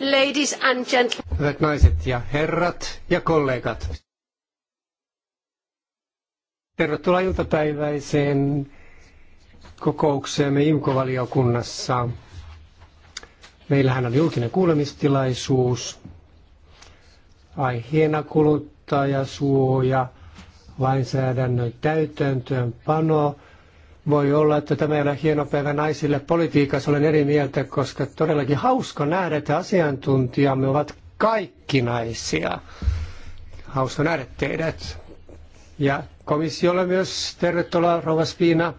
Ladies and gentlemen. Hyvät naiset ja herrat ja kollegat. Tervetuloa iltapäiväiseen kokoukseemme imco valiokunnassa Meillähän on julkinen kuulemistilaisuus. Aiheena kuluttajansuoja, lainsäädännön täytäntöönpano pano voi olla, että tämä ei ole hieno päivä naisille politiikassa, olen eri mieltä, koska todellakin hauska nähdä, että asiantuntijamme ovat kaikki naisia. Hauska nähdä teidät. Ja komissiolle myös tervetuloa, rouva Spina.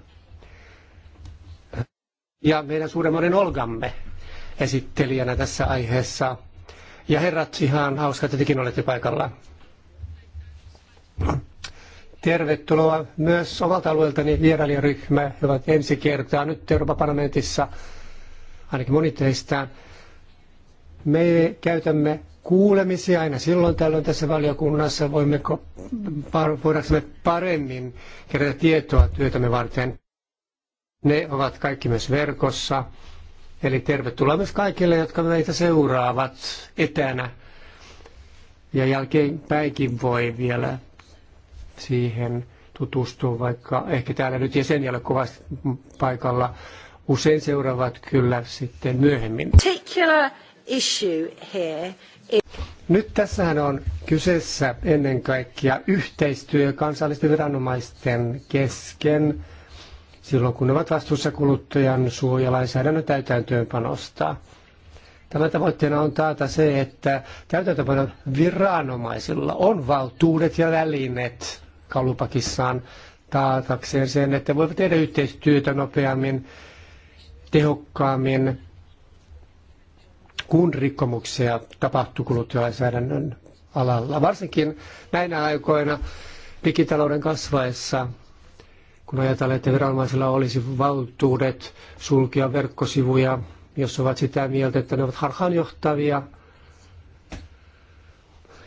Ja meidän suuremmoinen Olgamme esittelijänä tässä aiheessa. Ja herrat, ihan hauska, että tekin olette paikalla tervetuloa myös omalta alueeltani vierailijaryhmä, he ovat ensi kertaa nyt Euroopan parlamentissa, ainakin moni teistä. Me käytämme kuulemisia aina silloin tällöin tässä valiokunnassa, voimme, voidaanko me paremmin kerätä tietoa työtämme varten. Ne ovat kaikki myös verkossa. Eli tervetuloa myös kaikille, jotka meitä seuraavat etänä. Ja jälkeenpäinkin voi vielä siihen tutustua, vaikka ehkä täällä nyt jäseniä ole kovasti paikalla. Usein seuraavat kyllä sitten myöhemmin. Particular issue here nyt tässähän on kyseessä ennen kaikkea yhteistyö kansallisten viranomaisten kesken silloin, kun ne ovat vastuussa kuluttajan suojalainsäädännön täytäntöönpanosta. Tämän tavoitteena on taata se, että täytäntöönpanon viranomaisilla on valtuudet ja välineet kalupakissaan taatakseen sen, että voivat tehdä yhteistyötä nopeammin, tehokkaammin, kun rikkomuksia tapahtuu kuluttajalainsäädännön alalla. Varsinkin näinä aikoina digitalouden kasvaessa, kun ajatellaan, että viranomaisilla olisi valtuudet sulkea verkkosivuja, jos ovat sitä mieltä, että ne ovat harhaanjohtavia,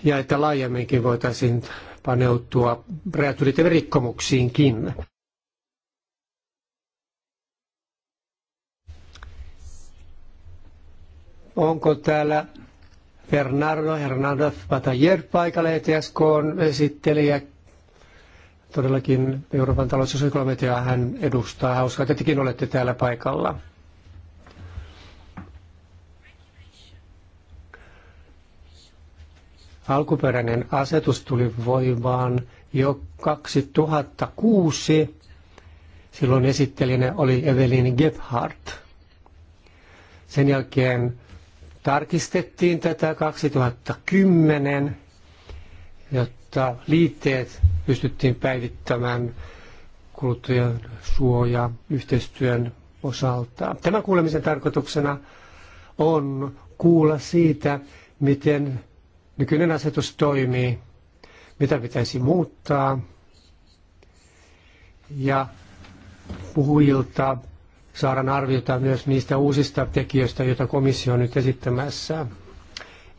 ja että laajemminkin voitaisiin paneutua rajat rikkomuksiinkin. Onko täällä Fernando Hernández Bataller paikalla ETSK on esittelijä. Todellakin Euroopan talous- ja hän edustaa. Hauskaa, että tekin olette täällä paikalla. Alkuperäinen asetus tuli voimaan jo 2006. Silloin esittelijänä oli Evelyn Gebhardt. Sen jälkeen tarkistettiin tätä 2010, jotta liitteet pystyttiin päivittämään kuluttajan suoja yhteistyön osalta. Tämän kuulemisen tarkoituksena on kuulla siitä, miten nykyinen asetus toimii, mitä pitäisi muuttaa. Ja puhujilta saadaan arviota myös niistä uusista tekijöistä, joita komissio on nyt esittämässä.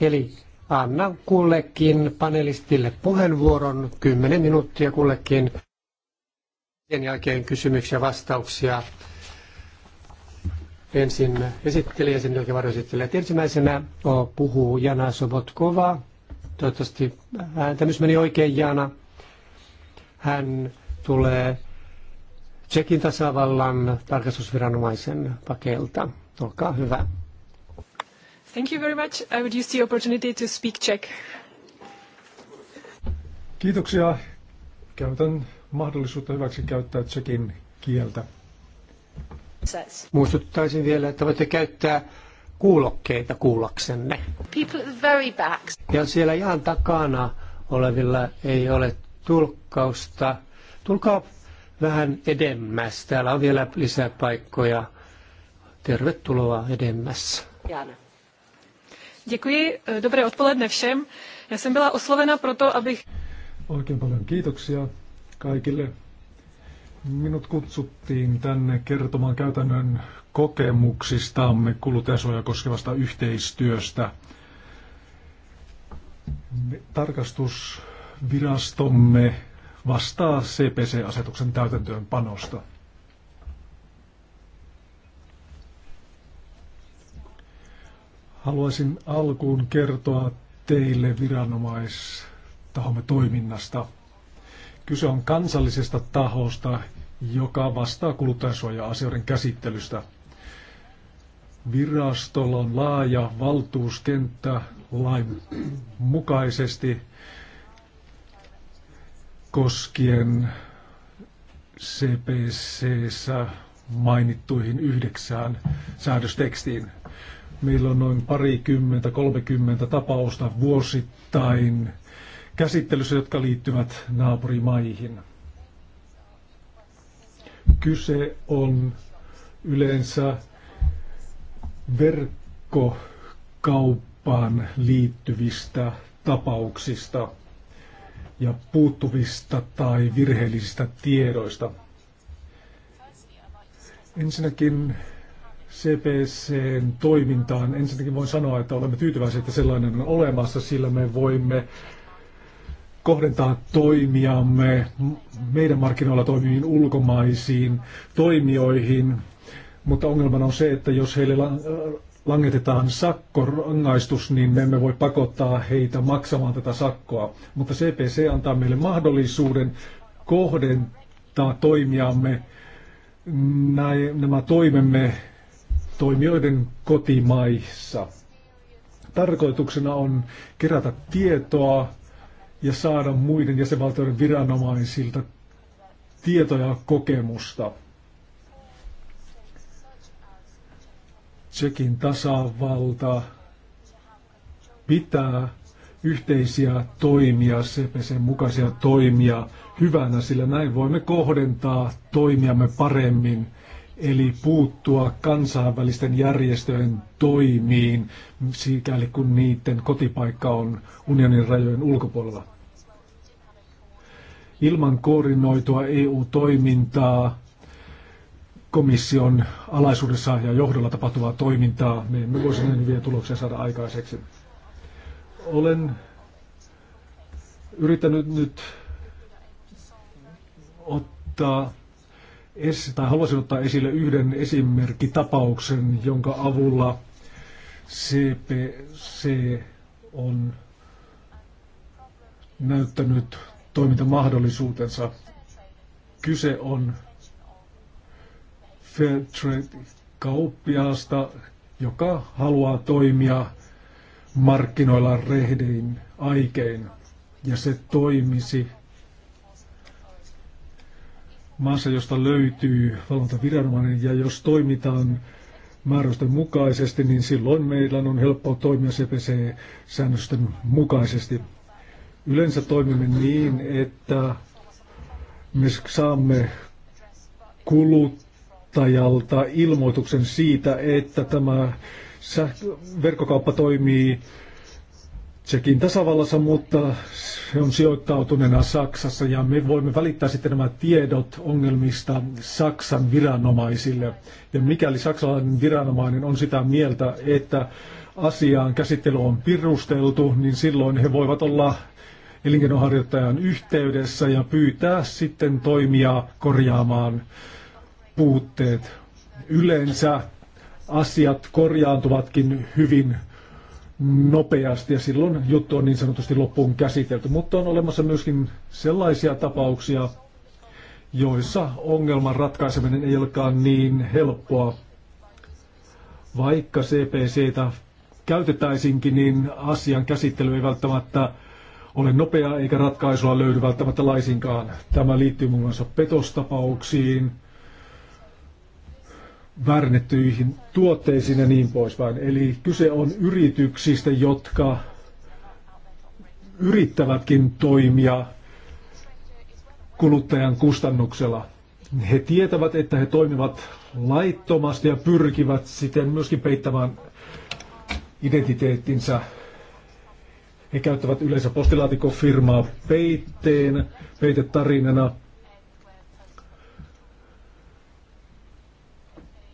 Eli anna kullekin panelistille puheenvuoron, 10 minuuttia kullekin. Sen jälkeen kysymyksiä ja vastauksia ensin esitteli ja sen jälkeen varjoesittelijät. Ensimmäisenä puhuu Jana Sobotkova. Toivottavasti myös meni oikein, Jana. Hän tulee Tsekin tasavallan tarkastusviranomaisen pakeilta. Olkaa hyvä. Thank you very much. I would use the opportunity to speak Czech. Kiitoksia. Käytän mahdollisuutta hyväksi käyttää Tsekin kieltä. Muistuttaisin vielä, että voitte käyttää kuulokkeita kuullaksenne. People at the very back. Ja siellä ihan takana olevilla ei ole tulkkausta. Tulkaa vähän edemmäs. Täällä on vielä lisää paikkoja. Tervetuloa edemmäs. Jana. Děkuji, dobré odpoledne všem. Já jsem byla oslovena proto, abych... Oikein paljon kiitoksia kaikille Minut kutsuttiin tänne kertomaan käytännön kokemuksistamme kuluttajasuoja koskevasta yhteistyöstä. Tarkastusvirastomme vastaa CPC-asetuksen täytäntöönpanosta. Haluaisin alkuun kertoa teille viranomaistahomme toiminnasta – Kyse on kansallisesta tahosta, joka vastaa kuluttajansuoja-asioiden käsittelystä. Virastolla on laaja valtuuskenttä lain mukaisesti koskien cpc mainittuihin yhdeksään säädöstekstiin. Meillä on noin parikymmentä, kolmekymmentä tapausta vuosittain käsittelyssä, jotka liittyvät naapurimaihin. Kyse on yleensä verkkokauppaan liittyvistä tapauksista ja puuttuvista tai virheellisistä tiedoista. Ensinnäkin CPCn toimintaan. Ensinnäkin voin sanoa, että olemme tyytyväisiä, että sellainen on olemassa, sillä me voimme kohdentaa toimiamme meidän markkinoilla toimiviin ulkomaisiin toimijoihin, mutta ongelmana on se, että jos heille langetetaan sakkorangaistus, niin me emme voi pakottaa heitä maksamaan tätä sakkoa. Mutta CPC antaa meille mahdollisuuden kohdentaa toimiamme näin, nämä toimemme toimijoiden kotimaissa. Tarkoituksena on kerätä tietoa ja saada muiden jäsenvaltioiden viranomaisilta tietoja kokemusta. Tsekin tasavalta pitää yhteisiä toimia, CPC mukaisia toimia hyvänä, sillä näin voimme kohdentaa toimiamme paremmin – eli puuttua kansainvälisten järjestöjen toimiin, sikäli kun niiden kotipaikka on unionin rajojen ulkopuolella. Ilman koordinoitua EU-toimintaa, komission alaisuudessa ja johdolla tapahtuvaa toimintaa, me emme voisi näin hyviä tuloksia saada aikaiseksi. Olen yrittänyt nyt ottaa es, tai haluaisin ottaa esille yhden esimerkkitapauksen, jonka avulla CPC on näyttänyt toimintamahdollisuutensa. Kyse on Fairtrade-kauppiaasta, joka haluaa toimia markkinoilla rehdein aikein. Ja se toimisi maassa, josta löytyy valvontaviranomainen ja jos toimitaan määräysten mukaisesti, niin silloin meillä on helppo toimia CPC-säännösten mukaisesti. Yleensä toimimme niin, että me saamme kuluttajalta ilmoituksen siitä, että tämä verkkokauppa toimii Tsekin tasavallassa, mutta se on sijoittautuneena Saksassa ja me voimme välittää sitten nämä tiedot ongelmista Saksan viranomaisille. Ja mikäli saksalainen viranomainen on sitä mieltä, että asiaan käsittely on pirusteltu, niin silloin he voivat olla elinkeinoharjoittajan yhteydessä ja pyytää sitten toimia korjaamaan puutteet. Yleensä asiat korjaantuvatkin hyvin nopeasti ja silloin juttu on niin sanotusti loppuun käsitelty. Mutta on olemassa myöskin sellaisia tapauksia, joissa ongelman ratkaiseminen ei olekaan niin helppoa. Vaikka CPCtä käytetäisinkin, niin asian käsittely ei välttämättä ole nopeaa eikä ratkaisua löydy välttämättä laisinkaan. Tämä liittyy muun muassa petostapauksiin, värnettyihin tuotteisiin ja niin poispäin. Eli kyse on yrityksistä, jotka yrittävätkin toimia kuluttajan kustannuksella. He tietävät, että he toimivat laittomasti ja pyrkivät siten myöskin peittämään identiteettinsä. He käyttävät yleensä postilaatikofirmaa peitteen, peitetarinana –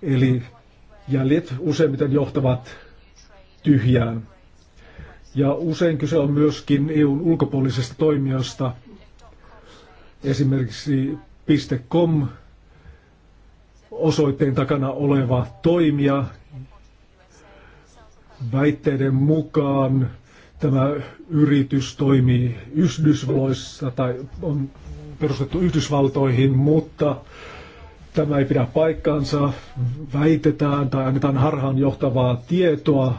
Eli jäljet useimmiten johtavat tyhjään. Ja usein kyse on myöskin EUn ulkopuolisesta toimijasta, esimerkiksi .com osoitteen takana oleva toimija. Väitteiden mukaan tämä yritys toimii Yhdysvalloissa tai on perustettu Yhdysvaltoihin, mutta Tämä ei pidä paikkaansa, väitetään tai annetaan harhaan johtavaa tietoa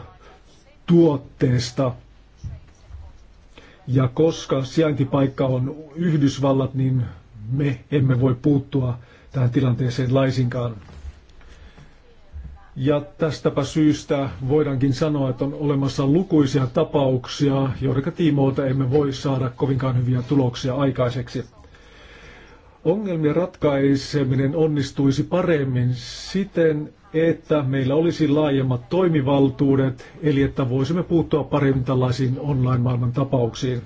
tuotteesta. Ja koska sijaintipaikka on Yhdysvallat, niin me emme voi puuttua tähän tilanteeseen laisinkaan. Ja tästäpä syystä voidaankin sanoa, että on olemassa lukuisia tapauksia, joiden tiimoilta emme voi saada kovinkaan hyviä tuloksia aikaiseksi. Ongelmien ratkaiseminen onnistuisi paremmin siten, että meillä olisi laajemmat toimivaltuudet, eli että voisimme puuttua paremmin tällaisiin online-maailman tapauksiin.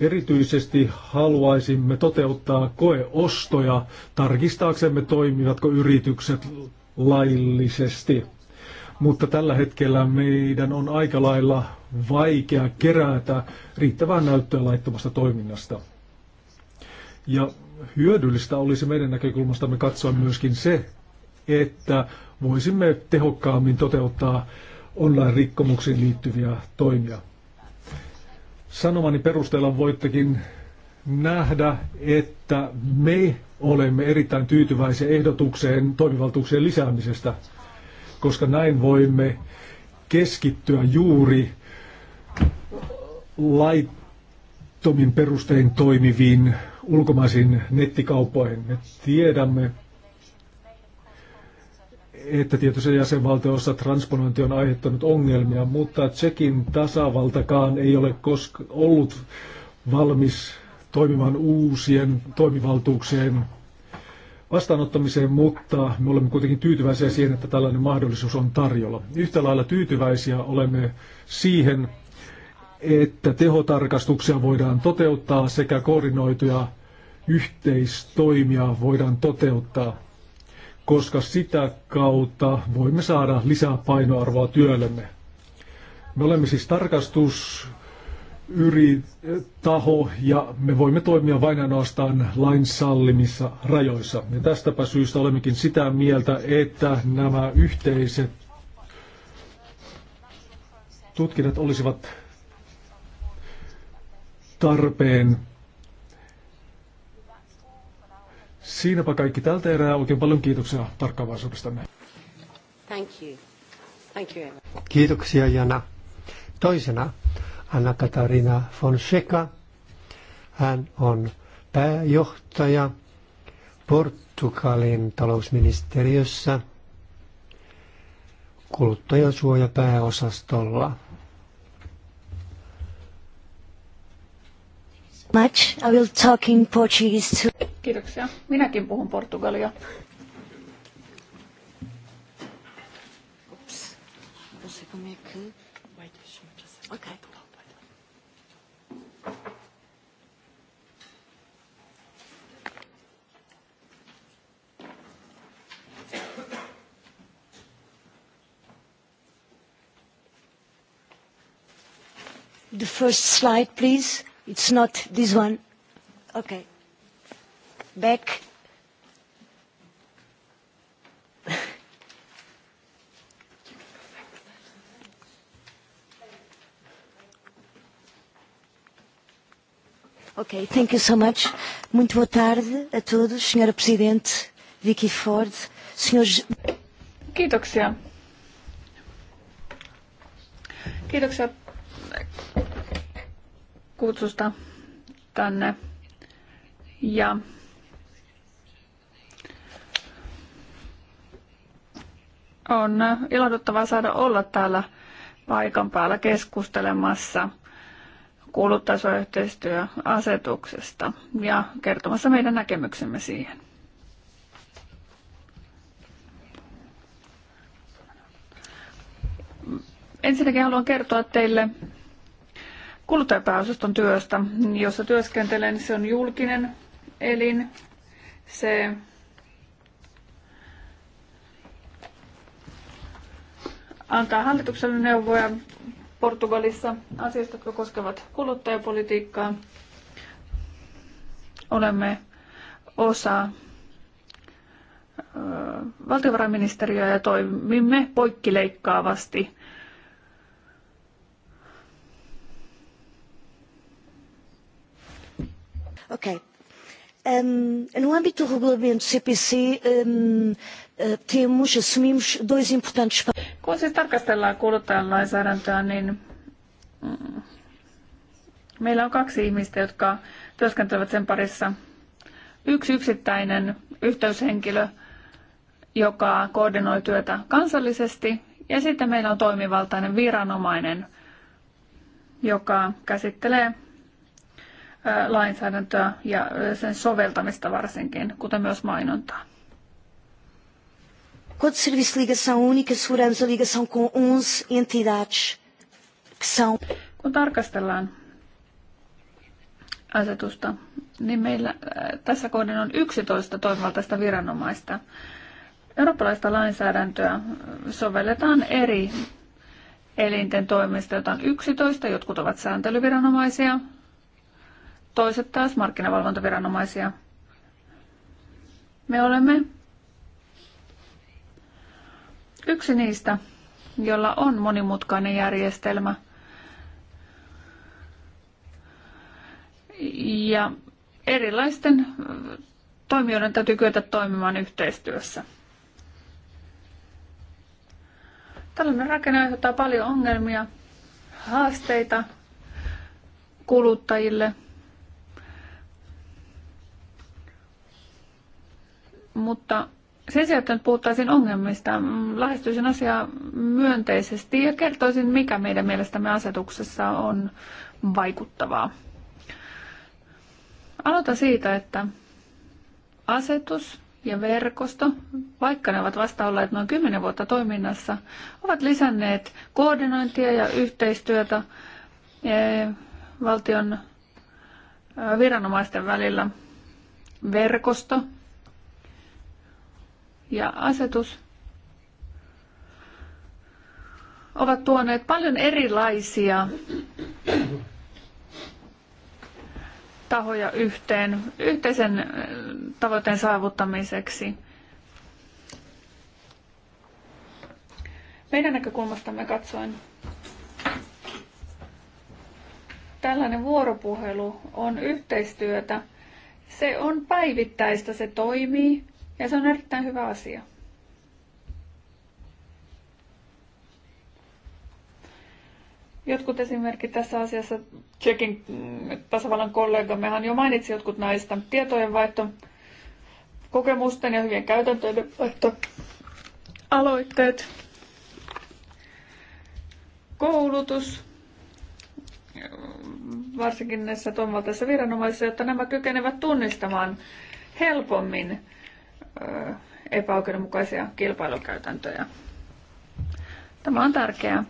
Erityisesti haluaisimme toteuttaa koeostoja tarkistaaksemme toimivatko yritykset laillisesti. Mutta tällä hetkellä meidän on aika lailla vaikea kerätä riittävää näyttöä laittomasta toiminnasta. Ja hyödyllistä olisi meidän näkökulmastamme katsoa myöskin se, että voisimme tehokkaammin toteuttaa online-rikkomuksiin liittyviä toimia. Sanomani perusteella voittekin nähdä, että me olemme erittäin tyytyväisiä ehdotukseen toimivaltuuksien lisäämisestä, koska näin voimme keskittyä juuri laittomin perustein toimiviin ulkomaisiin nettikauppoihin. Me tiedämme, että tietyissä jäsenvaltioissa transponointi on aiheuttanut ongelmia, mutta Tsekin tasavaltakaan ei ole koska ollut valmis toimimaan uusien toimivaltuuksien vastaanottamiseen, mutta me olemme kuitenkin tyytyväisiä siihen, että tällainen mahdollisuus on tarjolla. Yhtä lailla tyytyväisiä olemme siihen, että tehotarkastuksia voidaan toteuttaa sekä koordinoituja yhteistoimia voidaan toteuttaa, koska sitä kautta voimme saada lisää painoarvoa työllemme. Me olemme siis tarkastus taho ja me voimme toimia vain ainoastaan lain sallimissa rajoissa. Ja tästäpä syystä olemmekin sitä mieltä, että nämä yhteiset tutkinnat olisivat tarpeen. Siinäpä kaikki tältä erää. Oikein paljon kiitoksia tarkkaavaisuudestanne. Thank you. Thank you, Kiitoksia Jana. Toisena Anna Katarina Fonseca. Hän on pääjohtaja Portugalin talousministeriössä kuluttajansuojapääosastolla. pääosastolla. Much. I will talk in Portuguese too. Kiitoksia. Minäkin puhun portugalia. Oops. Não sei como é que... Okay. The first slide, please. It's not this one. Okay. Back. Ok, thank you so much. Muito boa tarde a todos, Senhora Presidente Vicky Ford, senhores... Kiitoksia. Kiitoksia kutsusta tänne. Ja on ilahduttavaa saada olla täällä paikan päällä keskustelemassa kuluttajayhteistyöasetuksesta ja kertomassa meidän näkemyksemme siihen. Ensinnäkin haluan kertoa teille kuluttajapääosaston työstä, jossa työskentelen. Se on julkinen elin. Se antaa hallitukselle neuvoja Portugalissa asioista, jotka koskevat kuluttajapolitiikkaa. Olemme osa valtiovarainministeriöä ja toimimme poikkileikkaavasti Ok. Um, no âmbito do regulamento CPC, um, eh, temos, assumimos dois importantes... Kun siis tarkastellaan kuluttajan lainsäädäntöä, niin mm, meillä on kaksi ihmistä, jotka työskentelevät sen parissa. Yksi yksittäinen yhteyshenkilö, joka koordinoi työtä kansallisesti, ja sitten meillä on toimivaltainen viranomainen, joka käsittelee lainsäädäntöä ja sen soveltamista varsinkin, kuten myös mainontaa. Code de Serviço de Ligação Única, asseguramos a ligação com 11 entidades que são... Kun tarkastellaan asetusta, niin meillä tässä kohden on 11 toimivaltaista viranomaista. Eurooppalaista lainsäädäntöä sovelletaan eri elinten toimesta, jotain 11, jotkut ovat sääntelyviranomaisia, toiset taas markkinavalvontaviranomaisia. Me olemme yksi niistä, jolla on monimutkainen järjestelmä. Ja erilaisten äh, toimijoiden täytyy kyetä toimimaan yhteistyössä. Tällainen rakenne aiheuttaa paljon ongelmia, haasteita kuluttajille – Mutta sen sijaan, että nyt puhuttaisiin ongelmista, mm, lähestyisin asiaa myönteisesti ja kertoisin, mikä meidän mielestämme asetuksessa on vaikuttavaa. Aloitan siitä, että asetus ja verkosto, vaikka ne ovat vasta olleet noin 10 vuotta toiminnassa, ovat lisänneet koordinointia ja yhteistyötä eh, valtion eh, viranomaisten välillä. Verkosto ja asetus ovat tuoneet paljon erilaisia tahoja yhteen yhteisen äh, tavoitteen saavuttamiseksi. Meidän näkökulmastamme katsoen tällainen vuoropuhelu on yhteistyötä. Se on päivittäistä, se toimii ja se on erittäin hyvä asia. Jotkut esimerkit tässä asiassa, Tsekin mm, tasavallan kollegammehan jo mainitsi jotkut näistä, tietojenvaihto, kokemusten ja hyvien käytäntöiden vaihto, aloitteet, koulutus, varsinkin näissä toimivaltaisissa viranomaisissa, jotta nämä kykenevät tunnistamaan helpommin epäoikeudenmukaisia kilpailukäytäntöjä. Tämä on tärkeää.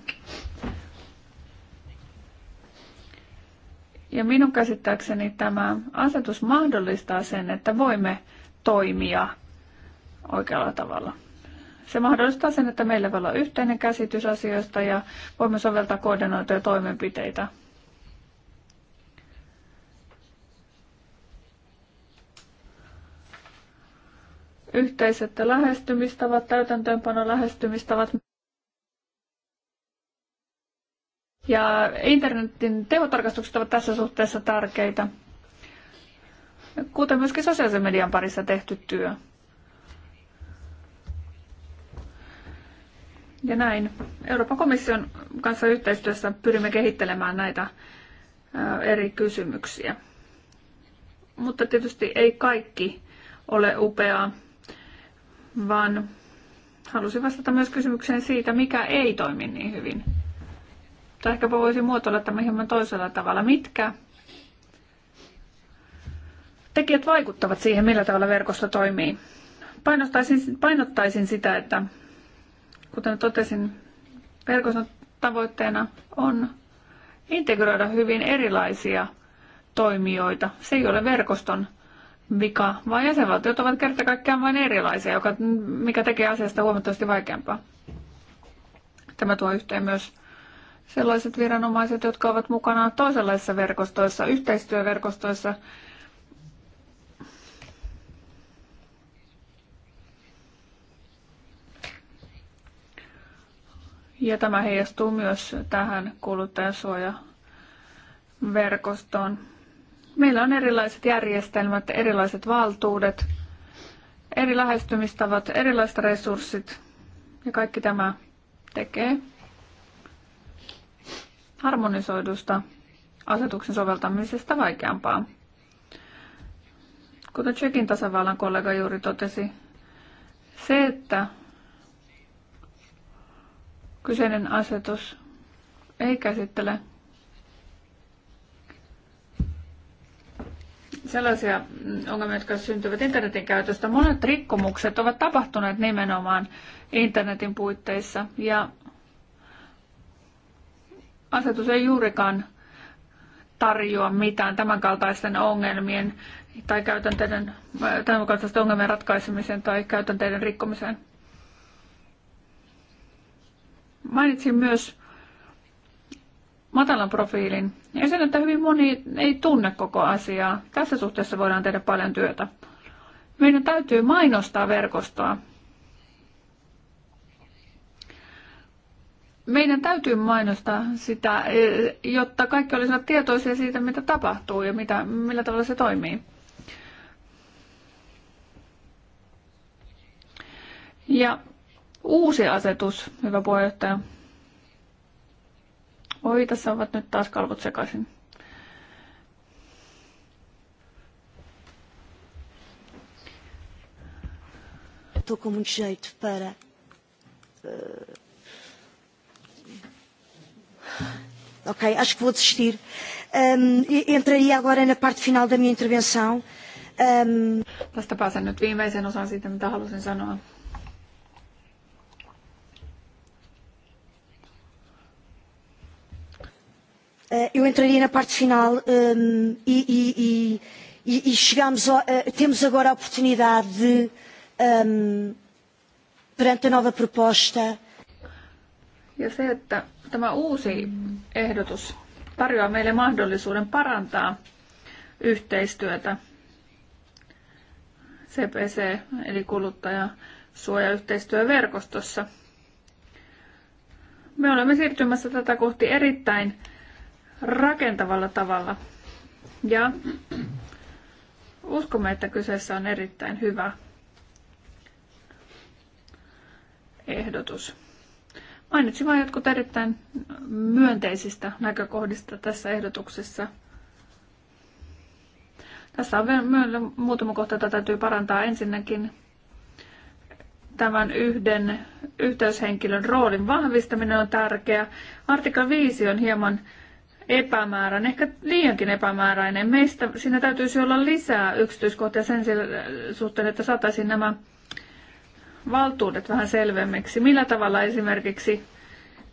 Ja minun käsittääkseni tämä asetus mahdollistaa sen, että voimme toimia oikealla tavalla. Se mahdollistaa sen, että meillä voi olla yhteinen käsitys asioista ja voimme soveltaa koordinoituja toimenpiteitä yhteiset lähestymistavat, täytäntöönpano lähestymistavat. Ja internetin tehotarkastukset ovat tässä suhteessa tärkeitä, kuten myöskin sosiaalisen median parissa tehty työ. Ja näin. Euroopan komission kanssa yhteistyössä pyrimme kehittelemään näitä eri kysymyksiä. Mutta tietysti ei kaikki ole upeaa vaan halusin vastata myös kysymykseen siitä, mikä ei toimi niin hyvin. Tai ehkä voisin muotoilla tämän hieman toisella tavalla. Mitkä tekijät vaikuttavat siihen, millä tavalla verkosto toimii? Painottaisin, painottaisin sitä, että kuten totesin, verkoston tavoitteena on integroida hyvin erilaisia toimijoita. Se ei ole verkoston vika, vaan jäsenvaltiot ovat kerta kaikkiaan vain erilaisia, joka, mikä tekee asiasta huomattavasti vaikeampaa. Tämä tuo yhteen myös sellaiset viranomaiset, jotka ovat mukana toisenlaisissa verkostoissa, yhteistyöverkostoissa, Ja tämä heijastuu myös tähän kuluttajansuojaverkostoon. Meillä on erilaiset järjestelmät, erilaiset valtuudet, eri lähestymistavat, erilaiset resurssit ja kaikki tämä tekee harmonisoidusta asetuksen soveltamisesta vaikeampaa. Kuten Tsekin tasavallan kollega juuri totesi, se, että kyseinen asetus ei käsittele sellaisia ongelmia, jotka syntyvät internetin käytöstä. Monet rikkomukset ovat tapahtuneet nimenomaan internetin puitteissa ja asetus ei juurikaan tarjoa mitään tämänkaltaisten ongelmien tai käytänteiden, tämänkaltaisten ongelmien ratkaisemiseen tai käytänteiden rikkomiseen. Mainitsin myös matalan profiilin. Ja sen, että hyvin moni ei tunne koko asiaa. Tässä suhteessa voidaan tehdä paljon työtä. Meidän täytyy mainostaa verkostoa. Meidän täytyy mainostaa sitä, e, jotta kaikki olisivat tietoisia siitä, mitä tapahtuu ja mitä, millä tavalla se toimii. Ja uusi asetus, hyvä puheenjohtaja, Oi, tässä ovat nyt taas kalvot sekaisin. Estou com muito jeito para eh, Ok, acho que vou desistir. Um, entraria agora na parte final da minha intervenção. Um... Tästä pääsen nyt viimeisen osan siitä, mitä halusin sanoa. Eh, eu entraria na parte final um, e, e, e, e chegamos ao, uh, temos agora a oportunidade de, um, perante a nova proposta. Ja se, että tämä uusi ehdotus tarjoaa meille mahdollisuuden parantaa yhteistyötä CPC eli kuluttajasuojayhteistyöverkostossa. Me olemme siirtymässä tätä kohti erittäin rakentavalla tavalla. Ja uskomme, että kyseessä on erittäin hyvä ehdotus. Mainitsin vain jotkut erittäin myönteisistä näkökohdista tässä ehdotuksessa. Tässä on vielä muutama kohta, jota täytyy parantaa. Ensinnäkin tämän yhden yhteyshenkilön roolin vahvistaminen on tärkeä. Artikla 5 on hieman epämääräinen, ehkä liiankin epämääräinen. Meistä siinä täytyisi olla lisää yksityiskohtia sen suhteen, että saataisiin nämä valtuudet vähän selvemmiksi. Millä tavalla esimerkiksi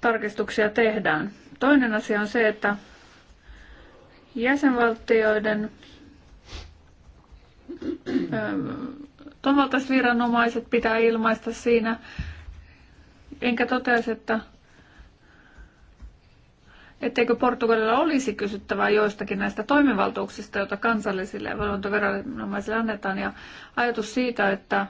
tarkistuksia tehdään? Toinen asia on se, että jäsenvaltioiden ähm, toimivaltaisviranomaiset pitää ilmaista siinä. Enkä toteaisi, että etteikö Portugalilla olisi kysyttävää joistakin näistä toimivaltuuksista, joita kansallisille valvontaviranomaisille annetaan. Ja ajatus siitä, että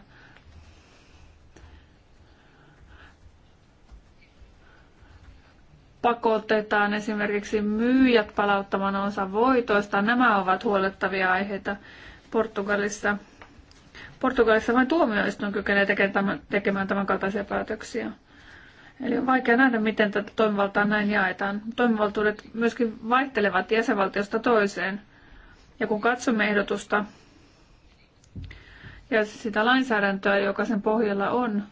pakotetaan esimerkiksi myyjät palauttamaan osa voitoista. Nämä ovat huolettavia aiheita Portugalissa. Portugalissa vain tuomioistuin kykenee tekemään tämän kaltaisia päätöksiä. Eli on vaikea nähdä, miten tätä toimivaltaa näin jaetaan. Toimivaltuudet myöskin vaihtelevat jäsenvaltiosta toiseen. Ja kun katsomme ehdotusta ja sitä lainsäädäntöä, joka sen pohjalla on,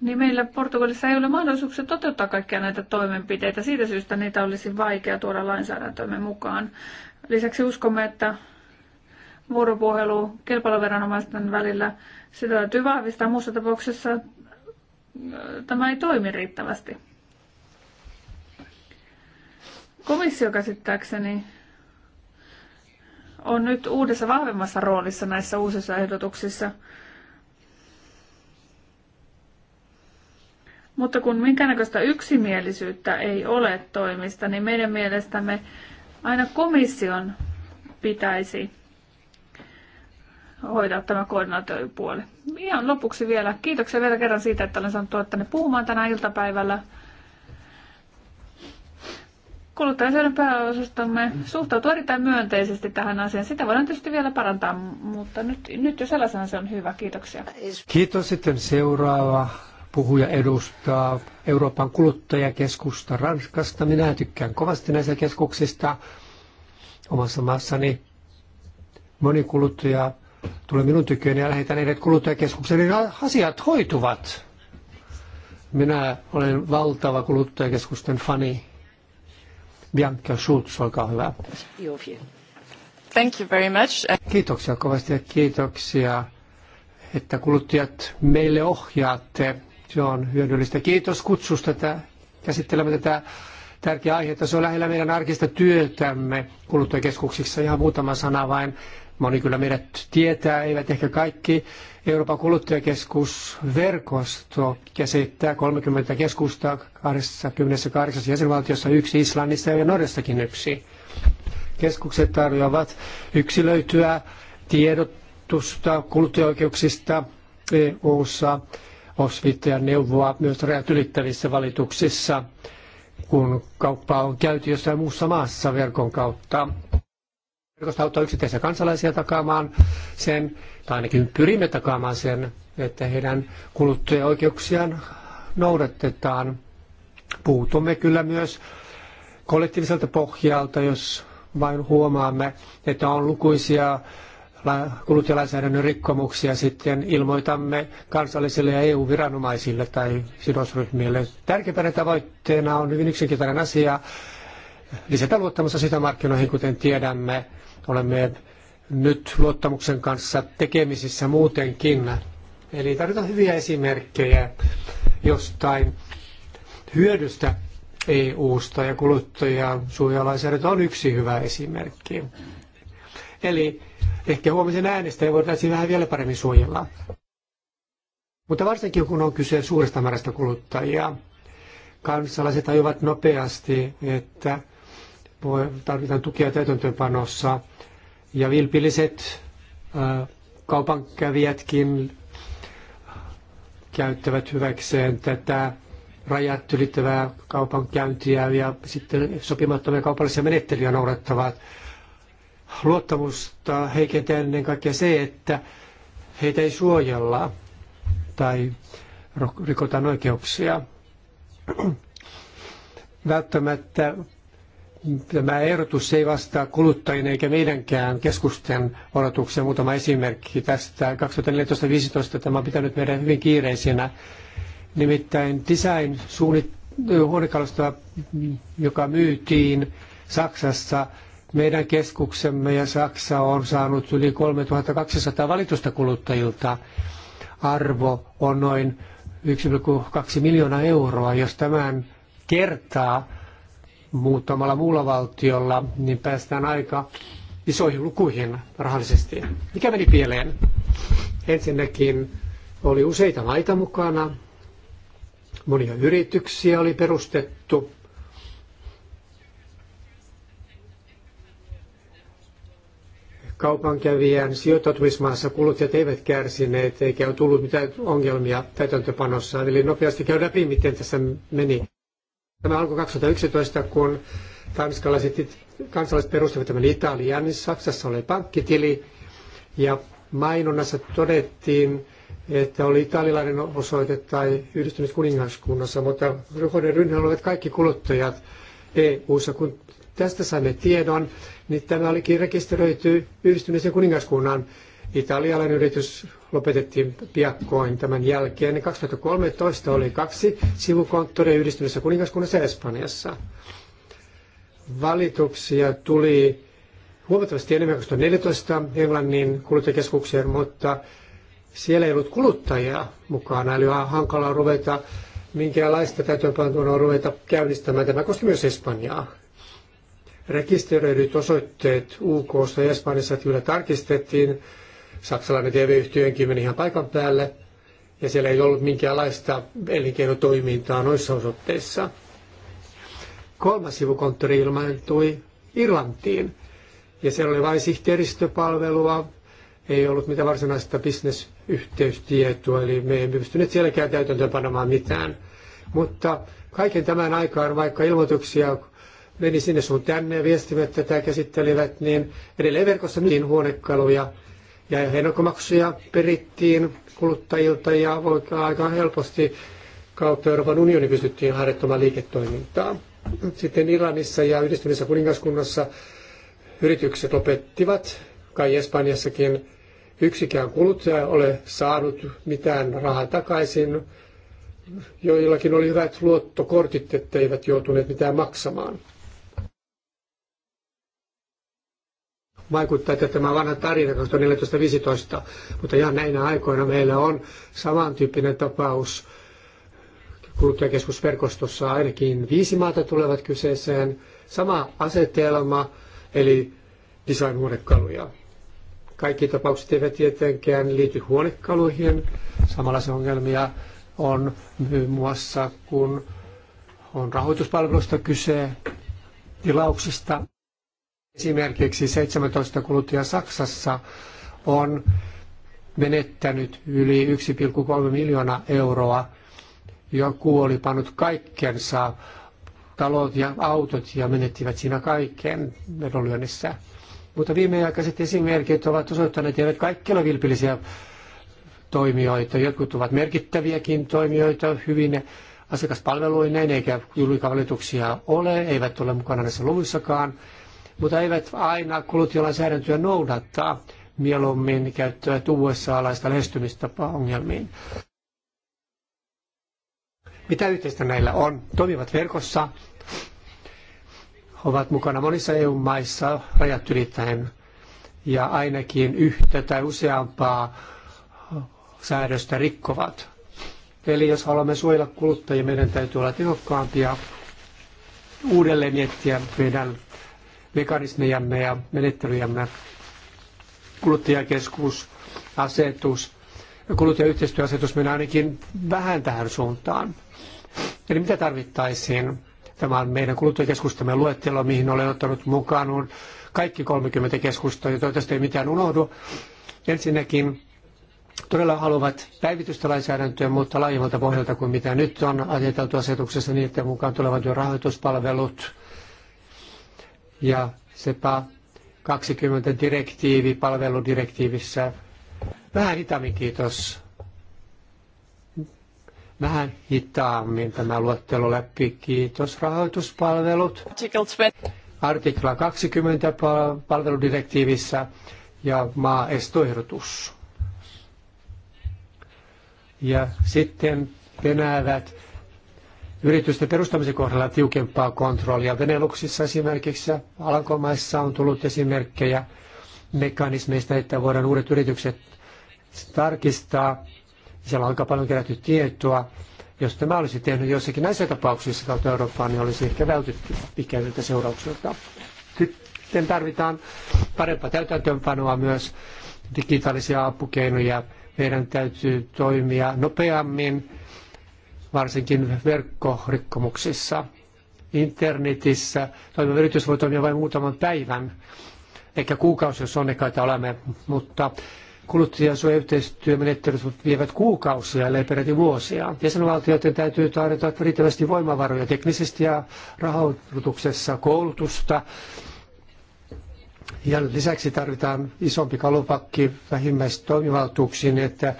niin meillä Portugalissa ei ole mahdollisuuksia toteuttaa kaikkia näitä toimenpiteitä. Siitä syystä niitä olisi vaikea tuoda lainsäädäntöömme mukaan. Lisäksi uskomme, että vuoropuhelu kilpailuviranomaisten välillä sitä täytyy vahvistaa. Muussa tapauksessa tämä ei toimi riittävästi. Komissio käsittääkseni on nyt uudessa vahvemmassa roolissa näissä uusissa ehdotuksissa. Mutta kun minkäännäköistä yksimielisyyttä ei ole toimista, niin meidän mielestämme aina komission pitäisi hoitaa tämä koordinaatiopuoli. Ihan lopuksi vielä. Kiitoksia vielä kerran siitä, että olen saanut tuoda tänne puhumaan tänä iltapäivällä. Kuluttajasyöden pääosastomme suhtautuu erittäin myönteisesti tähän asiaan. Sitä voidaan tietysti vielä parantaa, mutta nyt, nyt jo sellaisena se on hyvä. Kiitoksia. Kiitos. Sitten seuraava puhuja edustaa Euroopan kuluttajakeskusta Ranskasta. Minä tykkään kovasti näistä keskuksista omassa maassani. Moni kuluttaja tule minun tyköni ja lähetän heidät kuluttajakeskukseen, niin asiat hoituvat. Minä olen valtava kuluttajakeskusten fani. Bianca Schulz, olkaa hyvä. Thank you very much. Kiitoksia kovasti ja kiitoksia, että kuluttajat meille ohjaatte. Se on hyödyllistä. Kiitos kutsusta tätä, käsittelemme tätä tärkeää aihetta. Se on lähellä meidän arkista työtämme kuluttajakeskuksissa. Ihan muutama sana vain Moni kyllä meidät tietää, eivät ehkä kaikki. Euroopan kuluttajakeskusverkosto käsittää 30 keskusta 28 jäsenvaltiossa, yksi Islannissa ja Norjassakin yksi. Keskukset tarjoavat yksilöityä tiedotusta kuluttajaoikeuksista EU-ssa, ja neuvoa myös rajat ylittävissä valituksissa, kun kauppaa on käyty jossain muussa maassa verkon kautta verkosta auttaa yksittäisiä kansalaisia takaamaan sen, tai ainakin pyrimme takaamaan sen, että heidän kuluttajaoikeuksiaan noudatetaan. Puutumme kyllä myös kollektiiviselta pohjalta, jos vain huomaamme, että on lukuisia kuluttajalainsäädännön rikkomuksia sitten ilmoitamme kansallisille ja EU-viranomaisille tai sidosryhmille. Tärkeimpänä tavoitteena on hyvin yksinkertainen asia, lisätä luottamusta sitä markkinoihin, kuten tiedämme. Olemme nyt luottamuksen kanssa tekemisissä muutenkin. Eli tarvitaan hyviä esimerkkejä jostain hyödystä EU-sta ja kuluttajasuojalainsäädäntö on yksi hyvä esimerkki. Eli ehkä huomisen äänestäjä voitaisiin vähän vielä paremmin suojella. Mutta varsinkin kun on kyse suuresta määrästä kuluttajia, kansalaiset ajuvat nopeasti, että tarvitaan tukea täytäntöönpanossa – ja vilpilliset kaupankävijätkin käyttävät hyväkseen tätä rajat ylittävää kaupankäyntiä ja sitten sopimattomia kaupallisia menettelyjä noudattavat. Luottamusta heikentää ennen kaikkea se, että heitä ei suojella tai rikotaan oikeuksia. Välttämättä tämä ehdotus ei vastaa kuluttajien eikä meidänkään keskusten odotuksia. Muutama esimerkki tästä. 2014-2015 tämä on pitänyt meidän hyvin kiireisinä. Nimittäin design huonekalusta, joka myytiin Saksassa, meidän keskuksemme ja Saksa on saanut yli 3200 valitusta kuluttajilta. Arvo on noin 1,2 miljoonaa euroa. Jos tämän kertaa muutamalla muulla valtiolla, niin päästään aika isoihin lukuihin rahallisesti. Mikä meni pieleen? Ensinnäkin oli useita maita mukana, monia yrityksiä oli perustettu, kaupankävijän sijoittautumismaassa kuluttajat eivät kärsineet eikä ole tullut mitään ongelmia täytäntöpanossa. Eli nopeasti käy läpi, miten tässä meni. Tämä alkoi 2011, kun tanskalaiset kansalaiset perustivat tämän Italian, Saksassa oli pankkitili ja mainonnassa todettiin, että oli italialainen osoite tai yhdistynyt kuningaskunnassa, mutta Ruhoden rynnällä olivat kaikki kuluttajat EU-ssa. Kun tästä saimme tiedon, niin tämä olikin rekisteröity yhdistyneeseen kuningaskunnan Italialainen yritys lopetettiin piakkoin tämän jälkeen. 2013 niin oli kaksi sivukonttoria yhdistyneessä kuningaskunnassa Espanjassa. Valituksia tuli huomattavasti enemmän 2014 Englannin kuluttajakeskukseen, mutta siellä ei ollut kuluttajia mukana, eli on hankalaa ruveta minkäänlaista täytäntöönpanoa ruveta käynnistämään. Tämä koski myös Espanjaa. Rekisteröidyt osoitteet UK ja Espanjassa kyllä tarkistettiin, Saksalainen tv yhtiönkin meni ihan paikan päälle ja siellä ei ollut minkäänlaista elinkeinotoimintaa noissa osoitteissa. Kolmas sivukonttori ilmaantui Irlantiin ja siellä oli vain sihteeristöpalvelua, ei ollut mitään varsinaista bisnesyhteystietoa, eli me emme pystyneet sielläkään täytäntöönpanemaan mitään. Mutta kaiken tämän aikaan, vaikka ilmoituksia meni sinne sun tänne ja viestimet tätä käsittelivät, niin edelleen verkossa niin huonekaluja – ja ennakkomaksuja perittiin kuluttajilta ja aika helposti kautta Euroopan unioni pystyttiin harjoittamaan liiketoimintaa. Sitten Iranissa ja yhdistyneessä kuningaskunnassa yritykset lopettivat, kai Espanjassakin yksikään kuluttaja ei ole saanut mitään rahaa takaisin. Joillakin oli hyvät luottokortit, etteivät joutuneet mitään maksamaan. vaikuttaa, että tämä vanha tarina 2014-2015, mutta ihan näinä aikoina meillä on samantyyppinen tapaus kuluttajakeskusverkostossa ainakin viisi maata tulevat kyseeseen. Sama asetelma, eli designhuonekaluja. Kaikki tapaukset eivät tietenkään liity huonekaluihin. Samanlaisia ongelmia on muun muassa, kun on rahoituspalvelusta kyse, tilauksista Esimerkiksi 17 kuluttaja Saksassa on menettänyt yli 1,3 miljoonaa euroa. Joku oli pannut kaikkensa, talot ja autot, ja menettivät siinä kaiken vedonlyönnissä. Mutta viimeaikaiset esimerkit ovat osoittaneet, että kaikki ole vilpillisiä toimijoita. Jotkut ovat merkittäviäkin toimijoita, hyvin asiakaspalveluineen, eikä julkavalituksia ole, eivät ole mukana näissä luvuissakaan mutta eivät aina kuluttajalainsäädäntöä noudattaa. Mieluummin käyttävät USA-alaista lähestymistapaa ongelmiin. Mitä yhteistä näillä on? Toimivat verkossa, ovat mukana monissa EU-maissa rajat ylittäen ja ainakin yhtä tai useampaa säädöstä rikkovat. Eli jos haluamme suojella kuluttajia, meidän täytyy olla tehokkaampia, uudelleen miettiä meidän mekanismejamme ja menettelyjämme. Kuluttajakeskus, asetus, kuluttajayhteistyöasetus menee ainakin vähän tähän suuntaan. Eli mitä tarvittaisiin? Tämä on meidän kuluttajakeskustamme luettelo, mihin olen ottanut mukaan on kaikki 30 keskusta, ja toivottavasti ei mitään unohdu. Ensinnäkin todella haluavat päivitystä lainsäädäntöä, mutta laajemmalta pohjalta kuin mitä nyt on ajateltu asetuksessa, niin että mukaan tulevat jo rahoituspalvelut, ja sepa 20 direktiivi palveludirektiivissä. Vähän hitaammin, kiitos. Vähän hitaammin tämä luettelo läpi. Kiitos. Rahoituspalvelut. Artikla 20 palveludirektiivissä ja estoehdotus. Ja sitten penäävät yritysten perustamisen kohdalla tiukempaa kontrollia. Veneluksissa esimerkiksi Alankomaissa on tullut esimerkkejä mekanismeista, että voidaan uudet yritykset tarkistaa. Siellä on aika paljon kerätty tietoa. Jos tämä olisi tehnyt jossakin näissä tapauksissa kautta Eurooppaan, niin olisi ehkä vältytty ikäviltä seurauksilta. Sitten tarvitaan parempaa täytäntöönpanoa myös digitaalisia apukeinoja. Meidän täytyy toimia nopeammin varsinkin verkkorikkomuksissa. Internetissä toimiva yritys voi toimia vain muutaman päivän, ehkä kuukausi, jos onnekaita olemme, mutta kuluttajasuojayhteistyömenettelyt vievät kuukausia, ellei peräti vuosia. Jäsenvaltioiden täytyy tarjota riittävästi voimavaroja teknisesti ja rahoituksessa koulutusta. Ja lisäksi tarvitaan isompi kalupakki vähimmäistoimivaltuuksiin, että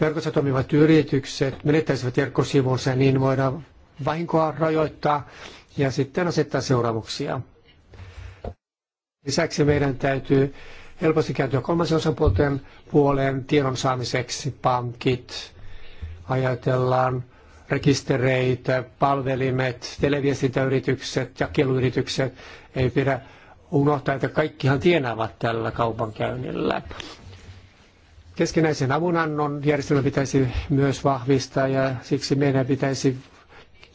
verkossa toimivat yritykset menettäisivät verkkosivunsa, niin voidaan vahinkoa rajoittaa ja sitten asettaa seuraamuksia. Lisäksi meidän täytyy helposti kääntyä kolmasen osapuolten puoleen tiedon saamiseksi, pankit, ajatellaan rekistereitä, palvelimet, televiestintäyritykset, jakeluyritykset. Ei pidä unohtaa, että kaikkihan tienaavat tällä kaupankäynnillä. Keskinäisen avunannon järjestelmä pitäisi myös vahvistaa ja siksi meidän pitäisi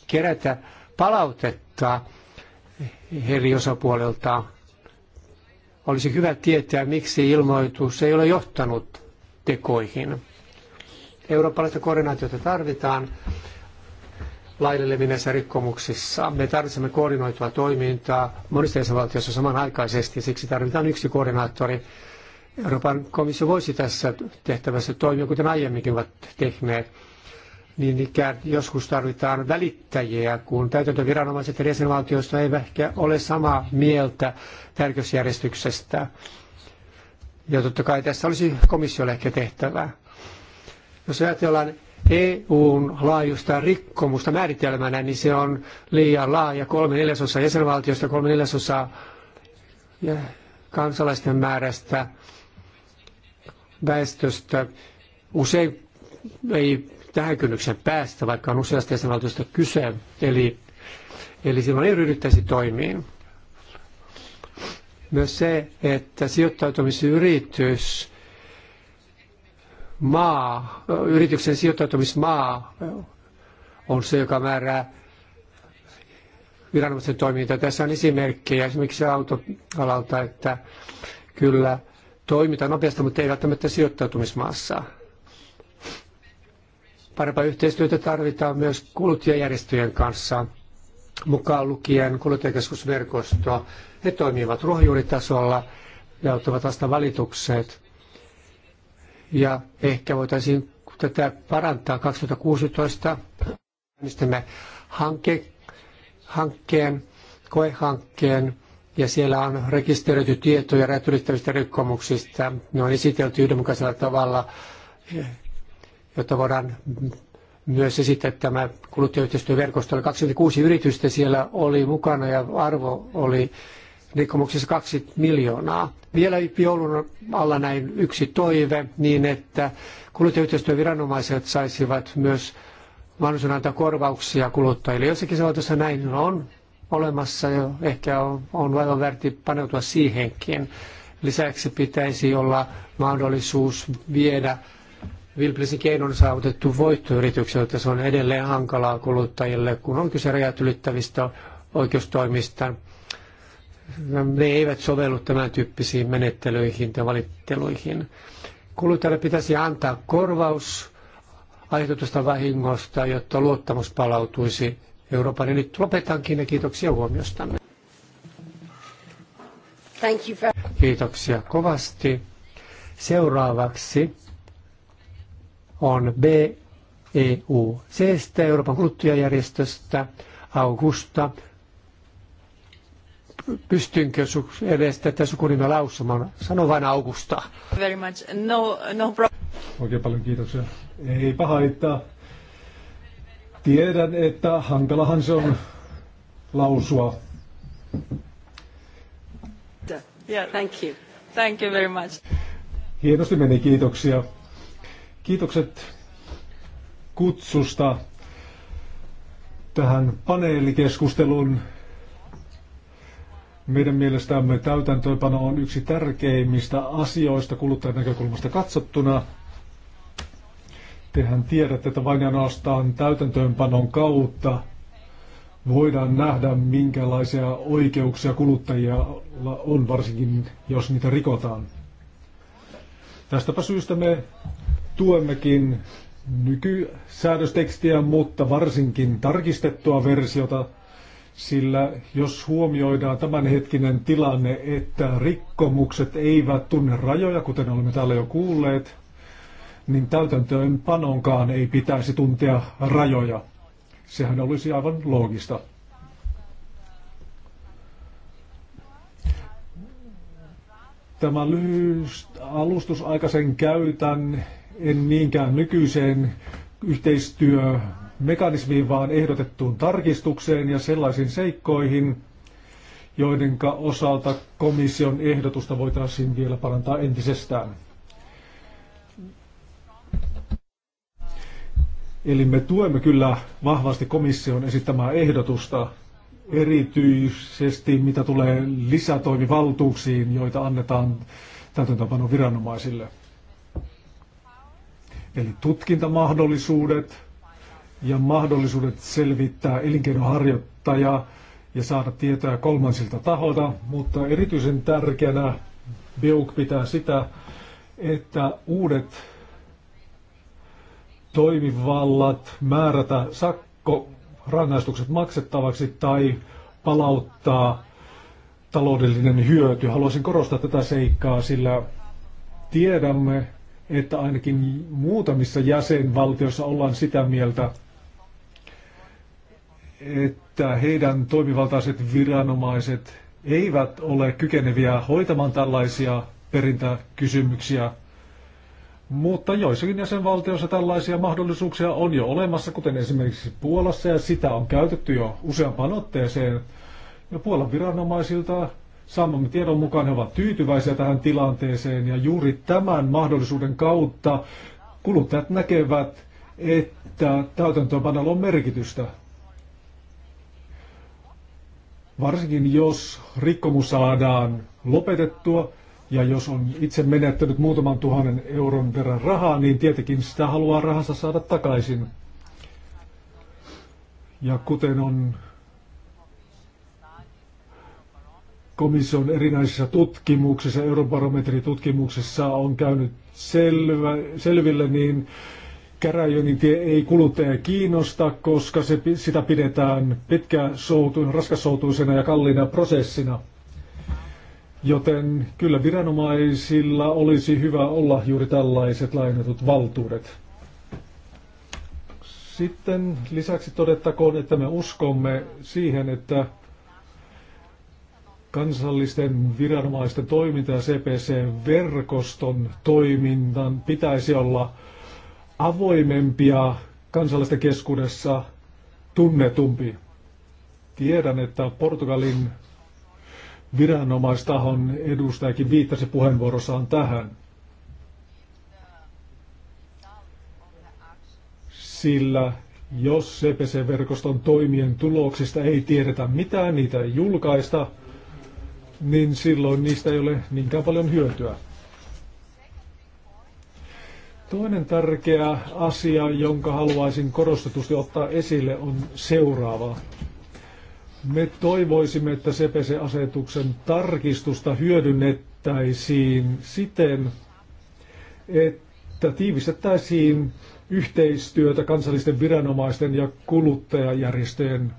kerätä palautetta eri osapuolilta. Olisi hyvä tietää, miksi ilmoitus ei ole johtanut tekoihin. Eurooppalaista koordinaatiota tarvitaan laillelevineissä rikkomuksissa. Me tarvitsemme koordinoitua toimintaa monissa jäsenvaltioissa samanaikaisesti, siksi tarvitaan yksi koordinaattori Euroopan komissio voisi tässä tehtävässä toimia, kuten aiemminkin ovat tehneet. Niin ikään joskus tarvitaan välittäjiä, kun täytäntöviranomaiset ja jäsenvaltioista eivät ehkä ole samaa mieltä tärkeysjärjestyksestä. Ja totta kai tässä olisi komissiolle ehkä tehtävää. Jos ajatellaan EUn laajuista rikkomusta määritelmänä, niin se on liian laaja, kolme neljäsosaa jäsenvaltiosta, kolme neljäsosaa kansalaisten määrästä – väestöstä usein ei tähän kynnyksen päästä, vaikka on useasta jäsenvaltiosta kyse. Eli, eli silloin ei ryhdyttäisi toimiin. Myös se, että sijoittautumisyritys, maa, yrityksen sijoittautumismaa on se, joka määrää viranomaisen toimintaa. Tässä on esimerkkejä esimerkiksi autoalalta, että kyllä – toimita nopeasti, mutta ei välttämättä sijoittautumismaassa. Parempaa yhteistyötä tarvitaan myös kuluttajajärjestöjen kanssa, mukaan lukien kuluttajakeskusverkosto. He toimivat ruohonjuuritasolla ja ottavat vasta valitukset. Ja ehkä voitaisiin tätä parantaa 2016. Mistä me hanke, hankkeen, koehankkeen ja siellä on rekisteröity tietoja räätylittävistä rikkomuksista. Ne on esitelty yhdenmukaisella tavalla, jotta voidaan myös esittää tämä kuluttajayhteistyöverkosto. Oli 26 yritystä siellä oli mukana ja arvo oli rikkomuksissa 2 miljoonaa. Vielä joulun alla näin yksi toive, niin että kuluttajayhteistyöviranomaiset saisivat myös mahdollisuuden antaa korvauksia kuluttajille. Jossakin se näin on olemassa ja ehkä on, aivan väärin paneutua siihenkin. Lisäksi pitäisi olla mahdollisuus viedä vilpillisin keinon saavutettu voitto jotta Se on edelleen hankalaa kuluttajille, kun on kyse rajat ylittävistä oikeustoimista. Ne eivät sovellu tämän tyyppisiin menettelyihin tai valitteluihin. Kuluttajalle pitäisi antaa korvaus aiheutetusta vahingosta, jotta luottamus palautuisi Euroopan. Ja nyt lopetankin ja kiitoksia huomiostanne. Thank you very... Kiitoksia kovasti. Seuraavaksi on BEU, seestä Euroopan kuluttajajärjestöstä Augusta. Pystynkö edes tätä sukunimä lausumaan? Sano vain Augusta. Very much. No, no problem. Oikein paljon kiitoksia. Ei paha haittaa. Tiedän, että hankalahan se on lausua. Yeah, thank you. Thank you very much. Hienosti meni, kiitoksia. Kiitokset kutsusta tähän paneelikeskustelun, Meidän mielestämme täytäntöönpano on yksi tärkeimmistä asioista kuluttajan näkökulmasta katsottuna. Tehän tiedätte, että vain ainoastaan täytäntöönpanon kautta voidaan nähdä, minkälaisia oikeuksia kuluttajilla on, varsinkin jos niitä rikotaan. Tästäpä syystä me tuemmekin nykysäädöstekstiä, mutta varsinkin tarkistettua versiota, sillä jos huomioidaan tämänhetkinen tilanne, että rikkomukset eivät tunne rajoja, kuten olemme täällä jo kuulleet, niin täytäntöönpanonkaan ei pitäisi tuntea rajoja. Sehän olisi aivan loogista. Tämä lyhyt alustusaikaisen käytän en niinkään nykyiseen yhteistyömekanismiin, vaan ehdotettuun tarkistukseen ja sellaisiin seikkoihin, joidenka osalta komission ehdotusta voitaisiin vielä parantaa entisestään. Eli me tuemme kyllä vahvasti komission esittämää ehdotusta, erityisesti mitä tulee lisätoimivaltuuksiin, joita annetaan täytäntöönpanon viranomaisille. Eli tutkintamahdollisuudet ja mahdollisuudet selvittää elinkeinoharjoittajaa ja saada tietoja kolmansilta taholta, mutta erityisen tärkeänä BEUK pitää sitä, että uudet toimivallat määrätä sakko rangaistukset maksettavaksi tai palauttaa taloudellinen hyöty. Haluaisin korostaa tätä seikkaa, sillä tiedämme, että ainakin muutamissa jäsenvaltioissa ollaan sitä mieltä, että heidän toimivaltaiset viranomaiset eivät ole kykeneviä hoitamaan tällaisia perintäkysymyksiä. Mutta joissakin jäsenvaltioissa tällaisia mahdollisuuksia on jo olemassa, kuten esimerkiksi Puolassa, ja sitä on käytetty jo useampaan otteeseen. Ja Puolan viranomaisilta saamamme tiedon mukaan he ovat tyytyväisiä tähän tilanteeseen, ja juuri tämän mahdollisuuden kautta kuluttajat näkevät, että täytäntöönpanolla on merkitystä. Varsinkin jos rikkomus saadaan lopetettua, ja jos on itse menettänyt muutaman tuhannen euron verran rahaa, niin tietenkin sitä haluaa rahansa saada takaisin. Ja kuten on komission erinäisissä tutkimuksissa, eurobarometritutkimuksissa on käynyt selvä, selville, niin Käräjönin tie ei kuluttaja kiinnosta, koska se, sitä pidetään soutu, raskasoutuisena ja kalliina prosessina. Joten kyllä viranomaisilla olisi hyvä olla juuri tällaiset lainatut valtuudet. Sitten lisäksi todettakoon, että me uskomme siihen, että kansallisten viranomaisten toiminta ja CPC-verkoston toiminnan pitäisi olla avoimempia kansallisten keskuudessa tunnetumpi. Tiedän, että Portugalin viranomaistahon edustajakin viittasi puheenvuorossaan tähän. Sillä jos CPC-verkoston toimien tuloksista ei tiedetä mitään, niitä ei julkaista, niin silloin niistä ei ole niinkään paljon hyötyä. Toinen tärkeä asia, jonka haluaisin korostetusti ottaa esille, on seuraava. Me toivoisimme, että CPC-asetuksen tarkistusta hyödynnettäisiin siten, että tiivistettäisiin yhteistyötä kansallisten viranomaisten ja kuluttajajärjestöjen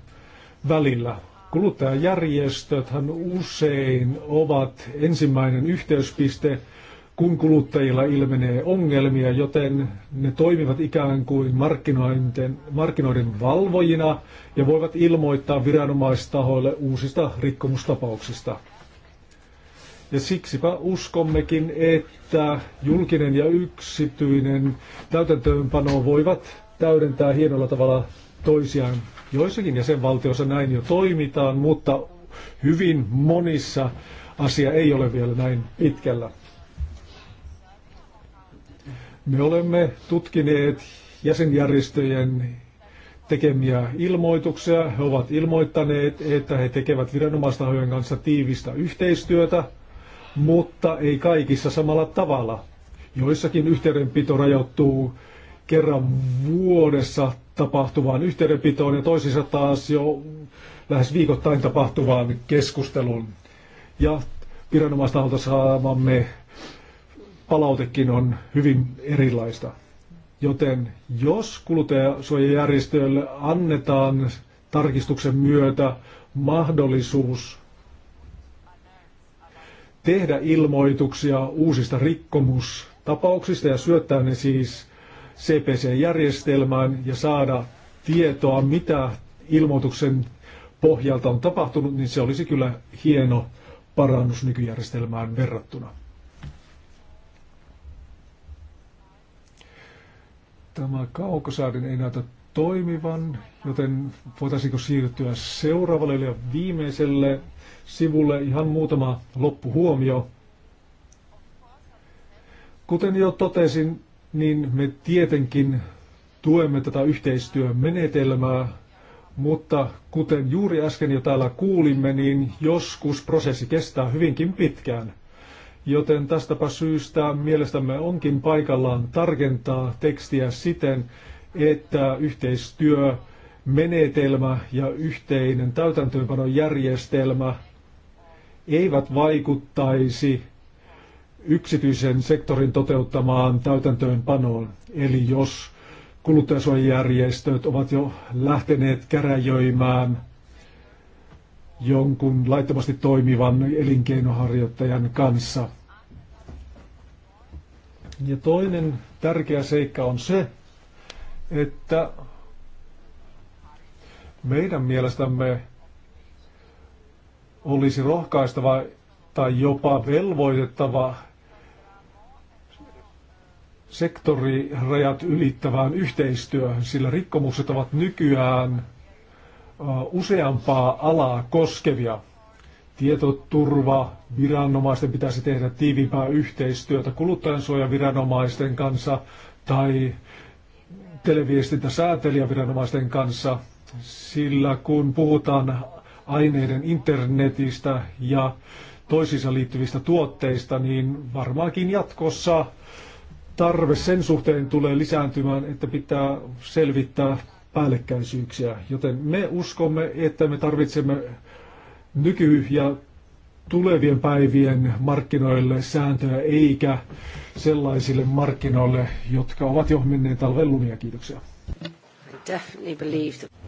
välillä. Kuluttajajärjestöthän usein ovat ensimmäinen yhteyspiste kun kuluttajilla ilmenee ongelmia, joten ne toimivat ikään kuin markkinoiden, markkinoiden valvojina ja voivat ilmoittaa viranomaistahoille uusista rikkomustapauksista. Ja siksipä uskommekin, että julkinen ja yksityinen täytäntöönpano voivat täydentää hienolla tavalla toisiaan. Joissakin jäsenvaltioissa näin jo toimitaan, mutta hyvin monissa asia ei ole vielä näin pitkällä. Me olemme tutkineet jäsenjärjestöjen tekemiä ilmoituksia. He ovat ilmoittaneet, että he tekevät viranomaistahojen kanssa tiivistä yhteistyötä, mutta ei kaikissa samalla tavalla. Joissakin yhteydenpito rajoittuu kerran vuodessa tapahtuvaan yhteydenpitoon ja toisissa taas jo lähes viikoittain tapahtuvaan keskusteluun. Ja viranomaistaholta saamamme palautekin on hyvin erilaista. Joten jos kuluttajasuojajärjestöille annetaan tarkistuksen myötä mahdollisuus tehdä ilmoituksia uusista rikkomustapauksista ja syöttää ne siis CPC-järjestelmään ja saada tietoa, mitä ilmoituksen pohjalta on tapahtunut, niin se olisi kyllä hieno parannus nykyjärjestelmään verrattuna. Tämä Kaukosaaren ei näytä toimivan, joten voitaisiinko siirtyä seuraavalle ja viimeiselle sivulle ihan muutama loppuhuomio. Kuten jo totesin, niin me tietenkin tuemme tätä yhteistyömenetelmää, mutta kuten juuri äsken jo täällä kuulimme, niin joskus prosessi kestää hyvinkin pitkään. Joten tästäpä syystä mielestämme onkin paikallaan tarkentaa tekstiä siten, että yhteistyö menetelmä ja yhteinen täytäntöönpanojärjestelmä eivät vaikuttaisi yksityisen sektorin toteuttamaan täytäntöönpanoon. Eli jos kuluttajasuojajärjestöt ovat jo lähteneet käräjöimään jonkun laittomasti toimivan elinkeinoharjoittajan kanssa. Ja toinen tärkeä seikka on se, että meidän mielestämme olisi rohkaistava tai jopa velvoitettava sektorirajat ylittävään yhteistyöhön, sillä rikkomukset ovat nykyään Äh, useampaa alaa koskevia. Tietoturva, viranomaisten pitäisi tehdä tiiviimpää yhteistyötä kuluttajansuojaviranomaisten kanssa tai televiestintäsäätelijäviranomaisten kanssa, sillä kun puhutaan aineiden internetistä ja toisiinsa liittyvistä tuotteista, niin varmaankin jatkossa tarve sen suhteen tulee lisääntymään, että pitää selvittää päällekkäisyyksiä. Joten me uskomme, että me tarvitsemme nyky- ja tulevien päivien markkinoille sääntöä, eikä sellaisille markkinoille, jotka ovat jo menneet talven lumia. Kiitoksia.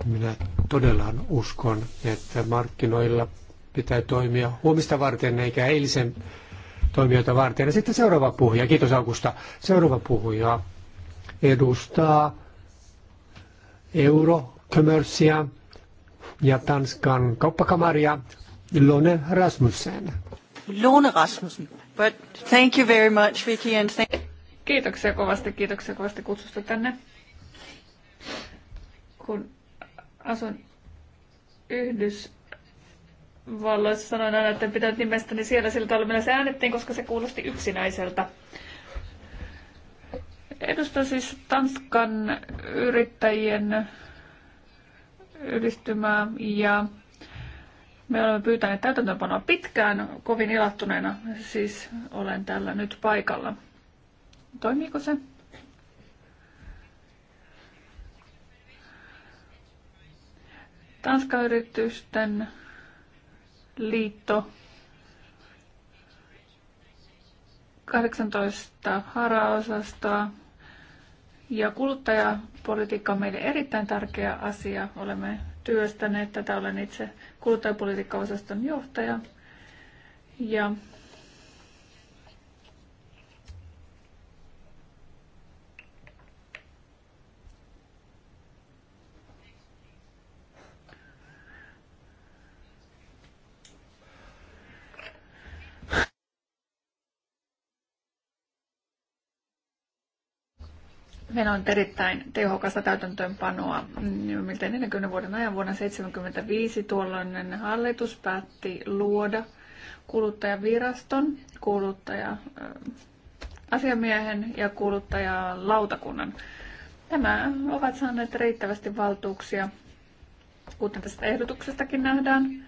Minä todella uskon, että markkinoilla pitää toimia huomista varten eikä eilisen toimijoita varten. Ja sitten seuraava puhuja, kiitos Augusta, seuraava puhuja edustaa Eurocommercia ja Tanskan kauppakamaria Lone Rasmussen. Lone Rasmussen. But thank you very much, Vicky, and thank Kiitoksia kovasti, kiitoksia kovasti kutsusta tänne. Kun asun Yhdysvalloissa, sanoin aina, että pitää nimestäni siellä sillä tavalla millä se äänettiin, koska se kuulosti yksinäiseltä. Edustan siis Tanskan yrittäjien yhdistymää ja me olemme pyytäneet täytäntöönpanoa pitkään kovin ilahtuneena, siis olen tällä nyt paikalla. Toimiiko se? Tanskan yritysten liitto 18 haraosastoa, ja kuluttajapolitiikka on meille erittäin tärkeä asia. Olemme työstäneet tätä. Olen itse kuluttajapolitiikkaosaston johtaja. Ja Meillä on erittäin tehokasta täytäntöönpanoa miltei 40 vuoden ajan. Vuonna 1975 tuolloinen hallitus päätti luoda kuluttajaviraston, kuluttaja, asiamiehen ja kuluttajalautakunnan. Nämä ovat saaneet riittävästi valtuuksia, kuten tästä ehdotuksestakin nähdään.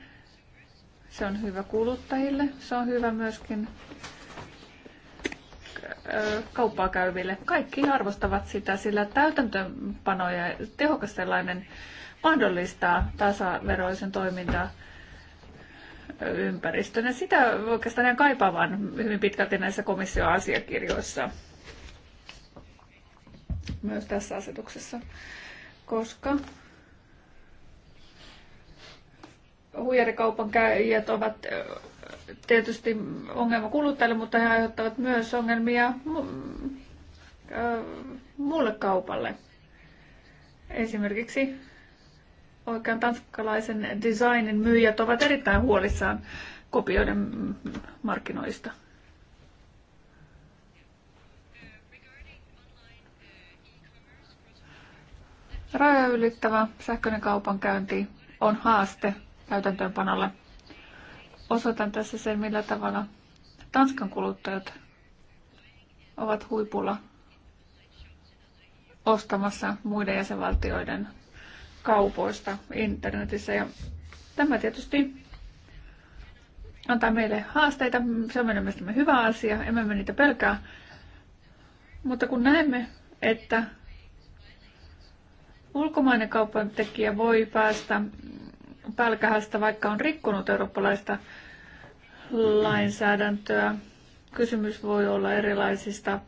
Se on hyvä kuluttajille, se on hyvä myöskin kauppaa käyville. Kaikki arvostavat sitä, sillä täytäntöpanoja ja tehokas sellainen mahdollistaa tasaveroisen toiminta ympäristön. sitä oikeastaan kaipaavan hyvin pitkälti näissä komission asiakirjoissa, myös tässä asetuksessa, koska huijarikaupan käyjät ovat tietysti ongelma kuluttajille, mutta he aiheuttavat myös ongelmia muulle kaupalle. Esimerkiksi oikean tanskalaisen designin myyjät ovat erittäin huolissaan kopioiden markkinoista. Raja ylittävä sähköinen kaupankäynti on haaste täytäntöönpanolle. Osoitan tässä sen, millä tavalla Tanskan kuluttajat ovat huipulla ostamassa muiden jäsenvaltioiden kaupoista internetissä. Ja tämä tietysti antaa meille haasteita. Se on meidän mielestämme hyvä asia, emme me niitä pelkää. Mutta kun näemme, että ulkomainen kaupantekijä voi päästä pälkähästä, vaikka on rikkonut eurooppalaista lainsäädäntöä. Kysymys voi olla erilaisista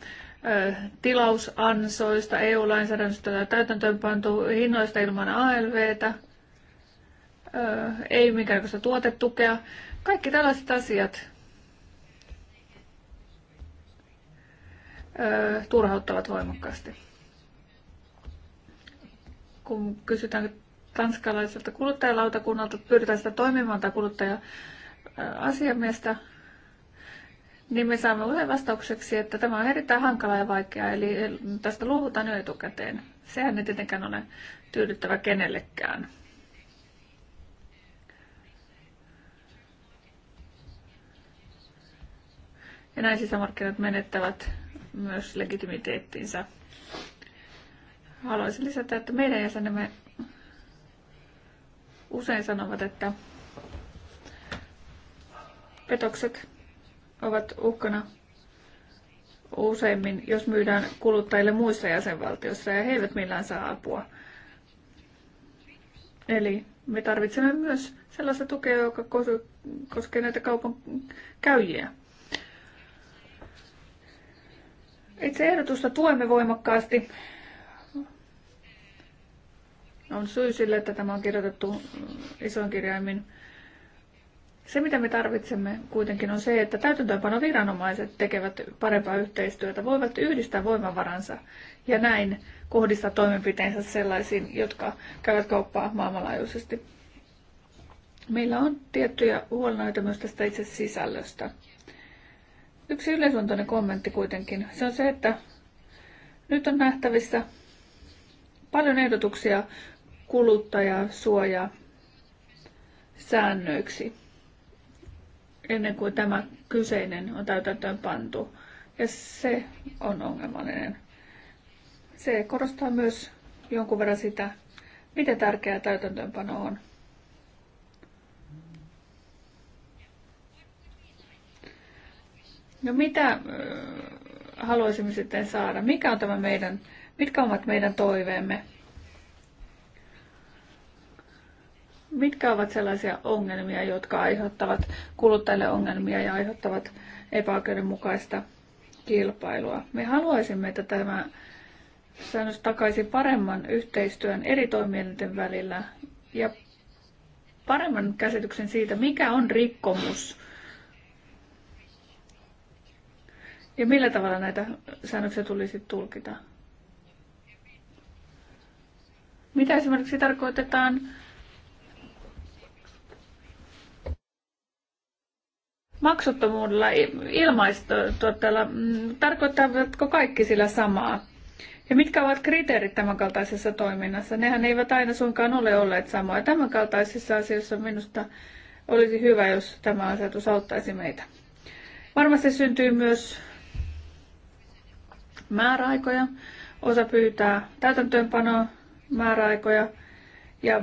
tilausansoista, EU-lainsäädännöstä tai täytäntöönpantu hinnoista ilman ALVtä, ei minkäänlaista tuotetukea. Kaikki tällaiset asiat turhauttavat voimakkaasti. Kun kysytään tanskalaiselta kuluttajalautakunnalta, pyydetään sitä toimimaan tai kuluttaja-asiamiestä, niin me saamme usein vastaukseksi, että tämä on erittäin hankala ja vaikea, eli eh, tästä luovutaan jo etukäteen. Sehän ei tietenkään ole tyydyttävä kenellekään. Ja näin sisämarkkinat menettävät myös legitimiteettinsä. Haluaisin lisätä, että meidän jäsenemme usein sanovat, että petokset ovat uhkana useimmin, jos myydään kuluttajille muissa jäsenvaltioissa ja he eivät millään saa apua. Eli me tarvitsemme myös sellaista tukea, joka koskee näitä kaupan käyjiä. Itse ehdotusta tuemme voimakkaasti on syy sille, että tämä on kirjoitettu isoin kirjaimin. Se, mitä me tarvitsemme kuitenkin, on se, että täytäntöönpanoviranomaiset tekevät parempaa yhteistyötä, voivat yhdistää voimavaransa ja näin kohdistaa toimenpiteensä sellaisiin, jotka käyvät kauppaa maailmanlaajuisesti. Meillä on tiettyjä huolenaita myös tästä itse sisällöstä. Yksi yleisluontoinen kommentti kuitenkin, se on se, että nyt on nähtävissä paljon ehdotuksia kuluttajasuoja säännöiksi ennen kuin tämä kyseinen on täytäntöön pantu. Ja se on ongelmallinen. Se korostaa myös jonkun verran sitä, miten tärkeää täytäntöönpano on. No mitä haluaisimme sitten saada? Mikä on tämä meidän, mitkä ovat meidän toiveemme? mitkä ovat sellaisia ongelmia, jotka aiheuttavat kuluttajille ongelmia ja aiheuttavat epäoikeudenmukaista kilpailua. Me haluaisimme, että tämä säännös takaisi paremman yhteistyön eri toimielinten välillä ja paremman käsityksen siitä, mikä on rikkomus ja millä tavalla näitä säännöksiä tulisi tulkita. Mitä esimerkiksi tarkoitetaan maksuttomuudella ilmaistuotteella, mm, tarkoittavatko kaikki sillä samaa? Ja mitkä ovat kriteerit tämänkaltaisessa toiminnassa? Nehän eivät aina suinkaan ole olleet samoja. Tämänkaltaisissa asioissa minusta olisi hyvä, jos tämä asetus auttaisi meitä. Varmasti syntyy myös määräaikoja. Osa pyytää täytäntöönpanoa määräaikoja. Ja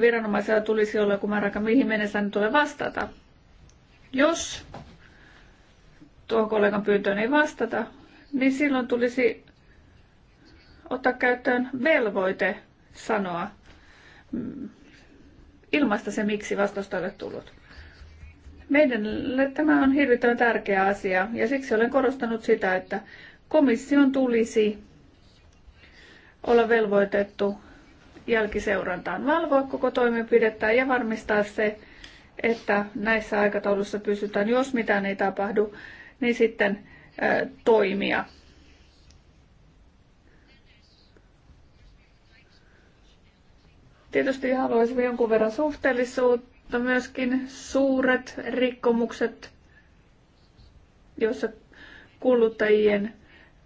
viranomaisella tulisi olla joku määräaika, mihin mennessä ne tulee vastata. Jos tuo kollegan pyyntöön ei vastata, niin silloin tulisi ottaa käyttöön velvoite sanoa mm, ilmaista se, miksi vastausta ei ole tullut. Meidän tämä on hirvittävän tärkeä asia ja siksi olen korostanut sitä, että komission tulisi olla velvoitettu jälkiseurantaan valvoa koko toimenpidettä ja varmistaa se, että näissä aikataulussa pysytään, jos mitään ei tapahdu, niin sitten toimia. Tietysti haluaisin jonkun verran suhteellisuutta, myöskin suuret rikkomukset, joissa kuluttajien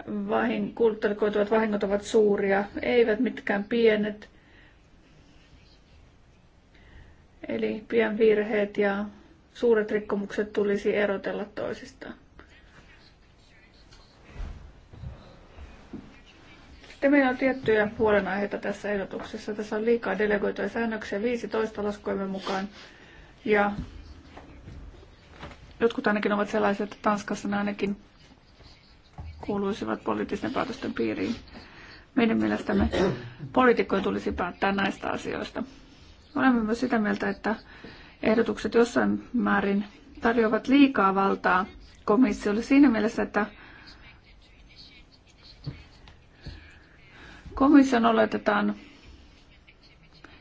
vahing, kuluttajille koituvat vahingot ovat suuria, eivät mitkään pienet. Eli pienvirheet ja suuret rikkomukset tulisi erotella toisistaan. Sitten meillä on tiettyjä huolenaiheita tässä ehdotuksessa. Tässä on liikaa delegoituja säännöksiä 15 laskuimme mukaan. Ja jotkut ainakin ovat sellaisia, että Tanskassa ne ainakin kuuluisivat poliittisten päätösten piiriin. Meidän mielestämme poliitikkojen tulisi päättää näistä asioista. Olemme myös sitä mieltä, että ehdotukset jossain määrin tarjoavat liikaa valtaa komissiolle siinä mielessä, että komission oletetaan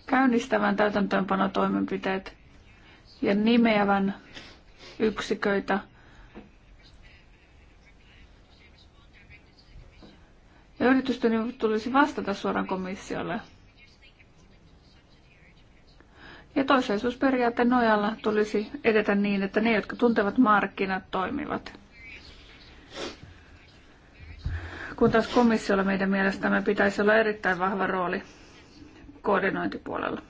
käynnistävän täytäntöönpanotoimenpiteet ja nimeävän yksiköitä ja yritysten tulisi vastata suoraan komissiolle – ja toisaisuusperiaatteen nojalla tulisi edetä niin, että ne, jotka tuntevat markkinat, toimivat. Kun taas komissiolla meidän mielestämme pitäisi olla erittäin vahva rooli koordinointipuolella.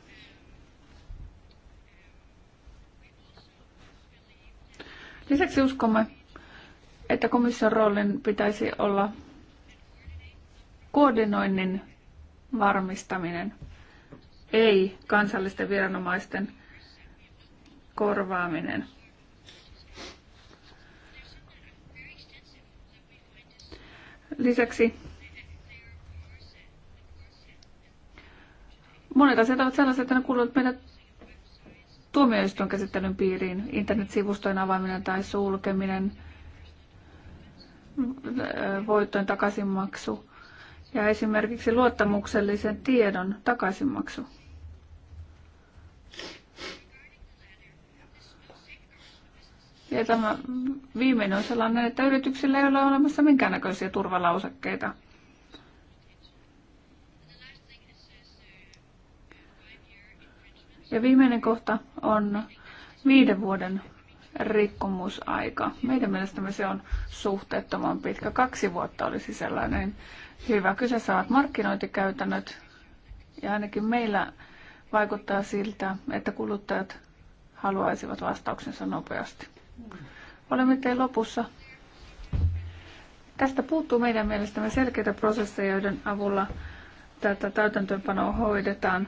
Lisäksi uskomme, että komission roolin pitäisi olla koordinoinnin varmistaminen – ei kansallisten viranomaisten korvaaminen. Lisäksi monet asiat ovat sellaisia, että ne kuuluvat meidän tuomioistuin käsittelyn piiriin, internetsivustojen avaaminen tai sulkeminen, voittojen takaisinmaksu ja esimerkiksi luottamuksellisen tiedon takaisinmaksu. Ja tämä viimeinen on sellainen, että yrityksillä ei ole olemassa minkäännäköisiä turvalausekkeita. Ja viimeinen kohta on viiden vuoden rikkomusaika. Meidän mielestämme se on suhteettoman pitkä. Kaksi vuotta olisi sellainen hyvä. Kyseessä ovat markkinointikäytännöt ja ainakin meillä vaikuttaa siltä, että kuluttajat haluaisivat vastauksensa nopeasti. Olemme tein lopussa. Tästä puuttuu meidän mielestämme selkeitä prosesseja, joiden avulla tätä täytäntöönpanoa hoidetaan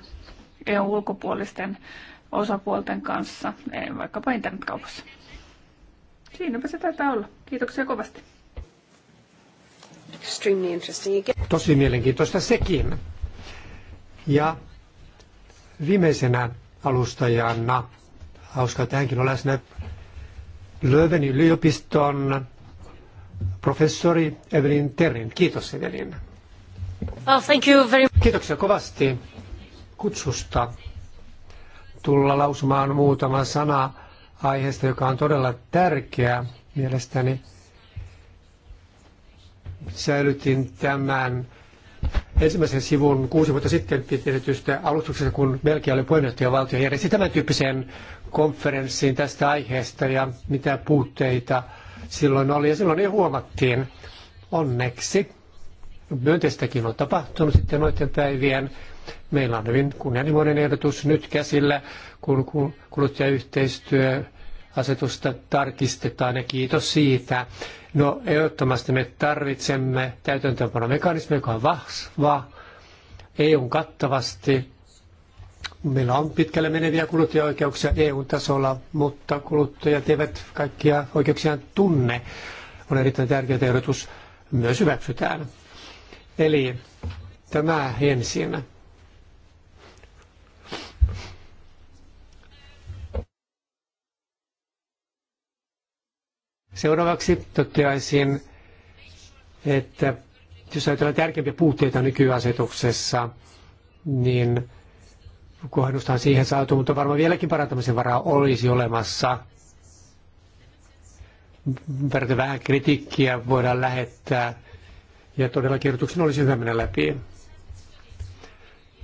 eu ulkopuolisten osapuolten kanssa, e, vaikkapa internetkaupassa. Siinäpä se taitaa olla. Kiitoksia kovasti. Tosi mielenkiintoista sekin. Ja viimeisenä alustajana, hauska, että hänkin on läsnä, Löven yliopiston professori Evelyn Terrin. Kiitos Evelyn. Well, thank you very... Kiitoksia kovasti kutsusta tulla lausumaan muutama sana aiheesta, joka on todella tärkeä mielestäni. Säilytin tämän ensimmäisen sivun kuusi vuotta sitten pidetystä alustuksesta, kun Belgia oli puheenjohtajavaltio järjesti tämän tyyppisen konferenssiin tästä aiheesta ja mitä puutteita silloin oli. Ja silloin jo huomattiin onneksi. Myönteistäkin on tapahtunut sitten noiden päivien. Meillä on hyvin kunnianhimoinen ehdotus nyt käsillä, kun kuluttajayhteistyö asetusta tarkistetaan ja kiitos siitä. No ehdottomasti me tarvitsemme täytäntöönpanomekanismi, joka on vahva, EUn kattavasti Meillä on pitkälle meneviä kuluttajaoikeuksia EU-tasolla, mutta kuluttajat eivät kaikkia oikeuksiaan tunne. On erittäin tärkeä ehdotus myös hyväksytään. Eli tämä ensin. Seuraavaksi toteaisin, että jos ajatellaan tärkeimpiä puutteita nykyasetuksessa, niin – kohdennustahan siihen saatu, mutta varmaan vieläkin parantamisen varaa olisi olemassa. Verta vähän kritiikkiä voidaan lähettää ja todella kirjoituksen olisi hyvä mennä läpi.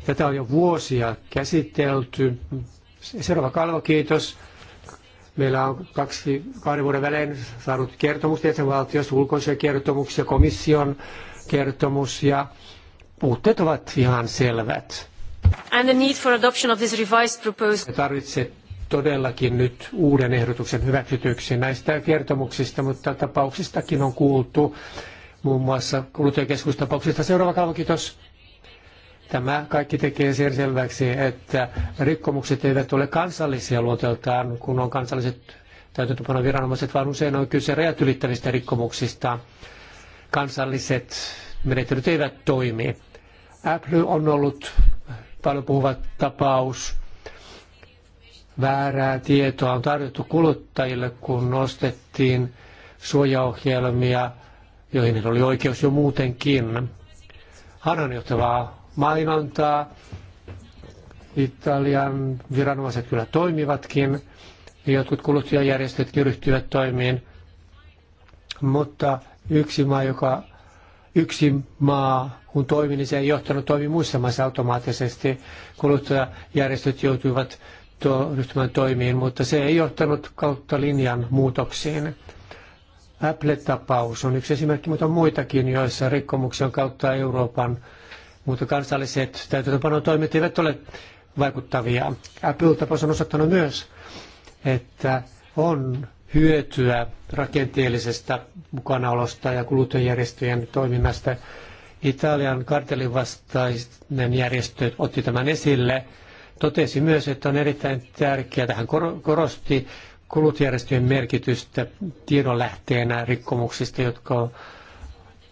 Tätä on jo vuosia käsitelty. Seuraava kalvo, kiitos. Meillä on kaksi, kahden vuoden välein saanut kertomus jäsenvaltiosta, ulkoisia kertomuksia, komission kertomus ja puutteet ovat ihan selvät. And the need for adoption of this revised proposal. Tarvitset todellakin nyt uuden ehdotuksen hyväksytyksi näistä kertomuksista, mutta tapauksistakin on kuultu muun muassa kuluttajakeskustapauksista. Seuraava kalvo, kiitos. Tämä kaikki tekee sen selväksi, että rikkomukset eivät ole kansallisia luonteeltaan, kun on kansalliset täytäntöpanon viranomaiset, vaan usein on kyse rajat ylittävistä rikkomuksista. Kansalliset menettelyt eivät toimi. Apple on ollut paljon puhuvat tapaus. Väärää tietoa on tarjottu kuluttajille, kun nostettiin suojaohjelmia, joihin heillä oli oikeus jo muutenkin. Hanan johtavaa mainontaa. Italian viranomaiset kyllä toimivatkin. Jotkut kuluttajajärjestötkin ryhtyivät toimiin. Mutta yksi maa, joka, yksi maa kun toimi, niin se ei johtanut toimi muissa maissa automaattisesti. Kuluttajajärjestöt joutuivat to, ryhtymään toimiin, mutta se ei johtanut kautta linjan muutoksiin. Apple-tapaus on yksi esimerkki, mutta on muitakin, joissa rikkomuksia on kautta Euroopan, mutta kansalliset toimet eivät ole vaikuttavia. Apple-tapaus on osoittanut myös, että on hyötyä rakenteellisesta mukanaolosta ja kuluttajajärjestöjen toiminnasta Italian kartelin vastainen järjestö otti tämän esille. Totesi myös, että on erittäin tärkeää, tähän korosti kulutjärjestöjen merkitystä tiedonlähteenä rikkomuksista, jotka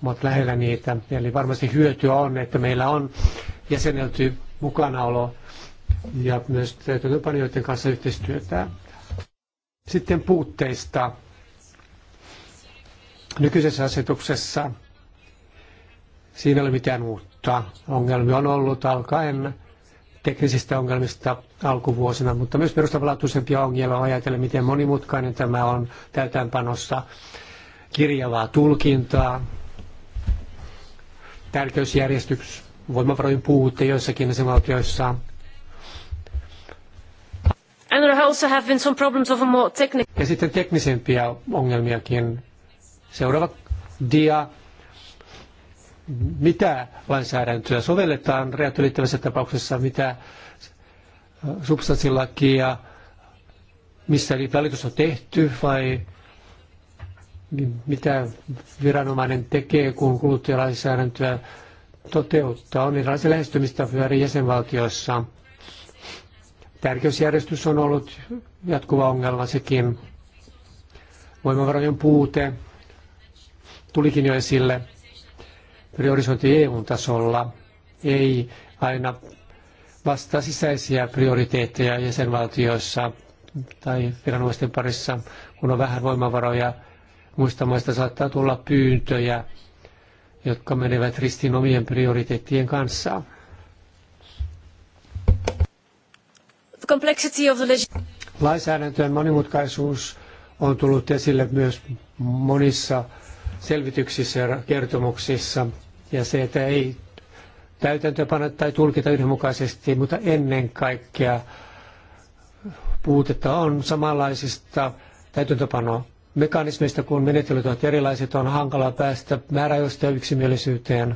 ovat lähellä niitä. Eli varmasti hyötyä on, että meillä on jäsenelty mukanaolo ja myös täytäntöpanijoiden kanssa yhteistyötä. Sitten puutteista. Nykyisessä asetuksessa Siinä ei ole mitään uutta. Ongelmia on ollut alkaen teknisistä ongelmista alkuvuosina, mutta myös perustavanlaatuisempia ongelmia ajatellen, miten monimutkainen tämä on täytäänpanossa kirjavaa tulkintaa, tärkeysjärjestys, voimavarojen puute joissakin asemaltioissa. And there also have been some problems of a more technical... Ja sitten teknisempiä ongelmiakin. Seuraava dia mitä lainsäädäntöä sovelletaan rajat ylittävässä tapauksessa, mitä substanssilakia, missä valitus on tehty vai mitä viranomainen tekee, kun kuluttajalainsäädäntöä toteuttaa. On erilaisia lähestymistapoja eri jäsenvaltioissa. Tärkeysjärjestys on ollut jatkuva ongelma sekin. Voimavarojen puute tulikin jo esille priorisointi EUn tasolla ei aina vastaa sisäisiä prioriteetteja jäsenvaltioissa tai viranomaisten parissa, kun on vähän voimavaroja. Muista maista saattaa tulla pyyntöjä, jotka menevät ristiin omien prioriteettien kanssa. Lainsäädäntöjen monimutkaisuus on tullut esille myös monissa selvityksissä ja kertomuksissa ja se, että ei täytäntöpana tai tulkita yhdenmukaisesti, mutta ennen kaikkea puutetta on samanlaisista täytäntöpano mekanismeista, kun menettelyt ovat erilaiset, on hankalaa päästä määräajoista yksimielisyyteen.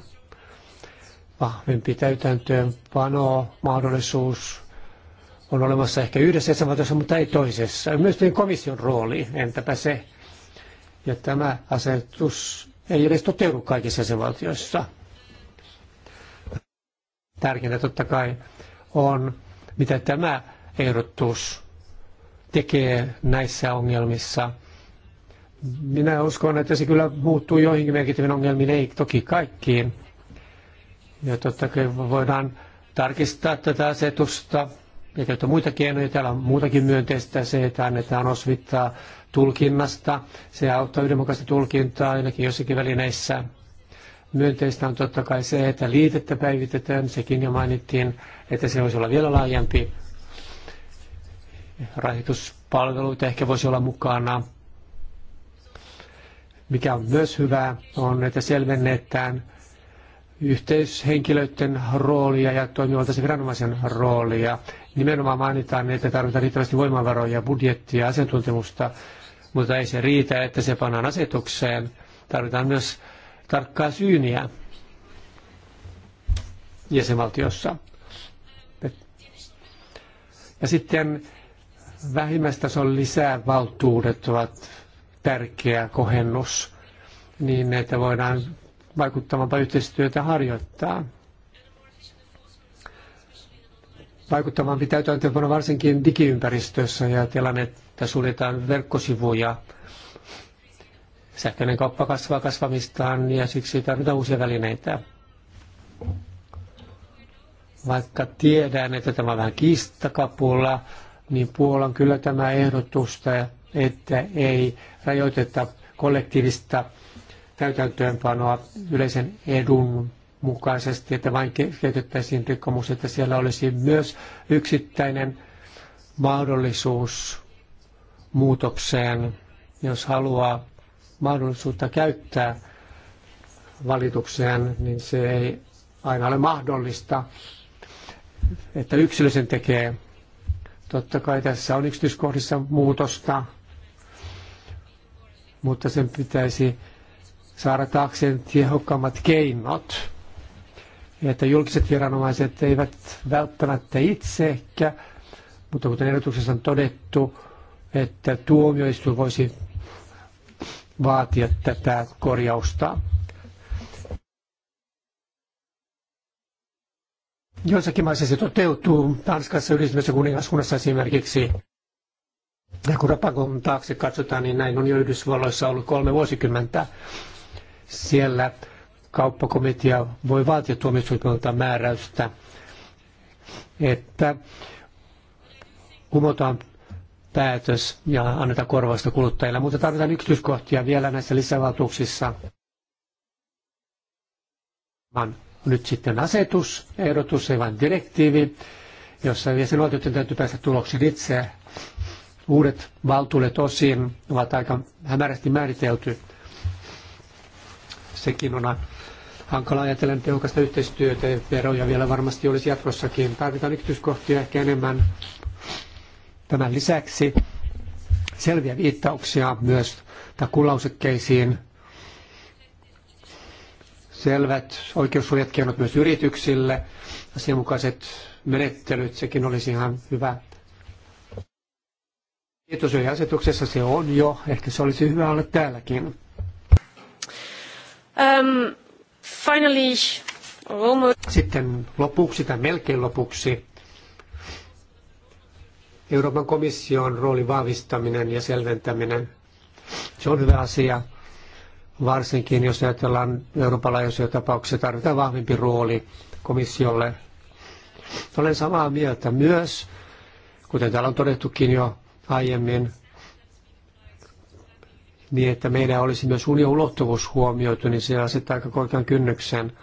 Vahvempi täytäntöönpano, mahdollisuus on olemassa ehkä yhdessä jäsenvaltiossa, mutta ei toisessa. Myös komission rooli, entäpä se. Ja tämä asetus ei edes toteudu kaikissa jäsenvaltioissa. Tärkeintä totta kai on, mitä tämä ehdotus tekee näissä ongelmissa. Minä uskon, että se kyllä muuttuu joihinkin merkittäviin ongelmiin, ei toki kaikkiin. Ja totta kai voidaan tarkistaa tätä asetusta ja käyttää muita keinoja. Täällä on muutakin myönteistä se, että annetaan osvittaa tulkinnasta. Se auttaa yhdenmukaista tulkintaa ainakin jossakin välineissä. Myönteistä on totta kai se, että liitettä päivitetään, sekin jo mainittiin, että se voisi olla vielä laajempi. Rahoituspalveluita ehkä voisi olla mukana. Mikä on myös hyvää, on, että selvennetään yhteyshenkilöiden roolia ja toimivaltaisen viranomaisen roolia. Nimenomaan mainitaan, että tarvitaan riittävästi voimavaroja, budjettia ja asiantuntemusta, mutta ei se riitä, että se pannaan asetukseen. Tarvitaan myös tarkkaa syyniä jäsenvaltiossa. Ja sitten vähimmäistason lisävaltuudet ovat tärkeä kohennus niin, että voidaan vaikuttavampaa yhteistyötä harjoittaa. vaikuttavampi täytäntöönpano varsinkin digiympäristössä ja tilanne, että suljetaan verkkosivuja. Sähköinen kauppa kasvaa kasvamistaan ja siksi tarvitaan uusia välineitä. Vaikka tiedän, että tämä on vähän kiistakapulla, niin puolan kyllä tämä ehdotusta, että ei rajoiteta kollektiivista täytäntöönpanoa yleisen edun mukaisesti, että vain keskeytettäisiin rikkomus, että siellä olisi myös yksittäinen mahdollisuus muutokseen, jos haluaa mahdollisuutta käyttää valitukseen, niin se ei aina ole mahdollista, että yksilö sen tekee. Totta kai tässä on yksityiskohdissa muutosta, mutta sen pitäisi saada taakseen tehokkaammat keinot että julkiset viranomaiset eivät välttämättä itse ehkä, mutta kuten ehdotuksessa on todettu, että tuomioistuin voisi vaatia tätä korjausta. Joissakin maissa se toteutuu, Tanskassa yhdistymässä kuningaskunnassa esimerkiksi. Ja kun rapakon taakse katsotaan, niin näin on jo Yhdysvalloissa ollut kolme vuosikymmentä. Siellä kauppakomitea voi vaatia tuomioistuimelta määräystä, että kumotaan päätös ja annetaan korvausta kuluttajille, mutta tarvitaan yksityiskohtia vielä näissä lisävaltuuksissa. On nyt sitten asetus, ehdotus, ei vain direktiivi, jossa jäsenvaltioiden täytyy päästä tuloksiin itse. Uudet valtuudet osin ovat aika hämärästi määritelty. Sekin on hankala ajatellen tehokasta yhteistyötä. Veroja vielä varmasti olisi jatkossakin. Tarvitaan yksityiskohtia ehkä enemmän. Tämän lisäksi selviä viittauksia myös takulausekkeisiin. Selvät oikeussuojat keinot myös yrityksille, asianmukaiset menettelyt, sekin olisi ihan hyvä. Tietosuoja-asetuksessa se on jo, ehkä se olisi hyvä olla täälläkin. Um, Finally, almost... Sitten lopuksi tai melkein lopuksi Euroopan komission roolin vahvistaminen ja selventäminen. Se on hyvä asia, varsinkin jos ajatellaan Euroopan laajuisia tapauksia, tarvitaan vahvempi rooli komissiolle. Olen samaa mieltä myös, kuten täällä on todettukin jo aiemmin, niin että meidän olisi myös ulottuvuus huomioitu, niin se asettaa aika korkean kynnyksen.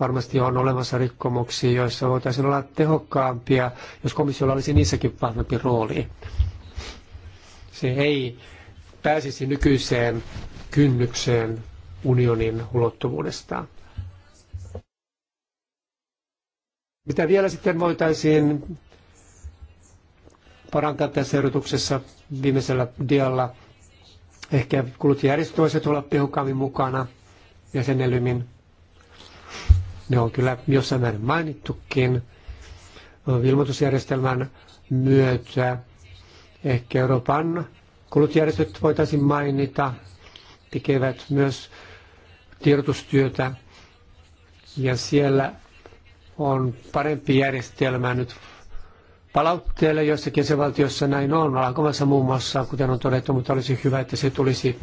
Varmasti on olemassa rikkomuksia, joissa voitaisiin olla tehokkaampia, jos komissiolla olisi niissäkin vahvempi rooli. Se ei pääsisi nykyiseen kynnykseen unionin ulottuvuudesta. Mitä vielä sitten voitaisiin parantaa tässä erotuksessa viimeisellä dialla Ehkä kuluttajärjestöt voisivat olla tehokkaammin mukana jäsenelymin. Ne on kyllä jossain määrin mainittukin ilmoitusjärjestelmän myötä. Ehkä Euroopan kulutjärjestöt voitaisiin mainita, tekevät myös tiedotustyötä ja siellä on parempi järjestelmä nyt palautteelle jossakin se valtiossa näin on, Alankomassa muun muassa, kuten on todettu, mutta olisi hyvä, että se tulisi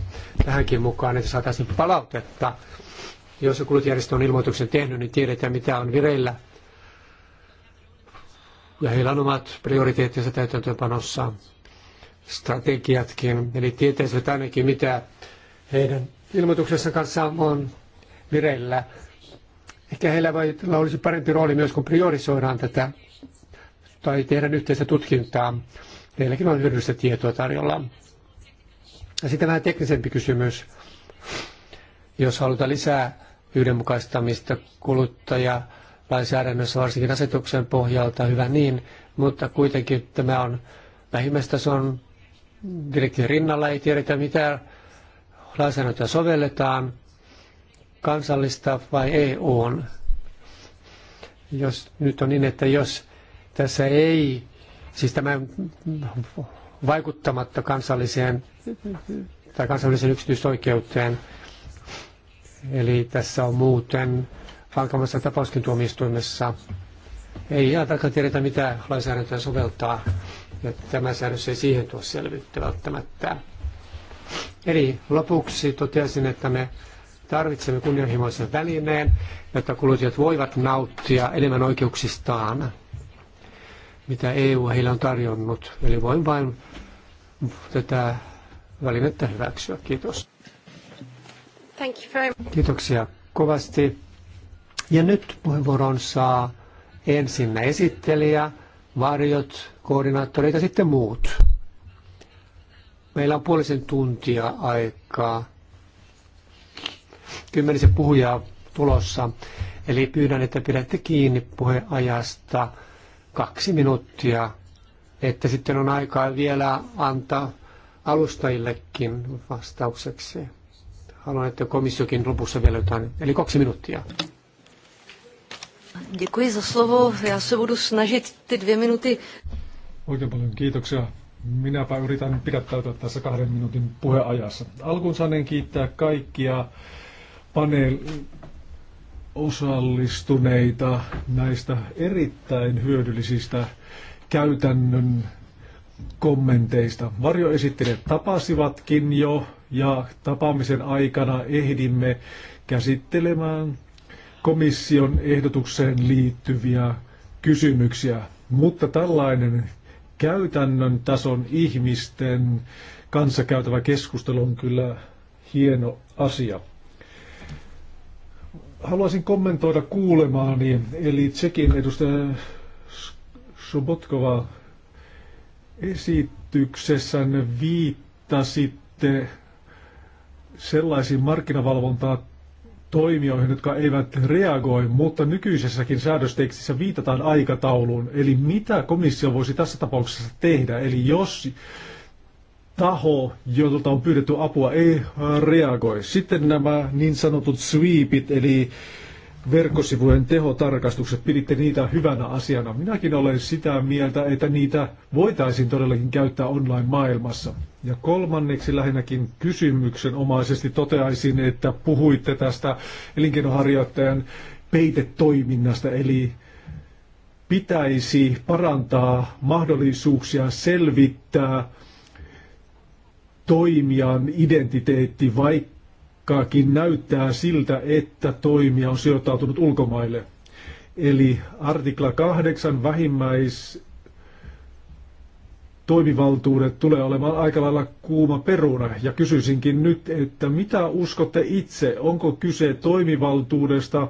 tähänkin mukaan, että saataisiin palautetta. Jos kulutjärjestö on ilmoituksen tehnyt, niin tiedetään, mitä on vireillä. Ja heillä on omat prioriteettinsa täytäntöönpanossa, strategiatkin, eli tietäisivät ainakin, mitä heidän ilmoituksensa kanssa on vireillä. Ehkä heillä voi, olisi parempi rooli myös, kun priorisoidaan tätä tai tehdään yhteistä tutkintaa. Teilläkin on hyödyllistä tietoa tarjolla. Ja sitten vähän teknisempi kysymys. Jos halutaan lisää yhdenmukaistamista kuluttaja lainsäädännössä, varsinkin asetuksen pohjalta, hyvä niin, mutta kuitenkin tämä on vähimmäistason direktiivin rinnalla, ei tiedetä mitä lainsäädäntöä sovelletaan, kansallista vai on, e Jos nyt on niin, että jos tässä ei, siis tämä vaikuttamatta kansalliseen tai kansalliseen yksityisoikeuteen, eli tässä on muuten alkamassa tapauskin tuomioistuimessa. Ei ihan tarkkaan tiedetä, mitä lainsäädäntöä soveltaa, ja tämä säädös ei siihen tuo selvyyttä välttämättä. Eli lopuksi toteaisin, että me tarvitsemme kunnianhimoisen välineen, jotta kuluttajat voivat nauttia enemmän oikeuksistaan mitä EU heille on tarjonnut. Eli voin vain tätä välinettä hyväksyä. Kiitos. Thank you very much. Kiitoksia kovasti. Ja nyt puheenvuoron saa ensin esittelijä, varjot, koordinaattorit ja sitten muut. Meillä on puolisen tuntia aikaa. Kymmenisen puhujaa tulossa. Eli pyydän, että pidätte kiinni puheajasta kaksi minuuttia, että sitten on aikaa vielä antaa alustajillekin vastaukseksi. Haluan, että komissiokin lopussa vielä jotain. Eli kaksi minuuttia. Děkuji za slovo. Já se budu snažit ty dvě minuty. Oikein paljon kiitoksia. Minäpä yritän pidättäytyä tässä kahden minuutin puheajassa. Alkuun saaneen kiittää kaikkia paneel- osallistuneita näistä erittäin hyödyllisistä käytännön kommenteista. Varjoesittelijät tapasivatkin jo ja tapaamisen aikana ehdimme käsittelemään komission ehdotukseen liittyviä kysymyksiä, mutta tällainen käytännön tason ihmisten kanssa käytävä keskustelu on kyllä hieno asia. Haluaisin kommentoida kuulemaani, eli Tsekin edustaja Sobotkova esityksessänne viittasitte sellaisiin markkinavalvontaa toimijoihin, jotka eivät reagoi, mutta nykyisessäkin säädöstekstissä viitataan aikatauluun. Eli mitä komissio voisi tässä tapauksessa tehdä? Eli jos taho, jolta on pyydetty apua, ei äh, reagoi. Sitten nämä niin sanotut sweepit, eli verkkosivujen tehotarkastukset, piditte niitä hyvänä asiana. Minäkin olen sitä mieltä, että niitä voitaisiin todellakin käyttää online-maailmassa. Ja kolmanneksi lähinnäkin kysymyksenomaisesti toteaisin, että puhuitte tästä elinkeinoharjoittajan peitetoiminnasta, eli pitäisi parantaa mahdollisuuksia selvittää toimijan identiteetti, vaikkakin näyttää siltä, että toimija on sijoittautunut ulkomaille. Eli artikla 8 vähimmäis toimivaltuudet tulee olemaan aika lailla kuuma peruna. Ja kysyisinkin nyt, että mitä uskotte itse? Onko kyse toimivaltuudesta,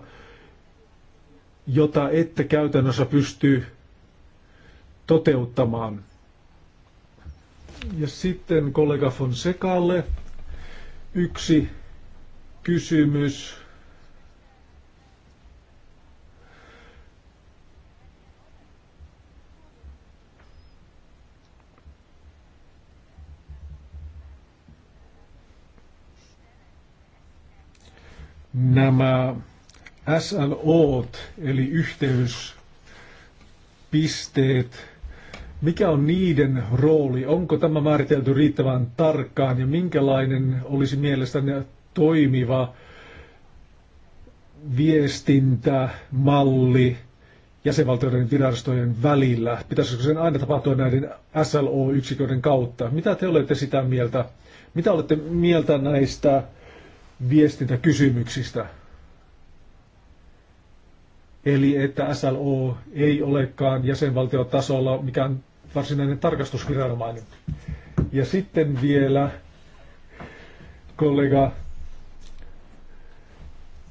jota ette käytännössä pysty toteuttamaan? Ja sitten kollega Fonsekalle yksi kysymys. Nämä SLO, eli yhteyspisteet, mikä on niiden rooli? Onko tämä määritelty riittävän tarkkaan ja minkälainen olisi mielestäni toimiva viestintämalli jäsenvaltioiden virastojen välillä? Pitäisikö sen aina tapahtua näiden SLO-yksiköiden kautta? Mitä te olette sitä mieltä? Mitä olette mieltä näistä viestintäkysymyksistä? Eli että SLO ei olekaan jäsenvaltiotasolla mikään varsinainen tarkastusviranomainen. Ja sitten vielä kollega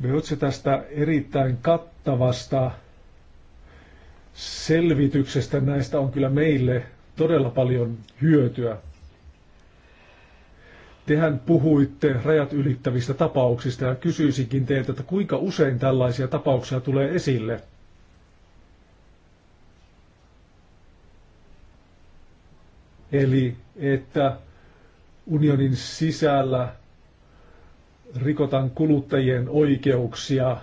Beotse tästä erittäin kattavasta selvityksestä. Näistä on kyllä meille todella paljon hyötyä. Tehän puhuitte rajat ylittävistä tapauksista ja kysyisinkin teiltä, että kuinka usein tällaisia tapauksia tulee esille? Eli että unionin sisällä rikotaan kuluttajien oikeuksia.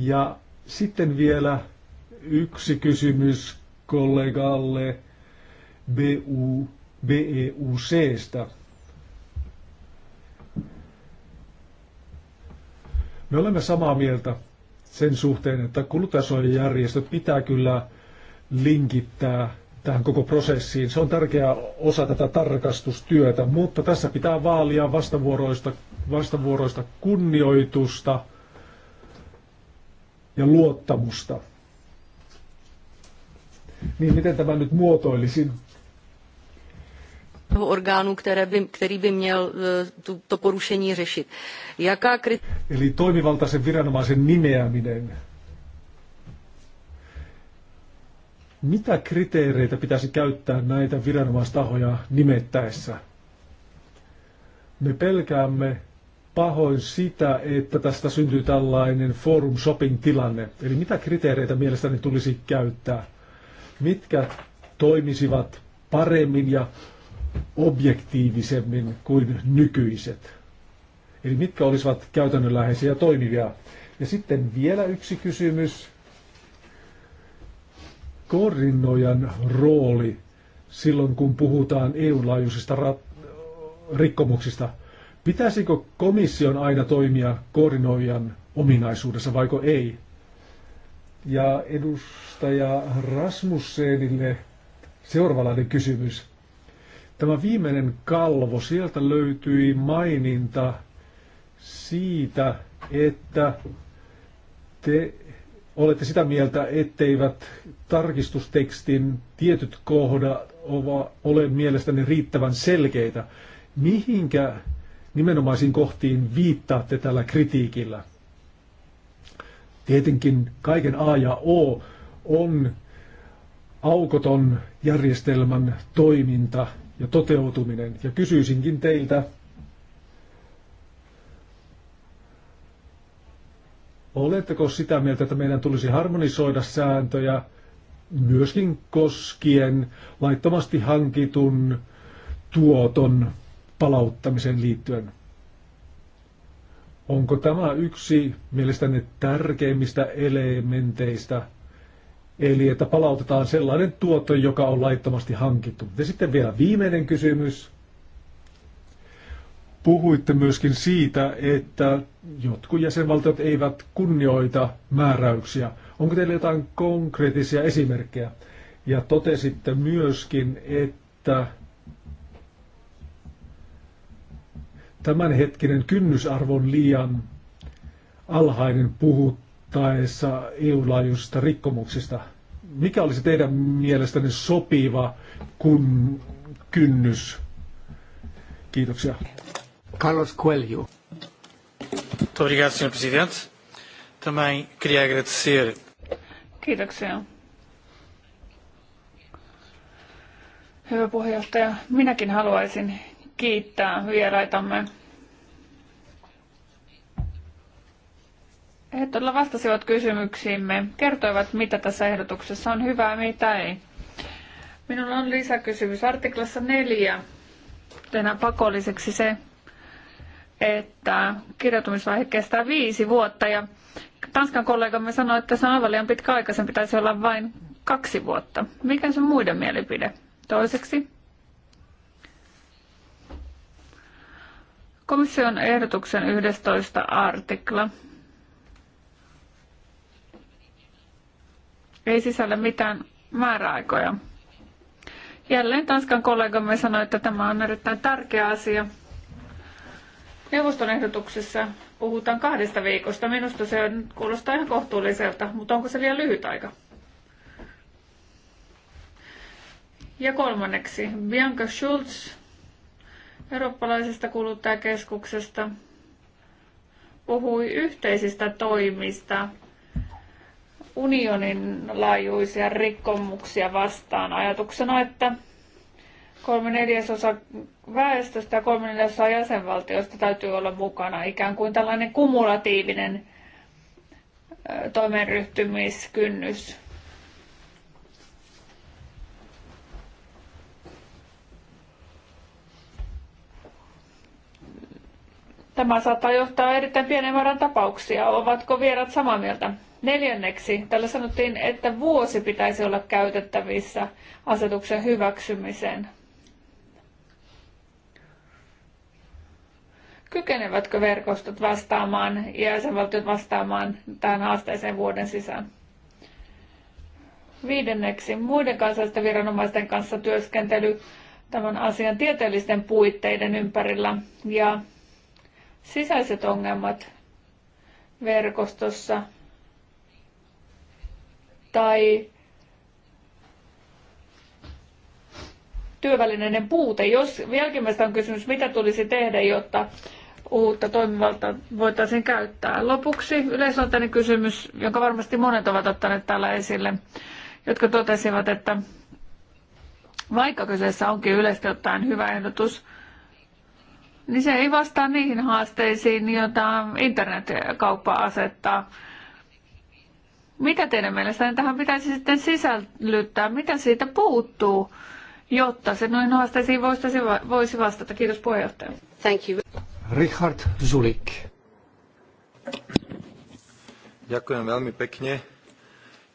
Ja sitten vielä Yksi kysymys kollegalle BU, BEUCstä. Me olemme samaa mieltä sen suhteen, että kuluttajasuojajärjestöt pitää kyllä linkittää tähän koko prosessiin. Se on tärkeä osa tätä tarkastustyötä, mutta tässä pitää vaalia vastavuoroista, vastavuoroista kunnioitusta ja luottamusta niin miten tämä nyt muotoilisin? orgánu, které by, který by měl e, tu, to porušení řešit. Jaká krit... Eli toimivaltaisen viranomaisen nimeäminen. Mitä kriteereitä pitäisi käyttää näitä viranomaistahoja nimettäessä? Me pelkäämme pahoin sitä, että tästä syntyy tällainen forum shopping tilanne. Eli mitä kriteereitä mielestäni tulisi käyttää? mitkä toimisivat paremmin ja objektiivisemmin kuin nykyiset. Eli mitkä olisivat käytännönläheisiä toimivia. Ja sitten vielä yksi kysymys. Koordinoijan rooli silloin, kun puhutaan EU-laajuisista rikkomuksista. Pitäisikö komission aina toimia koordinoijan ominaisuudessa vaiko ei? Ja edustaja Rasmussenille seuraavalainen kysymys. Tämä viimeinen kalvo, sieltä löytyi maininta siitä, että te olette sitä mieltä, etteivät tarkistustekstin tietyt kohdat ole mielestäni riittävän selkeitä. Mihinkä nimenomaisiin kohtiin viittaatte tällä kritiikillä? Tietenkin kaiken A ja O on aukoton järjestelmän toiminta ja toteutuminen. Ja kysyisinkin teiltä, oletteko sitä mieltä, että meidän tulisi harmonisoida sääntöjä myöskin koskien laittomasti hankitun tuoton palauttamiseen liittyen? Onko tämä yksi mielestäni tärkeimmistä elementeistä, eli että palautetaan sellainen tuotto, joka on laittomasti hankittu? Ja sitten vielä viimeinen kysymys. Puhuitte myöskin siitä, että jotkut jäsenvaltiot eivät kunnioita määräyksiä. Onko teillä jotain konkreettisia esimerkkejä? Ja totesitte myöskin, että tämänhetkinen kynnysarvo on liian alhainen puhuttaessa EU-laajuisista rikkomuksista. Mikä olisi teidän mielestänne sopiva kun kynnys? Kiitoksia. Carlos Coelho. obrigado, Sr. Também queria agradecer. Kiitoksia. Hyvä puheenjohtaja, minäkin haluaisin kiittää vieraitamme. He todella vastasivat kysymyksiimme, kertoivat mitä tässä ehdotuksessa on hyvää ja mitä ei. Minulla on lisäkysymys. Artiklassa neljä, tehdään pakolliseksi se, että kirjautumisvaihe kestää viisi vuotta ja Tanskan kollegamme sanoi, että se on aivan liian pitkä aika, sen pitäisi olla vain kaksi vuotta. Mikä on se muiden mielipide? Toiseksi, Komission ehdotuksen 11 artikla ei sisällä mitään määräaikoja. Jälleen Tanskan kollegamme sanoi, että tämä on erittäin tärkeä asia. Neuvoston ehdotuksessa puhutaan kahdesta viikosta. Minusta se on, kuulostaa ihan kohtuulliselta, mutta onko se vielä lyhyt aika? Ja kolmanneksi, Bianca Schulz eurooppalaisesta kuluttajakeskuksesta puhui yhteisistä toimista unionin laajuisia rikkomuksia vastaan ajatuksena, että kolme neljäsosa väestöstä ja kolme neljäsosa jäsenvaltiosta täytyy olla mukana. Ikään kuin tällainen kumulatiivinen toimenryhtymiskynnys Tämä saattaa johtaa erittäin pienen määrän tapauksia. Ovatko vierat samaa mieltä? Neljänneksi, tällä sanottiin, että vuosi pitäisi olla käytettävissä asetuksen hyväksymiseen. Kykenevätkö verkostot vastaamaan ja jäsenvaltiot vastaamaan tähän haasteeseen vuoden sisään? Viidenneksi, muiden kansallisten viranomaisten kanssa työskentely tämän asian tieteellisten puitteiden ympärillä ja sisäiset ongelmat verkostossa tai työvälineiden puute. Jos jälkimmäistä on kysymys, mitä tulisi tehdä, jotta uutta toimivaltaa voitaisiin käyttää. Lopuksi yleisluontainen kysymys, jonka varmasti monet ovat ottaneet täällä esille, jotka totesivat, että vaikka kyseessä onkin yleisesti ottaen hyvä ehdotus, niin se ei vastaa niihin haasteisiin, joita internetkauppa asettaa. Mitä teidän mielestänne tähän pitäisi sitten sisällyttää? Mitä siitä puuttuu, jotta se noin haasteisiin voisi vastata? Kiitos puheenjohtaja. Thank you. Richard Zulik. Ďakujem veľmi pekne.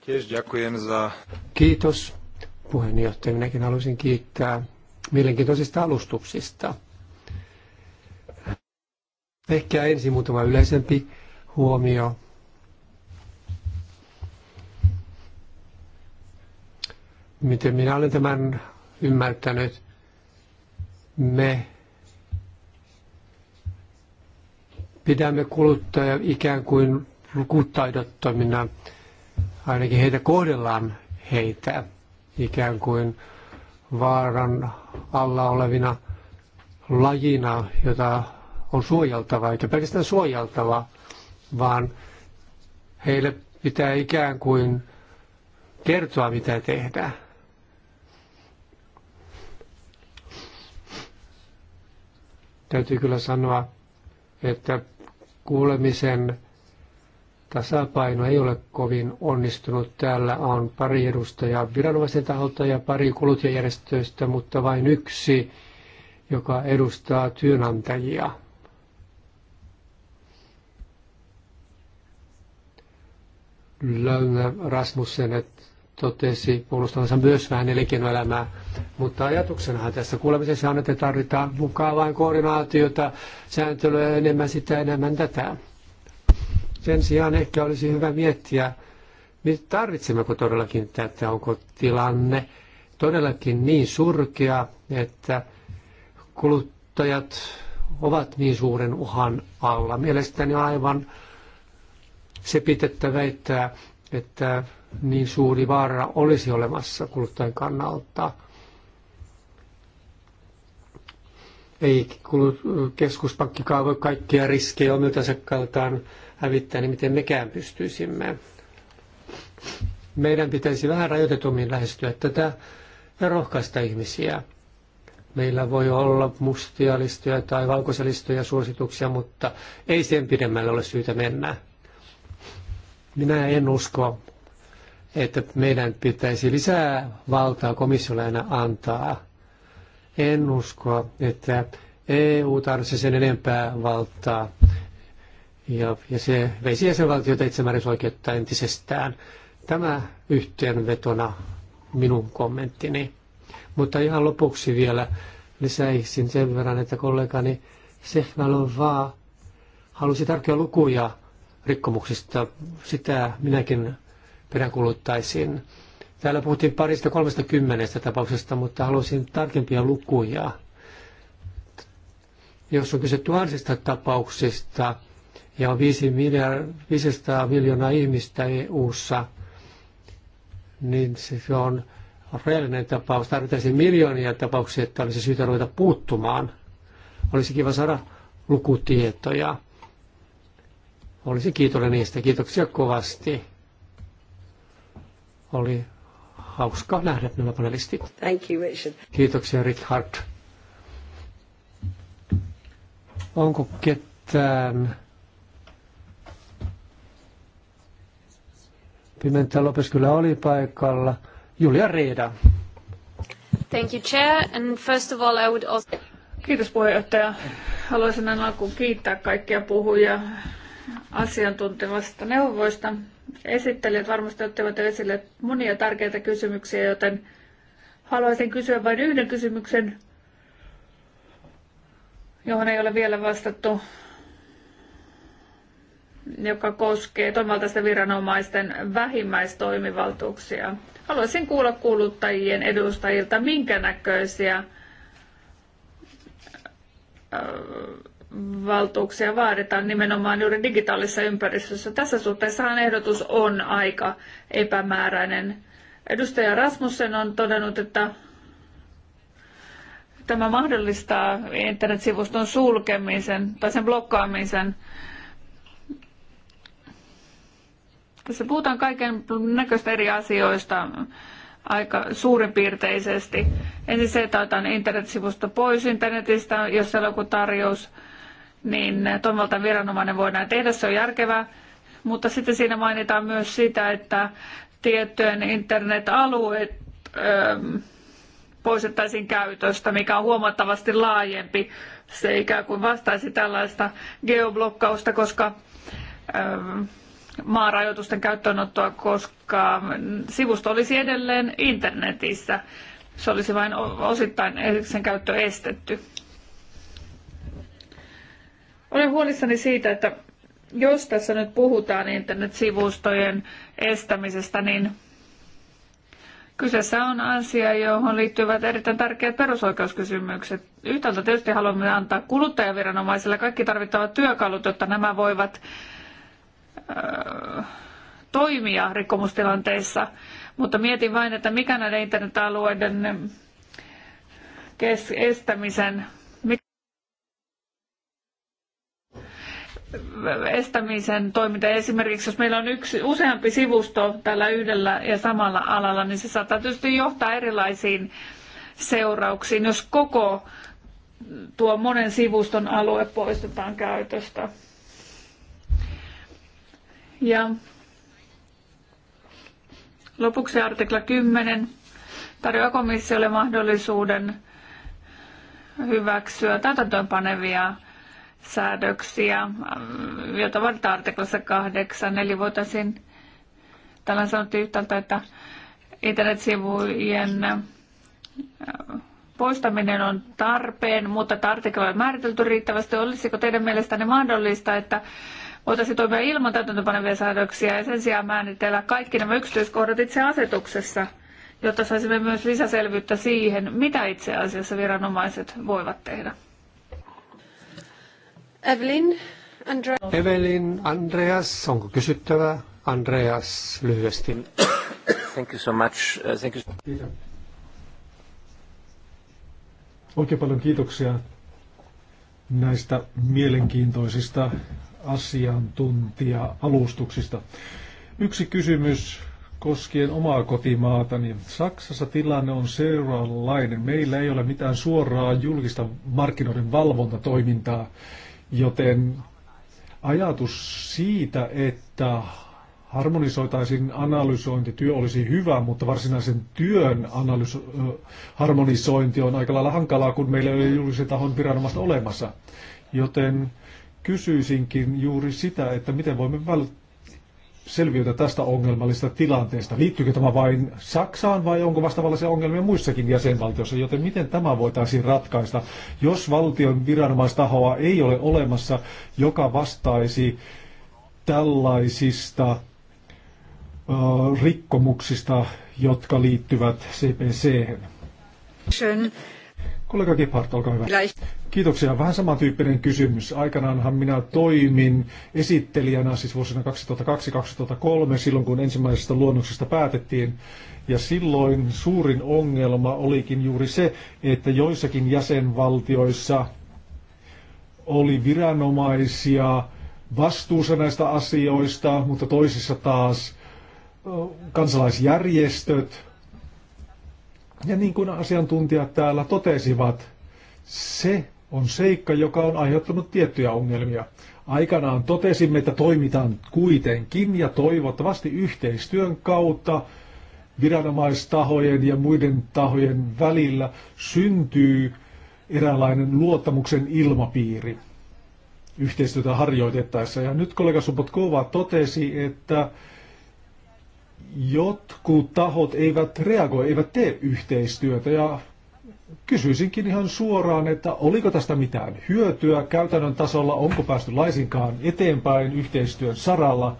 Tiež ďakujem za... Kiitos puheenjohtaja. Minäkin haluaisin kiittää mielenkiintoisista alustuksista. Ehkä ensin muutama yleisempi huomio. Miten minä olen tämän ymmärtänyt? Me pidämme kuluttaja ikään kuin lukutaidottomina, ainakin heitä kohdellaan heitä ikään kuin vaaran alla olevina lajina, jota on suojeltava, eikä pelkästään suojeltava, vaan heille pitää ikään kuin kertoa, mitä tehdään. Täytyy kyllä sanoa, että kuulemisen tasapaino ei ole kovin onnistunut. Täällä on pari edustajaa viranomaisen taholta ja pari kuluttajajärjestöistä, mutta vain yksi, joka edustaa työnantajia. Lönnä Rasmussen totesi puolustavansa myös vähän elinkeinoelämää, mutta ajatuksenahan tässä kuulemisessa on, että tarvitaan mukaan vain koordinaatiota, sääntelyä enemmän sitä enemmän tätä. Sen sijaan ehkä olisi hyvä miettiä, tarvitsemmeko todellakin tätä, onko tilanne todellakin niin surkea, että kuluttajat ovat niin suuren uhan alla. Mielestäni aivan se pitettä väittää, että niin suuri vaara olisi olemassa kuluttajan kannalta. Ei keskuspankkikaan voi kaikkia riskejä omilta asiakkailtaan hävittää, niin miten mekään pystyisimme. Meidän pitäisi vähän rajoitetummin lähestyä tätä ja rohkaista ihmisiä. Meillä voi olla mustia listoja tai valkoisia listoja suosituksia, mutta ei sen pidemmälle ole syytä mennä. Minä en usko, että meidän pitäisi lisää valtaa komissiolle antaa. En usko, että EU tarvitsee sen enempää valtaa. Ja, ja se veisi jäsenvaltioita itsemääräisoikeutta entisestään. Tämä yhteenvetona minun kommenttini. Mutta ihan lopuksi vielä lisäisin sen verran, että kollegani Sehvalova halusi tarkkoja lukuja rikkomuksista. Sitä minäkin peräänkuluttaisin. Täällä puhuttiin parista kolmesta kymmenestä tapauksesta, mutta haluaisin tarkempia lukuja. Jos on kyse tuhansista tapauksista ja on 5 500 miljoonaa ihmistä EU-ssa, niin se on reellinen tapaus. Tarvitaan miljoonia tapauksia, että olisi syytä ruveta puuttumaan. Olisi kiva saada lukutietoja olisi kiitollinen niistä. Kiitoksia kovasti. Oli hauska nähdä nämä panelistit. Thank you, Richard. Kiitoksia, Richard. Onko ketään? Pimentä Lopes kyllä oli paikalla. Julia Reeda. Thank you, Chair. And first of all, I would also... Kiitos puheenjohtaja. Haluaisin alkuun kiittää kaikkia puhujia asiantuntevasta neuvoista. Esittelijät varmasti ottivat esille monia tärkeitä kysymyksiä, joten haluaisin kysyä vain yhden kysymyksen, johon ei ole vielä vastattu, joka koskee toimivaltaisten viranomaisten vähimmäistoimivaltuuksia. Haluaisin kuulla kuuluttajien edustajilta, minkä näköisiä öö, valtuuksia vaaditaan nimenomaan juuri digitaalisessa ympäristössä. Tässä suhteessahan ehdotus on aika epämääräinen. Edustaja Rasmussen on todennut, että tämä mahdollistaa internetsivuston sulkemisen tai sen blokkaamisen. Tässä puhutaan kaiken näköistä eri asioista aika suurinpiirteisesti. Ensin se, että otan internetsivusto pois internetistä, jos siellä on joku tarjous niin toimivalta viranomainen voi näin tehdä, se on järkevää. Mutta sitten siinä mainitaan myös sitä, että tiettyjen internet-alueet ähm, poistettaisiin käytöstä, mikä on huomattavasti laajempi. Se ikään kuin vastaisi tällaista geoblokkausta, koska ähm, maarajoitusten käyttöönottoa, koska sivusto olisi edelleen internetissä. Se olisi vain osittain sen käyttö estetty. Olen huolissani siitä, että jos tässä nyt puhutaan internetsivustojen estämisestä, niin Kyseessä on asia, johon liittyvät erittäin tärkeät perusoikeuskysymykset. Yhtäältä tietysti haluamme antaa kuluttajaviranomaisille kaikki tarvittavat työkalut, jotta nämä voivat äh, toimia rikkomustilanteissa. Mutta mietin vain, että mikä näiden internetalueiden estämisen estämisen toiminta. Esimerkiksi jos meillä on yksi, useampi sivusto tällä yhdellä ja samalla alalla, niin se saattaa tietysti johtaa erilaisiin seurauksiin, jos koko tuo monen sivuston alue poistetaan käytöstä. Ja lopuksi artikla 10 tarjoaa komissiolle mahdollisuuden hyväksyä täytäntöönpanevia säädöksiä, joita vaaditaan artiklassa kahdeksan, eli voitaisiin tällä sanottiin yhtäältä, että internetsivujen äh, poistaminen on tarpeen, mutta tätä artikla on määritelty riittävästi. Olisiko teidän mielestänne mahdollista, että voitaisiin toimia ilman täytäntöpanevia säädöksiä ja sen sijaan määritellä kaikki nämä yksityiskohdat itse asetuksessa, jotta saisimme myös lisäselvyyttä siihen, mitä itse asiassa viranomaiset voivat tehdä? Evelyn, Andreas. Evelyn, Andreas, onko kysyttävää? Andreas, lyhyesti. Thank you so much. Uh, thank you. Kiitos. Oikein paljon kiitoksia näistä mielenkiintoisista asiantuntija-alustuksista. Yksi kysymys koskien omaa kotimaatani. Saksassa tilanne on seuraavanlainen. Meillä ei ole mitään suoraa julkista markkinoiden valvontatoimintaa, Joten ajatus siitä, että harmonisoitaisiin analysointityö olisi hyvä, mutta varsinaisen työn analyso- harmonisointi on aika lailla hankalaa, kun meillä ei ole julkisen tahon viranomaista olemassa. Joten kysyisinkin juuri sitä, että miten voimme välttää selviytyä tästä ongelmallisesta tilanteesta. Liittyykö tämä vain Saksaan vai onko vastaavallisia ongelmia muissakin jäsenvaltioissa, joten miten tämä voitaisiin ratkaista, jos valtion viranomaistahoa ei ole olemassa, joka vastaisi tällaisista rikkomuksista, jotka liittyvät CPC. -hän. Kollega Gebhardt, olkaa hyvä. Kiitoksia. Vähän samantyyppinen kysymys. Aikanaanhan minä toimin esittelijänä siis vuosina 2002-2003 silloin, kun ensimmäisestä luonnoksesta päätettiin. Ja silloin suurin ongelma olikin juuri se, että joissakin jäsenvaltioissa oli viranomaisia vastuussa näistä asioista, mutta toisissa taas kansalaisjärjestöt ja niin kuin asiantuntijat täällä totesivat, se on seikka, joka on aiheuttanut tiettyjä ongelmia. Aikanaan totesimme, että toimitaan kuitenkin ja toivottavasti yhteistyön kautta viranomaistahojen ja muiden tahojen välillä syntyy eräänlainen luottamuksen ilmapiiri yhteistyötä harjoitettaessa. Ja nyt kollega Subotkova totesi, että jotkut tahot eivät reagoi, eivät tee yhteistyötä ja kysyisinkin ihan suoraan, että oliko tästä mitään hyötyä käytännön tasolla, onko päästy laisinkaan eteenpäin yhteistyön saralla,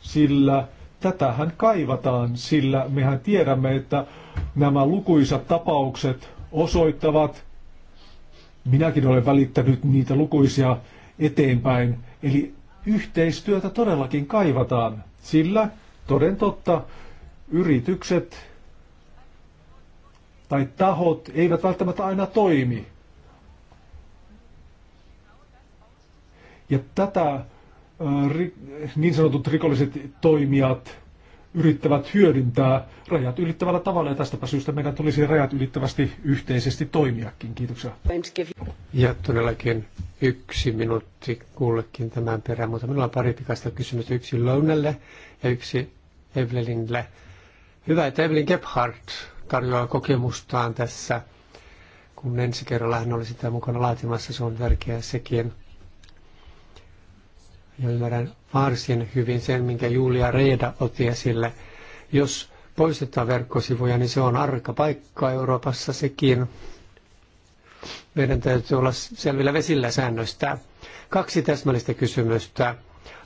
sillä tätähän kaivataan, sillä mehän tiedämme, että nämä lukuisat tapaukset osoittavat, minäkin olen välittänyt niitä lukuisia eteenpäin, eli yhteistyötä todellakin kaivataan, sillä Toden totta, yritykset tai tahot eivät välttämättä aina toimi. Ja tätä niin sanotut rikolliset toimijat yrittävät hyödyntää rajat ylittävällä tavalla, ja tästäpä syystä meidän tulisi rajat ylittävästi yhteisesti toimiakin. Kiitoksia. Ja todellakin yksi minuutti kullekin tämän perään, mutta minulla on pari pikaista kysymystä. Yksi Lounelle ja yksi Evelinille. Hyvä, että Evelyn Gebhardt tarjoaa kokemustaan tässä, kun ensi kerralla hän oli sitä mukana laatimassa, se on tärkeää sekin. Ja ymmärrän varsin hyvin sen, minkä Julia Reeda otti esille. Jos poistetaan verkkosivuja, niin se on arka paikka Euroopassa sekin. Meidän täytyy olla selvillä vesillä säännöistä. Kaksi täsmällistä kysymystä.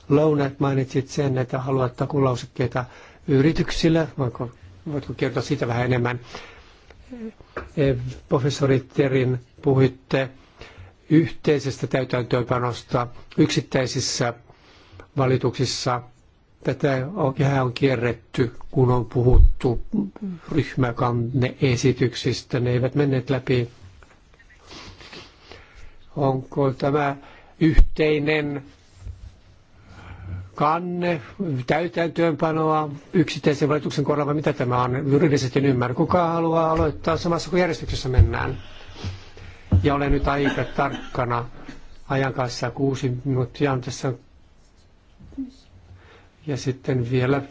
Lounat mainitsit sen, että haluat takulausekkeita yrityksille. Voinko, voitko kertoa siitä vähän enemmän? E, professori Terin puhuitte yhteisestä täytäntöönpanosta yksittäisissä valituksissa. Tätä oikein on kierretty, kun on puhuttu ryhmäkanneesityksistä. Ne eivät menneet läpi. Onko tämä yhteinen kanne, täytäntöönpanoa, yksittäisen valituksen vai mitä tämä on juridisesti en ymmärrä. Kuka haluaa aloittaa samassa kuin järjestyksessä mennään? Ja olen nyt aika tarkkana ajan kanssa kuusi minuuttia on tässä. Ja sitten vielä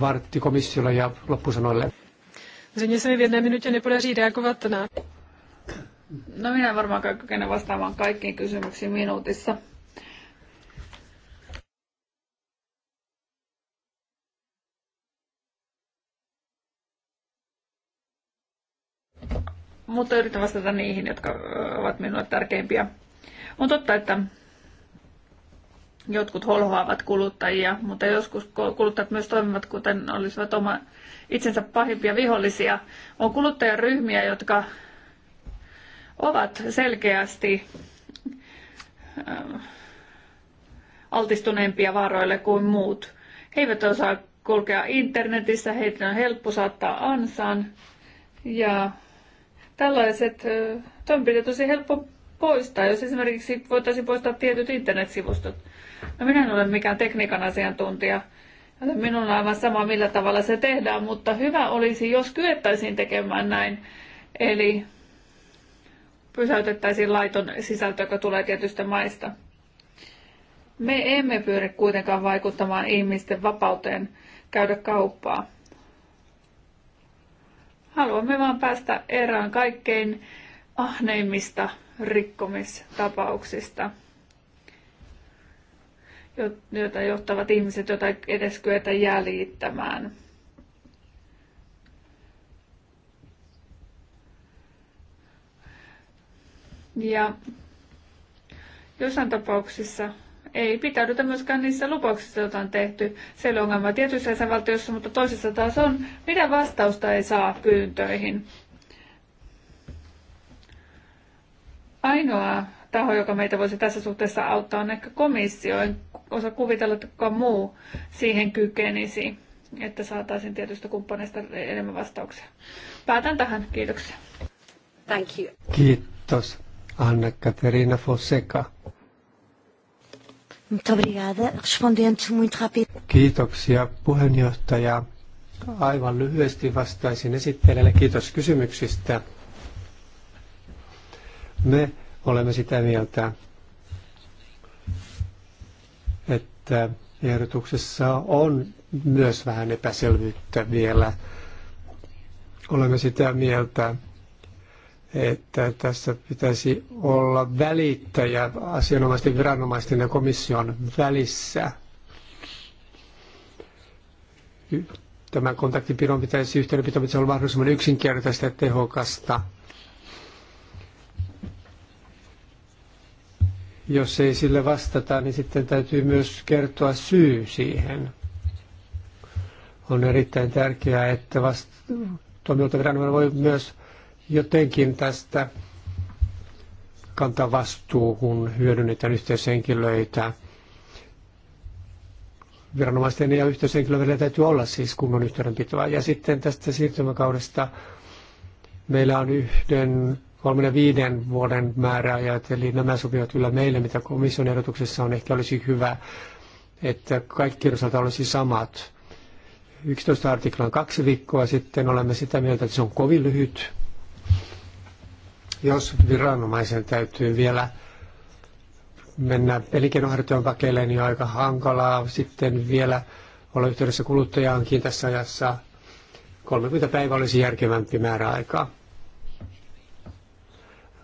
vartti komissiolle ja loppusanoille. Zřejmě se mi minuutin ei minutě reagovat No minä varmaan kykene vastaamaan kaikkiin kysymyksiin minuutissa. mutta yritän vastata niihin, jotka ovat minulle tärkeimpiä. On totta, että jotkut holhoavat kuluttajia, mutta joskus kuluttajat myös toimivat, kuten olisivat oma itsensä pahimpia vihollisia. On kuluttajaryhmiä, jotka ovat selkeästi altistuneempia vaaroille kuin muut. He eivät osaa kulkea internetissä, heitä on helppo saattaa ansaan ja Tällaiset toimenpiteet tosi helppo poistaa, jos esimerkiksi voitaisiin poistaa tietyt internetsivustot. No minä en ole mikään tekniikan asiantuntija, joten minulla on aivan sama millä tavalla se tehdään, mutta hyvä olisi, jos kyettäisiin tekemään näin. Eli pysäytettäisiin laiton sisältö, joka tulee tietystä maista. Me emme pyri kuitenkaan vaikuttamaan ihmisten vapauteen käydä kauppaa. Haluamme vaan päästä erään kaikkein ahneimmista rikkomistapauksista, joita johtavat ihmiset, joita ei edes kyetä jäljittämään. Ja jossain tapauksissa ei pitäydytä myöskään niissä lupauksissa, joita on tehty. Se ei ongelma tietyissä jäsenvaltioissa, mutta toisessa taas on. Mitä vastausta ei saa pyyntöihin? Ainoa taho, joka meitä voisi tässä suhteessa auttaa, on ehkä komissio. En osaa kuvitella, että kuka muu siihen kykenisi, että saataisiin tietystä kumppaneista enemmän vastauksia. Päätän tähän. Kiitoksia. Thank you. Kiitos. Anna-Katerina Fosseka. Muito obrigada. Respondente muito rápido. Kiitoksia puheenjohtaja. Aivan lyhyesti vastaisin esittelijälle. Kiitos kysymyksistä. Me olemme sitä mieltä, että ehdotuksessa on myös vähän epäselvyyttä vielä. Olemme sitä mieltä, että tässä pitäisi olla välittäjä asianomaisten viranomaisten ja komission välissä. Tämän kontaktipidon pitäisi yhteydenpito pitäisi olla mahdollisimman yksinkertaista ja tehokasta. Jos ei sille vastata, niin sitten täytyy myös kertoa syy siihen. On erittäin tärkeää, että vast... toimijoilta viranomainen voi myös jotenkin tästä kantaa vastuu, kun hyödynnetään yhteishenkilöitä. Viranomaisten ja yhteishenkilöiden välillä täytyy olla siis kunnon yhteydenpitoa. Ja sitten tästä siirtymäkaudesta meillä on yhden kolmen ja viiden vuoden määräajat, eli nämä sopivat kyllä meille, mitä komission ehdotuksessa on. Ehkä olisi hyvä, että kaikki osalta olisi samat. 11 artiklan kaksi viikkoa sitten olemme sitä mieltä, että se on kovin lyhyt jos viranomaisen täytyy vielä mennä elinkeinoharjoittajan pakeille, niin on aika hankalaa sitten vielä olla yhteydessä kuluttajaankin tässä ajassa. 30 päivää olisi järkevämpi määräaika.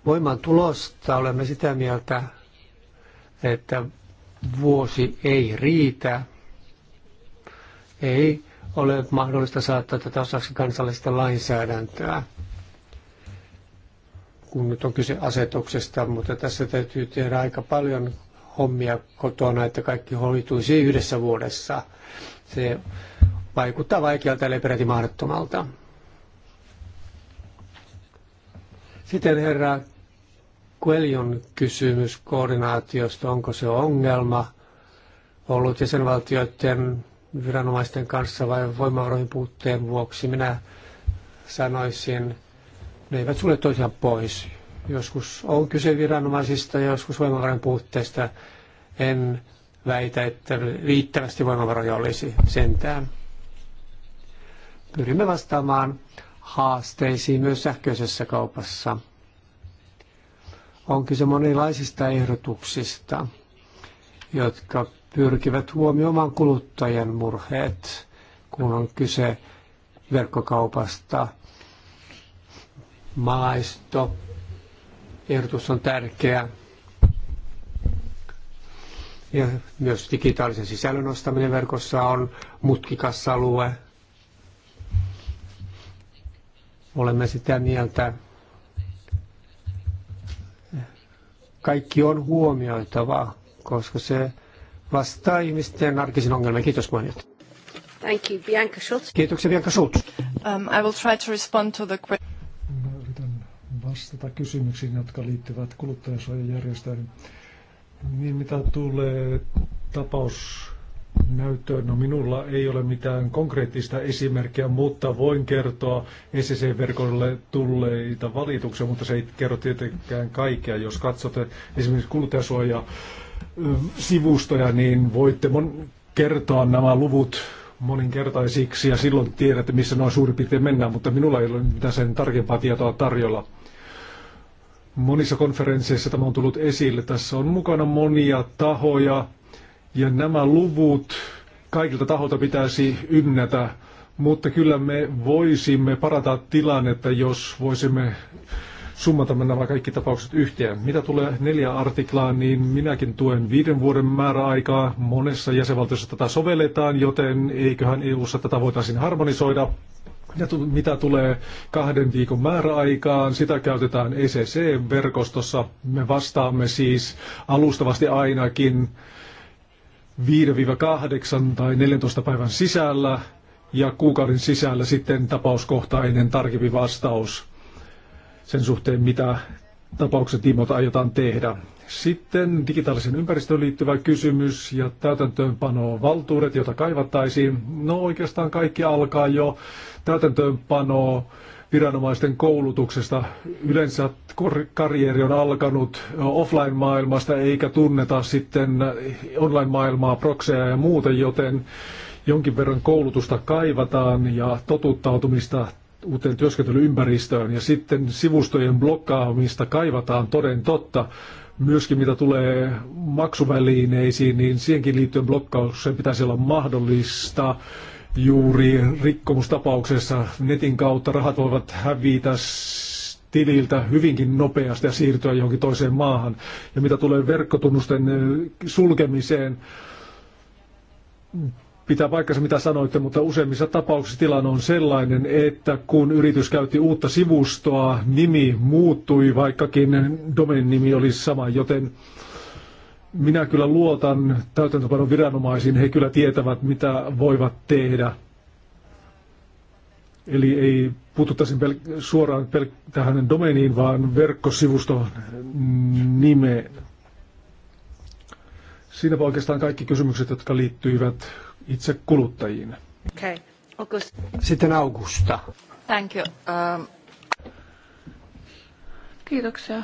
Voimaan tulosta olemme sitä mieltä, että vuosi ei riitä. Ei ole mahdollista saattaa tätä osaksi kansallista lainsäädäntöä kun nyt on kyse asetuksesta, mutta tässä täytyy tehdä aika paljon hommia kotona, että kaikki hoituisi yhdessä vuodessa. Se vaikuttaa vaikealta eli peräti mahdottomalta. Sitten herra Kuelion kysymys koordinaatiosta, onko se ongelma ollut jäsenvaltioiden viranomaisten kanssa vai voimavarojen puutteen vuoksi. Minä sanoisin, ne eivät sulle toisiaan pois. Joskus on kyse viranomaisista ja joskus voimavarojen puutteesta. En väitä, että riittävästi voimavaroja olisi sentään. Pyrimme vastaamaan haasteisiin myös sähköisessä kaupassa. On kyse monilaisista ehdotuksista, jotka pyrkivät huomioimaan kuluttajien murheet, kun on kyse verkkokaupasta maalaisto. Ehdotus on tärkeä. Ja myös digitaalisen sisällön ostaminen verkossa on mutkikas alue. Olemme sitä mieltä, kaikki on huomioitavaa, koska se vastaa ihmisten arkisin ongelmiin. Kiitos puheenjohtaja. Thank you, Bianca Schultz. Kiitoksia Bianca Schultz. Um, I will try to respond to the question vastata kysymyksiin, jotka liittyvät kuluttajansuojajärjestöön. Niin mitä tulee tapausnäyttöön, no minulla ei ole mitään konkreettista esimerkkiä, mutta voin kertoa SEC-verkolle tulleita valituksia, mutta se ei kerro tietenkään kaikkea. Jos katsotte esimerkiksi kuluttajansuoja sivustoja, niin voitte kertoa nämä luvut moninkertaisiksi ja silloin tiedätte, missä noin suurin piirtein mennään, mutta minulla ei ole mitään sen tarkempaa tietoa tarjolla. Monissa konferensseissa tämä on tullut esille. Tässä on mukana monia tahoja ja nämä luvut kaikilta taholta pitäisi ynnätä, mutta kyllä me voisimme parata tilannetta, jos voisimme summata nämä kaikki tapaukset yhteen. Mitä tulee neljä artiklaa, niin minäkin tuen viiden vuoden määräaikaa. Monessa jäsenvaltiossa tätä sovelletaan, joten eiköhän EU-ssa tätä voitaisiin harmonisoida. Ja mitä tulee kahden viikon määräaikaan, sitä käytetään ECC-verkostossa. Me vastaamme siis alustavasti ainakin 5-8 tai 14 päivän sisällä ja kuukauden sisällä sitten tapauskohtainen tarkempi vastaus sen suhteen, mitä tapauksen tiimoilta aiotaan tehdä. Sitten digitaalisen ympäristöön liittyvä kysymys ja täytäntöönpano valtuudet, joita kaivattaisiin. No oikeastaan kaikki alkaa jo täytäntöönpano viranomaisten koulutuksesta. Yleensä karjeri on alkanut offline-maailmasta eikä tunneta sitten online-maailmaa, prokseja ja muuta, joten jonkin verran koulutusta kaivataan ja totuttautumista uuteen työskentelyympäristöön ja sitten sivustojen blokkaamista kaivataan toden totta, Myöskin mitä tulee maksuvälineisiin, niin siihenkin liittyen blokkaukseen pitäisi olla mahdollista juuri rikkomustapauksessa. Netin kautta rahat voivat hävitä tililtä hyvinkin nopeasti ja siirtyä johonkin toiseen maahan. Ja mitä tulee verkkotunnusten sulkemiseen, pitää paikkansa, mitä sanoitte, mutta useimmissa tapauksissa tilanne on sellainen, että kun yritys käytti uutta sivustoa, nimi muuttui, vaikkakin domain nimi oli sama, joten minä kyllä luotan täytäntöpanon viranomaisiin, he kyllä tietävät, mitä voivat tehdä. Eli ei puututtaisiin pel- suoraan pel- tähän domeniin vaan verkkosivuston nimeen siinäpä oikeastaan kaikki kysymykset, jotka liittyivät itse kuluttajina. Okay. August. Sitten Augusta. Thank you. Um... Kiitoksia.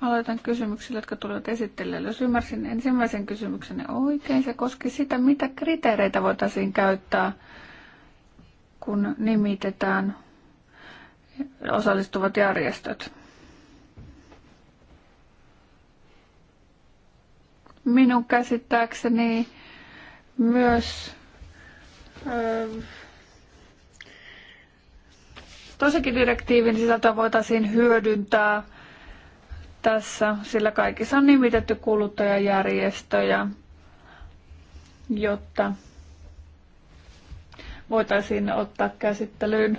Aloitan kysymyksillä, jotka tulivat esittelijälle. Jos ymmärsin ensimmäisen kysymyksen oikein, se koski sitä, mitä kriteereitä voitaisiin käyttää, kun nimitetään osallistuvat järjestöt. Minun käsittääkseni myös toisenkin direktiivin sisältöä voitaisiin hyödyntää tässä, sillä kaikissa on nimitetty kuluttajajärjestöjä, jotta voitaisiin ottaa käsittelyyn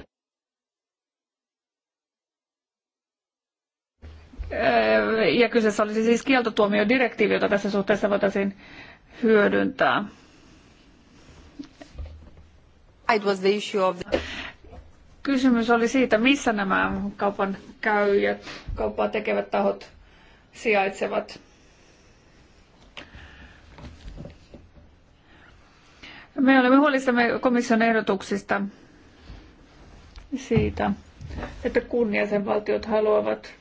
ja kyseessä olisi siis kieltotuomiodirektiivi, jota tässä suhteessa voitaisiin hyödyntää. Kysymys oli siitä, missä nämä kaupan käyjät, kauppaa tekevät tahot sijaitsevat. Me olemme huolissamme komission ehdotuksista siitä, että kunniasenvaltiot haluavat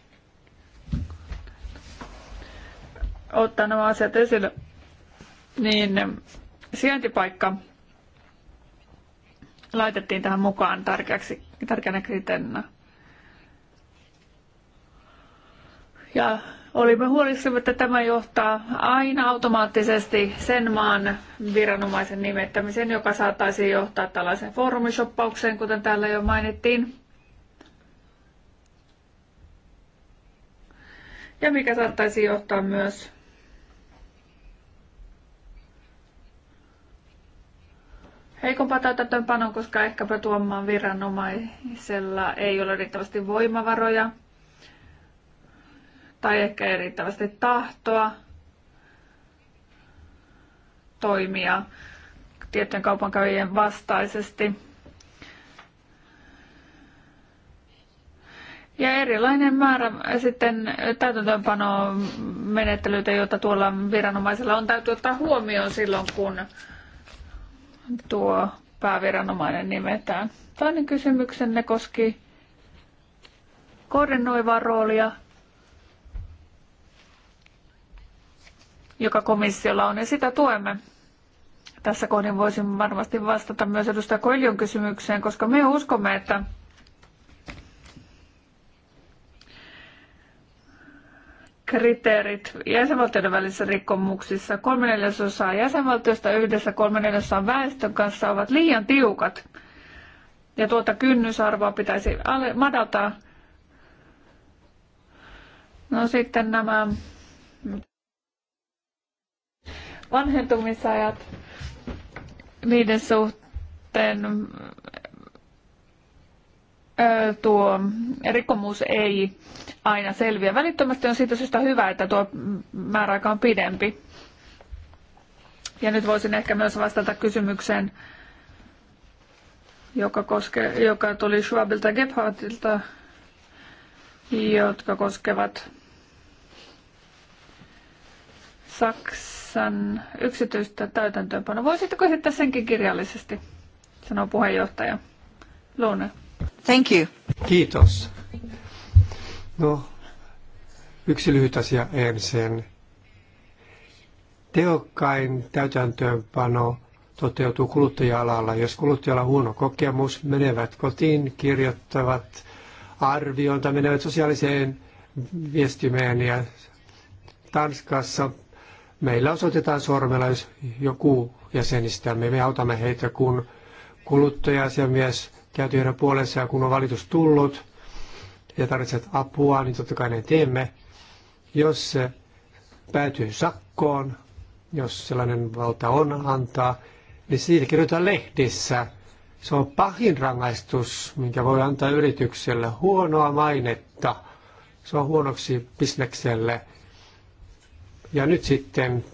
ottaa nämä asiat esille, niin sijaintipaikka laitettiin tähän mukaan tärkeäksi, tärkeänä kriteerinä. Ja olimme huolissamme, että tämä johtaa aina automaattisesti sen maan viranomaisen nimettämiseen, joka saattaisi johtaa tällaiseen foorumishoppaukseen, kuten täällä jo mainittiin. Ja mikä saattaisi johtaa myös heikompaa täytäntöönpanoon, koska ehkäpä tuomaan viranomaisella ei ole riittävästi voimavaroja tai ehkä ei riittävästi tahtoa toimia tiettyjen kaupankäyjien vastaisesti. Ja erilainen määrä sitten täytäntöönpanomenettelyitä, joita tuolla viranomaisella on, täytyy ottaa huomioon silloin, kun tuo pääviranomainen nimetään. Toinen kysymyksenne koski koordinoivaa roolia, joka komissiolla on, ja sitä tuemme. Tässä kohdin voisin varmasti vastata myös edustaja Koilion kysymykseen, koska me uskomme, että kriteerit jäsenvaltioiden välisissä rikkomuksissa. Kolme neljäsosaa jäsenvaltioista yhdessä kolme neljäsosaa väestön kanssa ovat liian tiukat. Ja tuota kynnysarvoa pitäisi madaltaa. No sitten nämä vanhentumisajat niiden suhteen tuo rikkomus ei aina selviä välittömästi, on siitä syystä hyvä, että tuo määräaika on pidempi. Ja nyt voisin ehkä myös vastata kysymykseen, joka, koske, joka tuli Schwabilta ja Gebhardilta, jotka koskevat Saksan yksityistä täytäntöönpanoa. Voisitteko esittää senkin kirjallisesti, sanoo puheenjohtaja Lune. Thank you. Kiitos. No, yksi lyhyt asia ensin. Tehokkain täytäntöönpano toteutuu kuluttaja-alalla. Jos kuluttajalla on huono kokemus, menevät kotiin, kirjoittavat arvion tai menevät sosiaaliseen viestimeen ja Tanskassa meillä osoitetaan sormella, jos joku jäsenistämme. Me autamme heitä, kun kuluttaja-asiamies täytyy heidän puolensa ja kun on valitus tullut ja tarvitset apua, niin totta kai ne teemme. Jos se päätyy sakkoon, jos sellainen valta on antaa, niin siitä kirjoitetaan lehdissä. Se on pahin rangaistus, minkä voi antaa yritykselle. Huonoa mainetta. Se on huonoksi bisnekselle. Ja nyt sitten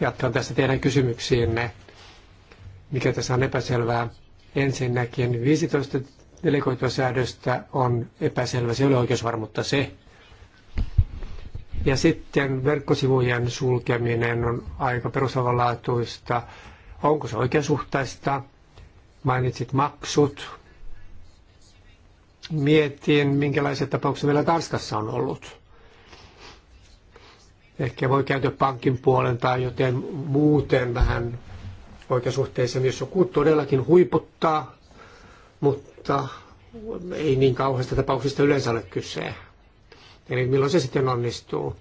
jatkan tästä teidän kysymyksiinne, mikä tässä on epäselvää. Ensinnäkin 15 delegoitua säädöstä on epäselvä, se ei ole oikeusvarmuutta se. Ja sitten verkkosivujen sulkeminen on aika perustavanlaatuista. Onko se oikeasuhtaista? Mainitsit maksut. Mietin, minkälaisia tapauksia meillä Tanskassa on ollut. Ehkä voi käytyä pankin puolen tai joten muuten vähän oikeasuhteisen, jos joku todellakin huiputtaa, mutta ei niin kauheista tapauksista yleensä ole kyse. Eli milloin se sitten onnistuu.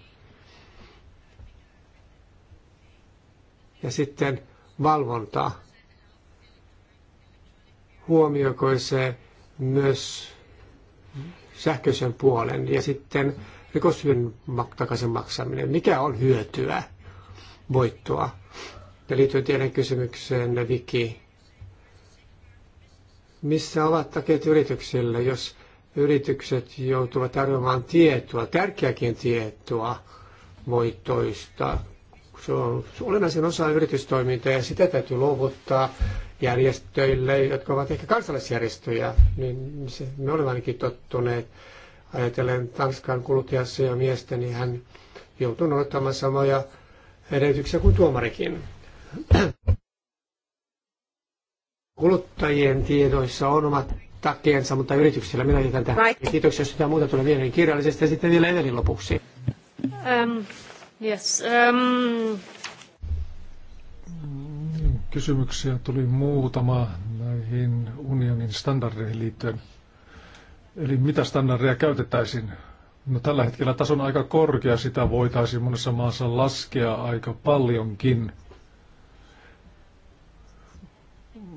Ja sitten valvonta. Huomioiko se myös sähköisen puolen ja sitten rikoshyön takaisin maksaminen. Mikä on hyötyä, voittoa? Ja liittyen teidän kysymykseen, Viki, missä ovat takeet yrityksille, jos yritykset joutuvat tarjoamaan tietoa, tärkeäkin tietoa voittoista? Se on olennaisen osa yritystoimintaa ja sitä täytyy luovuttaa järjestöille, jotka ovat ehkä kansalaisjärjestöjä, niin se, me olemme ainakin tottuneet. Ajatellen Tanskan kuluttajassa ja miestä, niin hän joutuu noudattamaan samoja edellytyksiä kuin tuomarikin. Kuluttajien tiedoissa on omat takkeensa, mutta yrityksillä minä jätän tähän. Right. Kiitoksia, jos jotain muuta tulee vielä kirjallisesti ja sitten vielä Evelin lopuksi. Um, yes, um... Kysymyksiä tuli muutama näihin unionin standardeihin liittyen. Eli mitä standardeja käytettäisiin? No, tällä hetkellä tason aika korkea, sitä voitaisiin monessa maassa laskea aika paljonkin.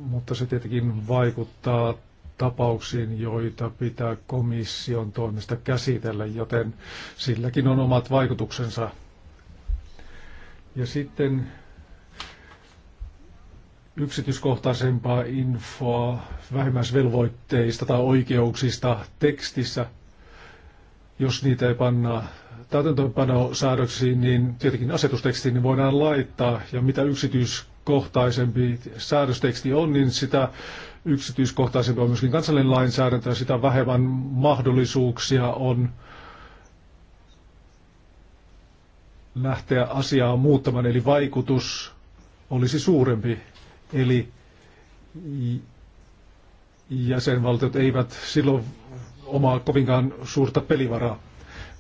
mutta se tietenkin vaikuttaa tapauksiin, joita pitää komission toimesta käsitellä, joten silläkin on omat vaikutuksensa. Ja sitten yksityiskohtaisempaa infoa vähimmäisvelvoitteista tai oikeuksista tekstissä, jos niitä ei panna täytäntöönpanosäädöksiin, niin tietenkin asetustekstiin niin voidaan laittaa, ja mitä yksityiskohtaisempaa yksityiskohtaisempi säädösteksti on, niin sitä yksityiskohtaisempi on myöskin kansallinen lainsäädäntö ja sitä vähemmän mahdollisuuksia on lähteä asiaa muuttamaan, eli vaikutus olisi suurempi. Eli jäsenvaltiot eivät silloin omaa kovinkaan suurta pelivaraa.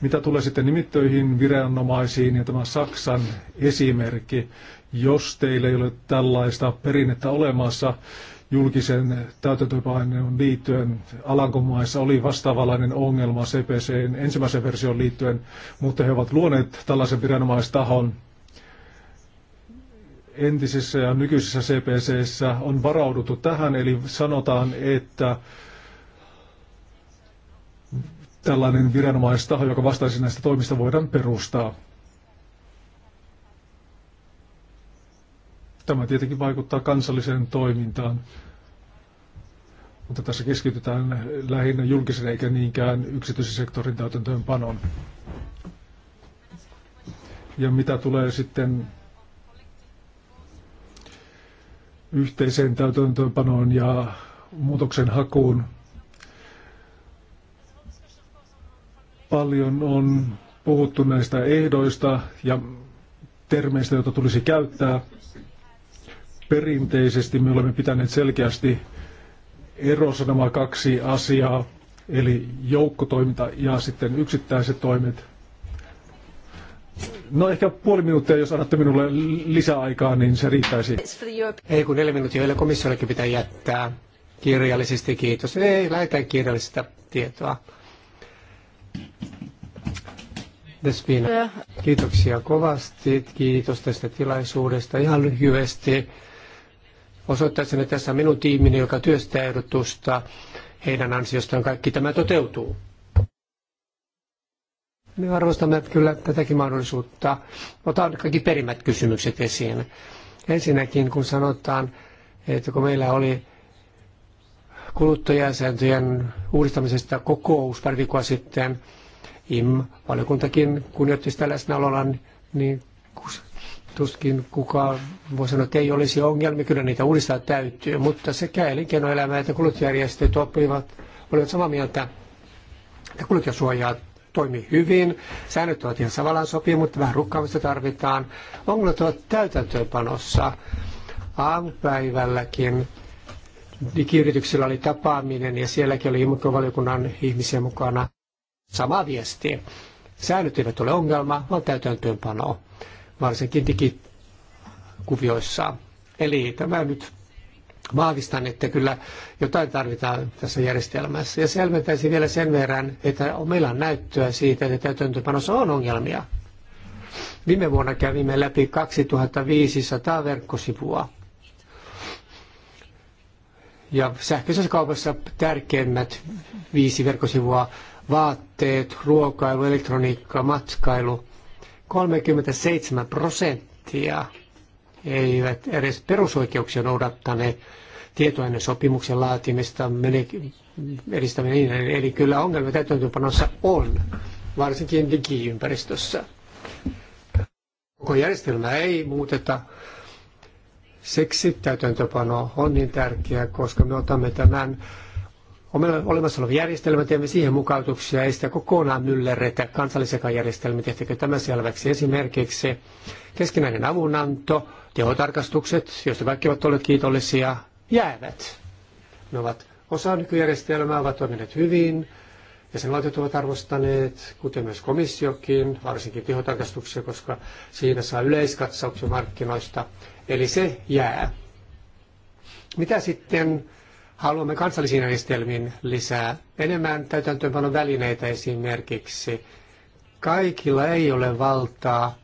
Mitä tulee sitten nimittöihin viranomaisiin ja niin tämä Saksan esimerkki, jos teillä ei ole tällaista perinnettä olemassa, julkisen täytäntöpaineen liittyen Alankomaissa oli vastaavanlainen ongelma CPC ensimmäisen version liittyen, mutta he ovat luoneet tällaisen viranomaistahon. Entisessä ja nykyisessä CPCssä on varauduttu tähän, eli sanotaan, että tällainen viranomaistaho, joka vastaisi näistä toimista, voidaan perustaa. Tämä tietenkin vaikuttaa kansalliseen toimintaan, mutta tässä keskitytään lähinnä julkisen eikä niinkään yksityisen sektorin täytäntöönpanoon. Ja mitä tulee sitten yhteiseen täytäntöönpanoon ja muutoksen hakuun, paljon on puhuttu näistä ehdoista ja termeistä, joita tulisi käyttää. Perinteisesti me olemme pitäneet selkeästi erossa nämä kaksi asiaa, eli joukkotoiminta ja sitten yksittäiset toimet. No ehkä puoli minuuttia, jos annatte minulle lisäaikaa, niin se riittäisi. Ei kun neljä minuuttia vielä komissiollekin pitää jättää kirjallisesti, kiitos. Ei, lähetä kirjallista tietoa. Despina, äh. kiitoksia kovasti, kiitos tästä tilaisuudesta. Ihan lyhyesti osoittaisimme tässä minun tiimini, joka työstää ehdotusta, heidän ansiostaan kaikki tämä toteutuu. Me arvostamme kyllä tätäkin mahdollisuutta. Otan kaikki perimät kysymykset esiin. Ensinnäkin kun sanotaan, että kun meillä oli kuluttajasääntöjen uudistamisesta kokous pari viikkoa sitten, IM-valiokuntakin kunnioitti sitä läsnäololla, niin tuskin kukaan voi sanoa, että ei olisi ongelmia, kyllä niitä uudistaa täytyy, mutta sekä elinkeinoelämä että kulutjärjestöt oppivat, olivat samaa mieltä, että kulutjasuojaa toimii hyvin, säännöt ovat ihan samallaan sopii, mutta vähän rukkaamista tarvitaan. Ongelmat ovat täytäntöönpanossa. Aamupäivälläkin digiyrityksillä oli tapaaminen ja sielläkin oli ilmakovaliokunnan ihmisiä mukana. Sama viesti. Säännöt eivät ole ongelma, vaan täytäntöönpano varsinkin digikuvioissaan. Eli tämä nyt vahvistan, että kyllä jotain tarvitaan tässä järjestelmässä. Ja selventäisin vielä sen verran, että meillä on näyttöä siitä, että täytäntöpanossa on ongelmia. Viime vuonna kävimme läpi 2500 verkkosivua. Ja sähköisessä kaupassa tärkeimmät viisi verkkosivua, vaatteet, ruokailu, elektroniikka, matkailu – 37 prosenttia eivät edes perusoikeuksia noudattaneet tietoaineen sopimuksen laatimista, edistäminen, niin eli kyllä ongelma täytäntöönpanossa on, varsinkin digiympäristössä. Koko järjestelmää ei muuteta. Siksi täytäntöpano on niin tärkeää, koska me otamme tämän on meillä olemassa oleva teemme siihen mukautuksia, ei sitä kokonaan myllerretä kansallisiakaan järjestelmiä, tehtäkö tämä selväksi. Esimerkiksi keskinäinen avunanto, tehotarkastukset, joista kaikki ovat olleet kiitollisia, jäävät. Ne ovat osa nykyjärjestelmää, ovat toimineet hyvin, ja sen ovat arvostaneet, kuten myös komissiokin, varsinkin tehotarkastuksia, koska siinä saa yleiskatsauksen markkinoista, eli se jää. Mitä sitten haluamme kansallisiin järjestelmiin lisää enemmän täytäntöönpanon välineitä esimerkiksi. Kaikilla ei ole valtaa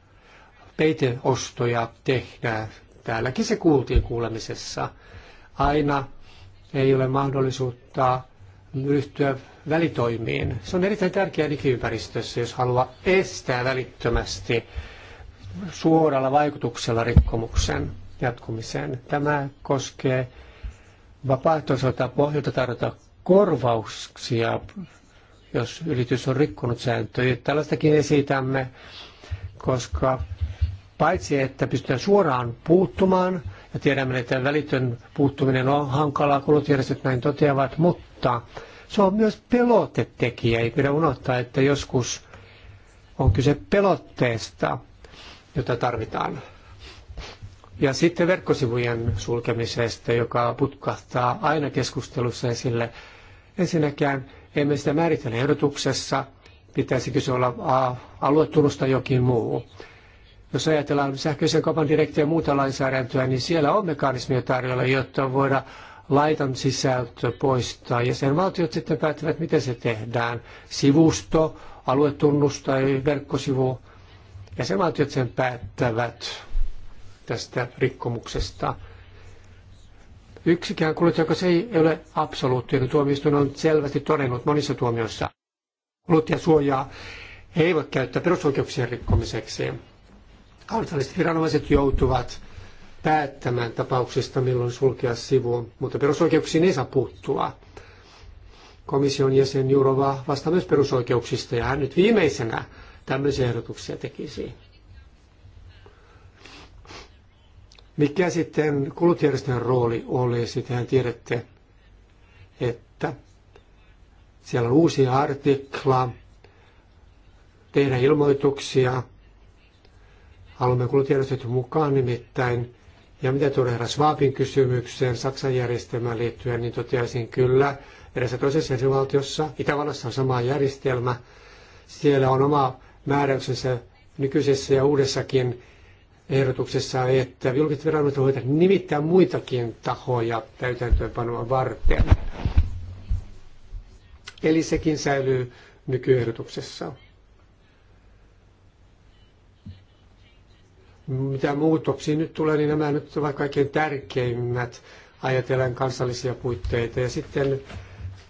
peiteostoja tehdä. Täälläkin se kuultiin kuulemisessa. Aina ei ole mahdollisuutta ryhtyä välitoimiin. Se on erittäin tärkeää digiympäristössä, jos haluaa estää välittömästi suoralla vaikutuksella rikkomuksen jatkumiseen. Tämä koskee vapaaehtoiselta pohjalta tarjota korvauksia, jos yritys on rikkonut sääntöjä. Tällaistakin esitämme, koska paitsi että pystytään suoraan puuttumaan, ja tiedämme, että välitön puuttuminen on hankalaa, kulutjärjestöt näin toteavat, mutta se on myös pelotetekijä. Ei pidä unohtaa, että joskus on kyse pelotteesta, jota tarvitaan. Ja sitten verkkosivujen sulkemisesta, joka putkahtaa aina keskustelussa esille. Ensinnäkään emme sitä määritellä ehdotuksessa, pitäisikö se olla aluetunnusta jokin muu. Jos ajatellaan sähköisen kaupan direktiä ja muuta lainsäädäntöä, niin siellä on mekanismia tarjolla, jotta voidaan laitan sisältö poistaa. Ja sen valtiot sitten päättävät, miten se tehdään. Sivusto, aluetunnus tai verkkosivu. Ja sen valtiot sen päättävät tästä rikkomuksesta. Yksikään kuluttaja, joka se ei ole absoluuttinen, tuomioistuin on selvästi todennut monissa tuomioissa. Kuluttajasuojaa ei voi käyttää perusoikeuksien rikkomiseksi. Kansalliset viranomaiset joutuvat päättämään tapauksista, milloin sulkea sivu, mutta perusoikeuksiin ei saa puuttua. Komission jäsen Jurova vastaa myös perusoikeuksista ja hän nyt viimeisenä tämmöisiä ehdotuksia tekisi. Mikä sitten kulutjärjestön rooli oli, sitähän tiedätte, että siellä on uusia artikla, tehdä ilmoituksia, haluamme kulutjärjestöt mukaan nimittäin. Ja mitä tulee herra Schwabin kysymykseen Saksan järjestelmään liittyen, niin toteaisin kyllä, edessä toisessa jäsenvaltiossa, Itävallassa on sama järjestelmä, siellä on oma määräyksensä nykyisessä ja uudessakin ehdotuksessa, että julkiset viranomaiset voivat nimittää muitakin tahoja täytäntöönpanoa varten. Eli sekin säilyy nykyehdotuksessa. Mitä muutoksia nyt tulee, niin nämä nyt ovat kaikkein tärkeimmät Ajatellaan kansallisia puitteita. Ja sitten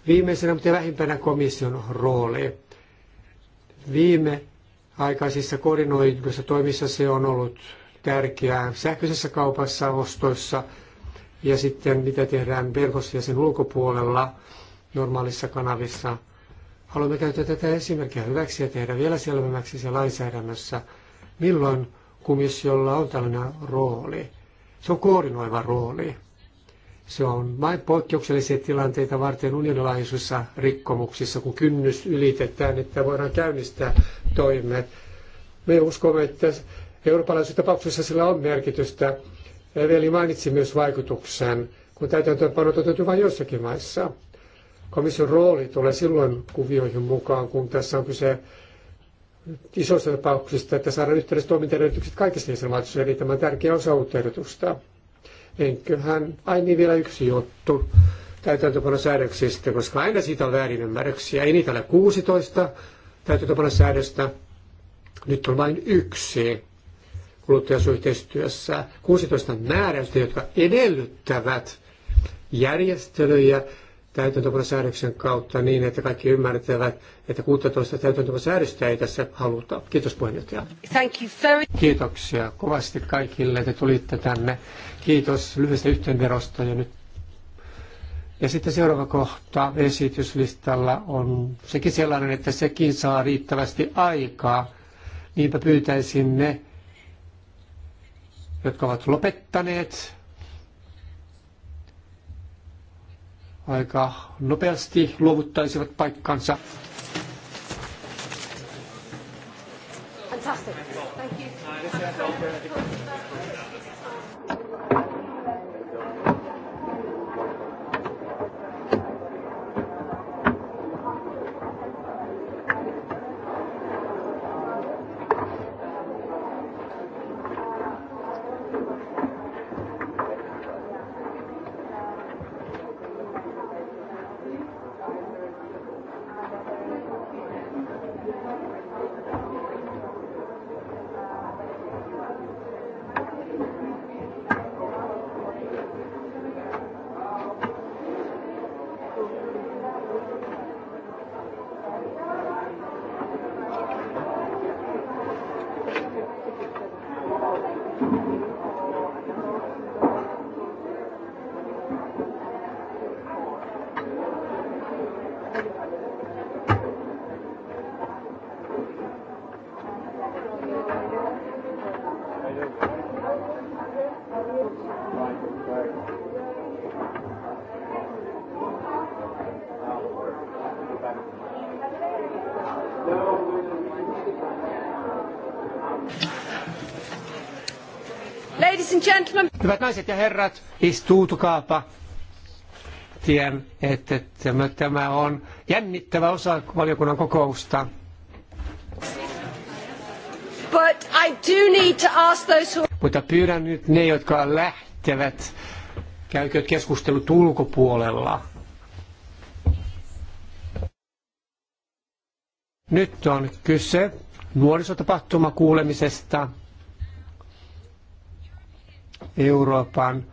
viimeisenä, mutta vähimpänä komission rooli. Viime aikaisissa koordinoiduissa toimissa se on ollut tärkeää sähköisessä kaupassa, ostoissa ja sitten mitä tehdään verkossa ja sen ulkopuolella normaalissa kanavissa. Haluamme käyttää tätä esimerkkiä hyväksi ja tehdä vielä selvemmäksi se lainsäädännössä, milloin komissiolla on tällainen rooli. Se on koordinoiva rooli. Se on vain poikkeuksellisia tilanteita varten unionilaisuissa rikkomuksissa, kun kynnys ylitetään, että voidaan käynnistää toimet. Me uskomme, että Eurooppalaisissa tapauksissa sillä on merkitystä. Eveli mainitsi myös vaikutuksen, kun täytäntöönpano toteutuu vain joissakin maissa. Komission rooli tulee silloin kuvioihin mukaan, kun tässä on kyse isoista tapauksista, että saadaan yhteiset toimintaedellytykset kaikissa jäsenvaltioissa, eli tämä on tärkeä osa uutta ehdotusta. Enköhän, ai niin vielä yksi juttu täytäntöpanosäädöksistä, koska aina siitä on väärinymmärryksiä. Ei niitä ole 16 täytäntöpanosäädöstä, nyt on vain yksi kuluttajasuhteistyössä 16 määräystä, jotka edellyttävät järjestelyjä täytäntöpanosäädöksen kautta niin, että kaikki ymmärtävät, että 16 täytäntöpanosäädöstä ei tässä haluta. Kiitos puheenjohtaja. Thank you very... Kiitoksia kovasti kaikille, että tulitte tänne. Kiitos lyhyestä yhteenverosta ja nyt ja sitten seuraava kohta esityslistalla on sekin sellainen, että sekin saa riittävästi aikaa. Niinpä pyytäisin ne, jotka ovat lopettaneet aika nopeasti luovuttaisivat paikkansa. Fantastic. Thank you. gentlemen. Hyvät naiset ja herrat, istuutukaapa. Tiedän, että tämä, tämä on jännittävä osa valiokunnan kokousta. But I do need to ask those who... Mutta pyydän nyt ne, jotka lähtevät, käykö keskustelut ulkopuolella. Nyt on kyse nuorisotapahtumakuulemisesta. kuulemisesta Euroopan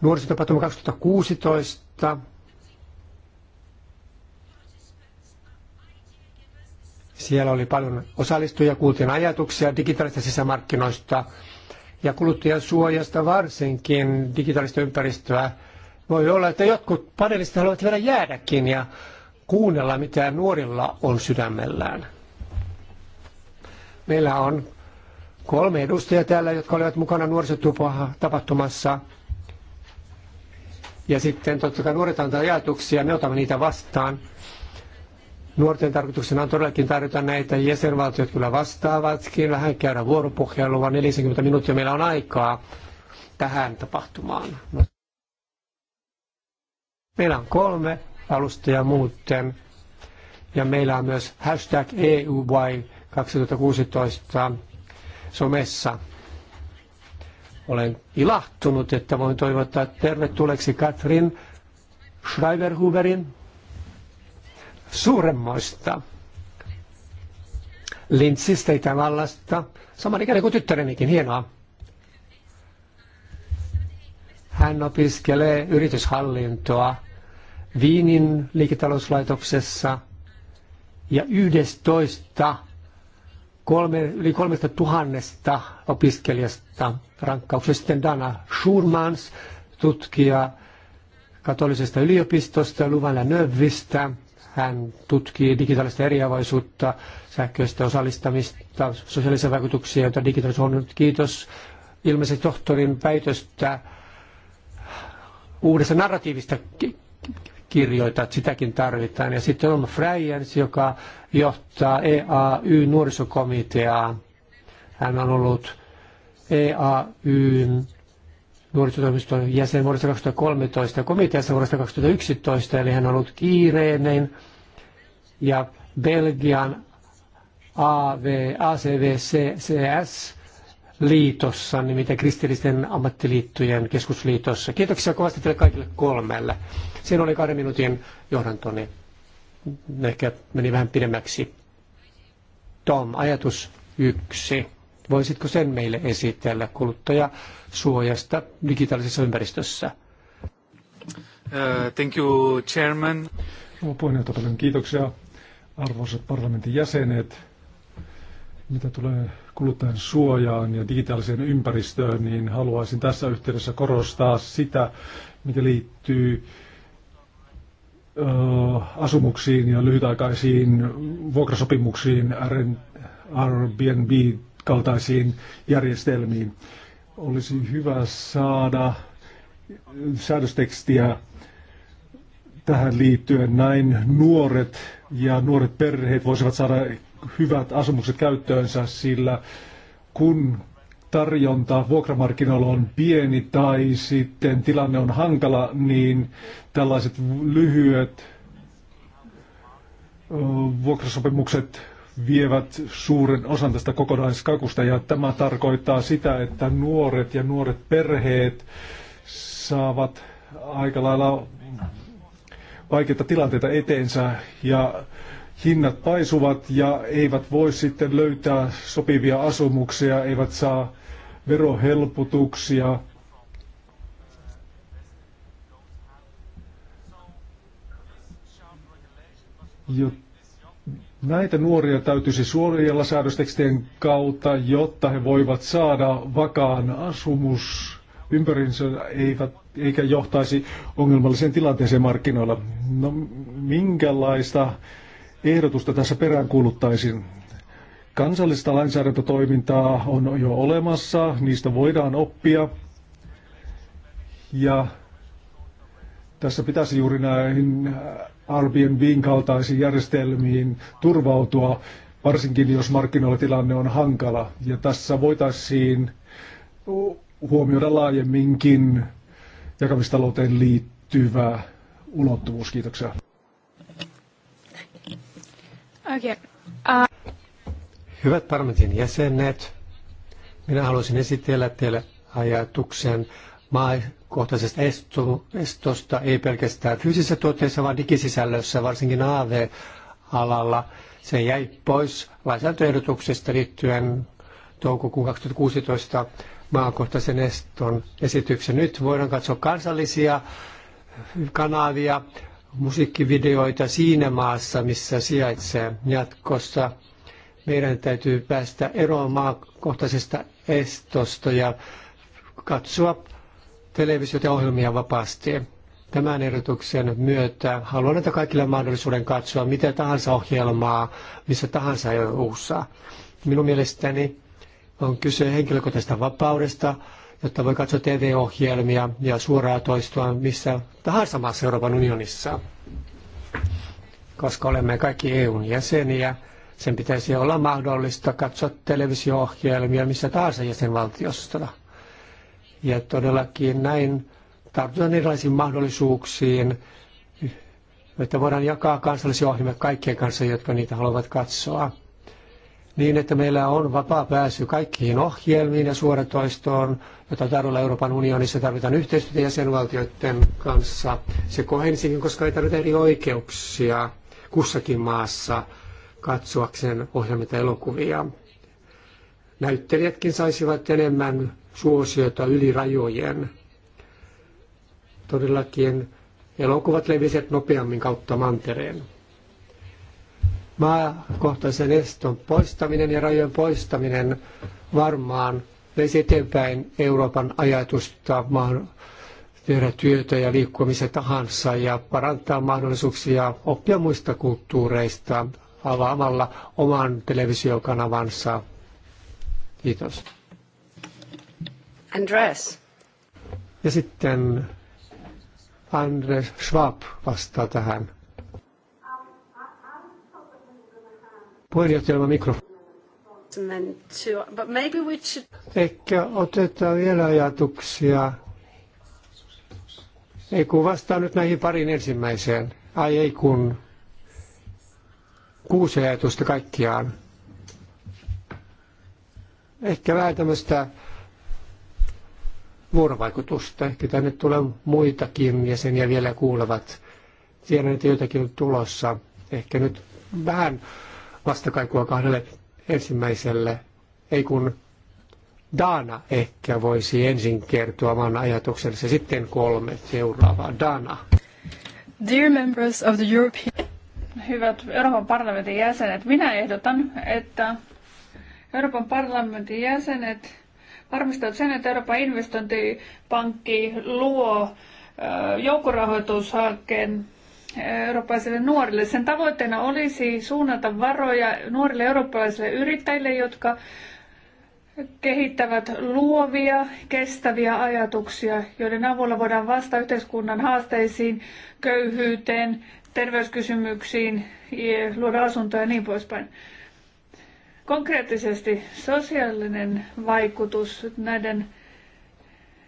nuorisotapahtuma 2016. Siellä oli paljon osallistujia, kuultiin ajatuksia digitaalista sisämarkkinoista ja kuluttajan suojasta varsinkin digitaalista ympäristöä. Voi olla, että jotkut panelistit haluavat vielä jäädäkin ja kuunnella, mitä nuorilla on sydämellään. Meillä on kolme edustajaa täällä, jotka olivat mukana tapahtumassa Ja sitten totta kai nuoret antaa ajatuksia, me otamme niitä vastaan. Nuorten tarkoituksena on todellakin tarjota näitä, jäsenvaltiot kyllä vastaavatkin, vähän käydä vuoropuhelua, 40 minuuttia meillä on aikaa tähän tapahtumaan. No. Meillä on kolme alustajaa muuten, ja meillä on myös hashtag EUY 2016 somessa. Olen ilahtunut, että voin toivottaa tervetulleeksi Katrin Schreiberhuberin suuremmoista Lintsistä Itävallasta, saman ikäinen kuin tyttärenikin, hienoa. Hän opiskelee yrityshallintoa Viinin liiketalouslaitoksessa ja 11 kolme, yli kolmesta tuhannesta opiskelijasta rankkauksessa. Sitten Dana Schurmans, tutkija katolisesta yliopistosta Luvalla Növvistä. Hän tutkii digitaalista eriavaisuutta, sähköistä osallistamista, sosiaalisia vaikutuksia, joita digitaalisuus on nyt. Kiitos ilmeisesti tohtorin väitöstä uudesta narratiivista että sitäkin tarvitaan. Ja sitten on Freyens, joka johtaa EAY-nuorisokomiteaa. Hän on ollut eay nuorisotoimiston jäsen vuodesta 2013 ja komiteassa vuodesta 2011, eli hän on ollut kiireinen. Ja Belgian AV, ACVCS liitossa, nimittäin kristillisten ammattiliittojen keskusliitossa. Kiitoksia kovasti teille kaikille kolmelle. Siinä oli kahden minuutin niin Ehkä meni vähän pidemmäksi. Tom, ajatus yksi. Voisitko sen meille esitellä suojasta digitaalisessa ympäristössä? Uh, thank you, Chairman. puheenjohtaja, paljon kiitoksia. Arvoisat parlamentin jäsenet, mitä tulee kuluttajan suojaan ja digitaaliseen ympäristöön, niin haluaisin tässä yhteydessä korostaa sitä, mikä liittyy asumuksiin ja lyhytaikaisiin vuokrasopimuksiin, Airbnb-kaltaisiin järjestelmiin. Olisi hyvä saada säädöstekstiä tähän liittyen. Näin nuoret ja nuoret perheet voisivat saada hyvät asumukset käyttöönsä, sillä kun tarjonta vuokramarkkinoilla on pieni tai sitten tilanne on hankala, niin tällaiset lyhyet vuokrasopimukset vievät suuren osan tästä kokonaiskakusta ja tämä tarkoittaa sitä, että nuoret ja nuoret perheet saavat aika lailla vaikeita tilanteita eteensä ja hinnat paisuvat ja eivät voi sitten löytää sopivia asumuksia, eivät saa verohelpotuksia. Jo näitä nuoria täytyisi suojella säädöstekstien kautta, jotta he voivat saada vakaan asumus ympärinsä eivät, eikä johtaisi ongelmalliseen tilanteeseen markkinoilla. No, minkälaista ehdotusta tässä peräänkuuluttaisin? Kansallista lainsäädäntötoimintaa on jo olemassa, niistä voidaan oppia. Ja tässä pitäisi juuri näihin äh, Airbnbin kaltaisiin järjestelmiin turvautua, varsinkin jos markkinoilla tilanne on hankala. Ja tässä voitaisiin huomioida laajemminkin jakamistalouteen liittyvä ulottuvuus. Kiitoksia. Okay. Uh... Hyvät parlamentin jäsenet, minä haluaisin esitellä teille ajatuksen maakohtaisesta estosta, ei pelkästään fyysisessä tuotteessa vaan digisisällössä, varsinkin AV-alalla. Se jäi pois lainsäädäntöehdotuksesta liittyen toukokuun 2016 maakohtaisen eston esityksen. Nyt voidaan katsoa kansallisia kanavia, musiikkivideoita siinä maassa, missä sijaitsee jatkossa meidän täytyy päästä eroon maakohtaisesta estosta ja katsoa televisiota ja ohjelmia vapaasti. Tämän ehdotuksen myötä haluan antaa kaikille mahdollisuuden katsoa mitä tahansa ohjelmaa, missä tahansa EU-ssa. Minun mielestäni on kyse henkilökohtaisesta vapaudesta, jotta voi katsoa TV-ohjelmia ja suoraa toistoa missä tahansa maassa Euroopan unionissa. Koska olemme kaikki EUn jäseniä, sen pitäisi olla mahdollista katsoa televisio-ohjelmia missä tahansa jäsenvaltiosta. Ja todellakin näin tartutaan erilaisiin mahdollisuuksiin, että voidaan jakaa kansallisia ohjelmia kaikkien kanssa, jotka niitä haluavat katsoa. Niin, että meillä on vapaa pääsy kaikkiin ohjelmiin ja suoratoistoon, jota tarjolla Euroopan unionissa tarvitaan yhteistyötä jäsenvaltioiden kanssa. Se kohensikin, koska ei tarvita eri oikeuksia kussakin maassa katsoakseen ohjelmia elokuvia. Näyttelijätkin saisivat enemmän suosiota yli rajojen. Todellakin elokuvat levisivät nopeammin kautta mantereen. Maakohtaisen eston poistaminen ja rajojen poistaminen varmaan veisi eteenpäin Euroopan ajatusta maan tehdä työtä ja liikkua missä tahansa ja parantaa mahdollisuuksia oppia muista kulttuureista, avaamalla oman televisiokanavansa. Kiitos. Andres. Ja sitten Andres Schwab vastaa tähän. Puheenjohtajan mikrofoni. Ehkä otetaan vielä ajatuksia. Ei kun vastaan nyt näihin pariin ensimmäiseen. Ai ei kun kuusi ajatusta kaikkiaan. Ehkä vähän tämmöistä vuorovaikutusta. Ehkä tänne tulee muitakin jäseniä vielä kuulevat. Tiedän, että joitakin on tulossa. Ehkä nyt vähän vastakaikua kahdelle ensimmäiselle. Ei kun Dana ehkä voisi ensin kertoa oman ajatuksensa, sitten kolme seuraavaa. Dana. Dear members of the European hyvät Euroopan parlamentin jäsenet, minä ehdotan, että Euroopan parlamentin jäsenet varmistavat sen, että Euroopan investointipankki luo joukkorahoitushankkeen eurooppalaisille nuorille. Sen tavoitteena olisi suunnata varoja nuorille eurooppalaisille yrittäjille, jotka kehittävät luovia, kestäviä ajatuksia, joiden avulla voidaan vastata yhteiskunnan haasteisiin, köyhyyteen, terveyskysymyksiin, luoda asuntoa ja niin poispäin. Konkreettisesti sosiaalinen vaikutus näiden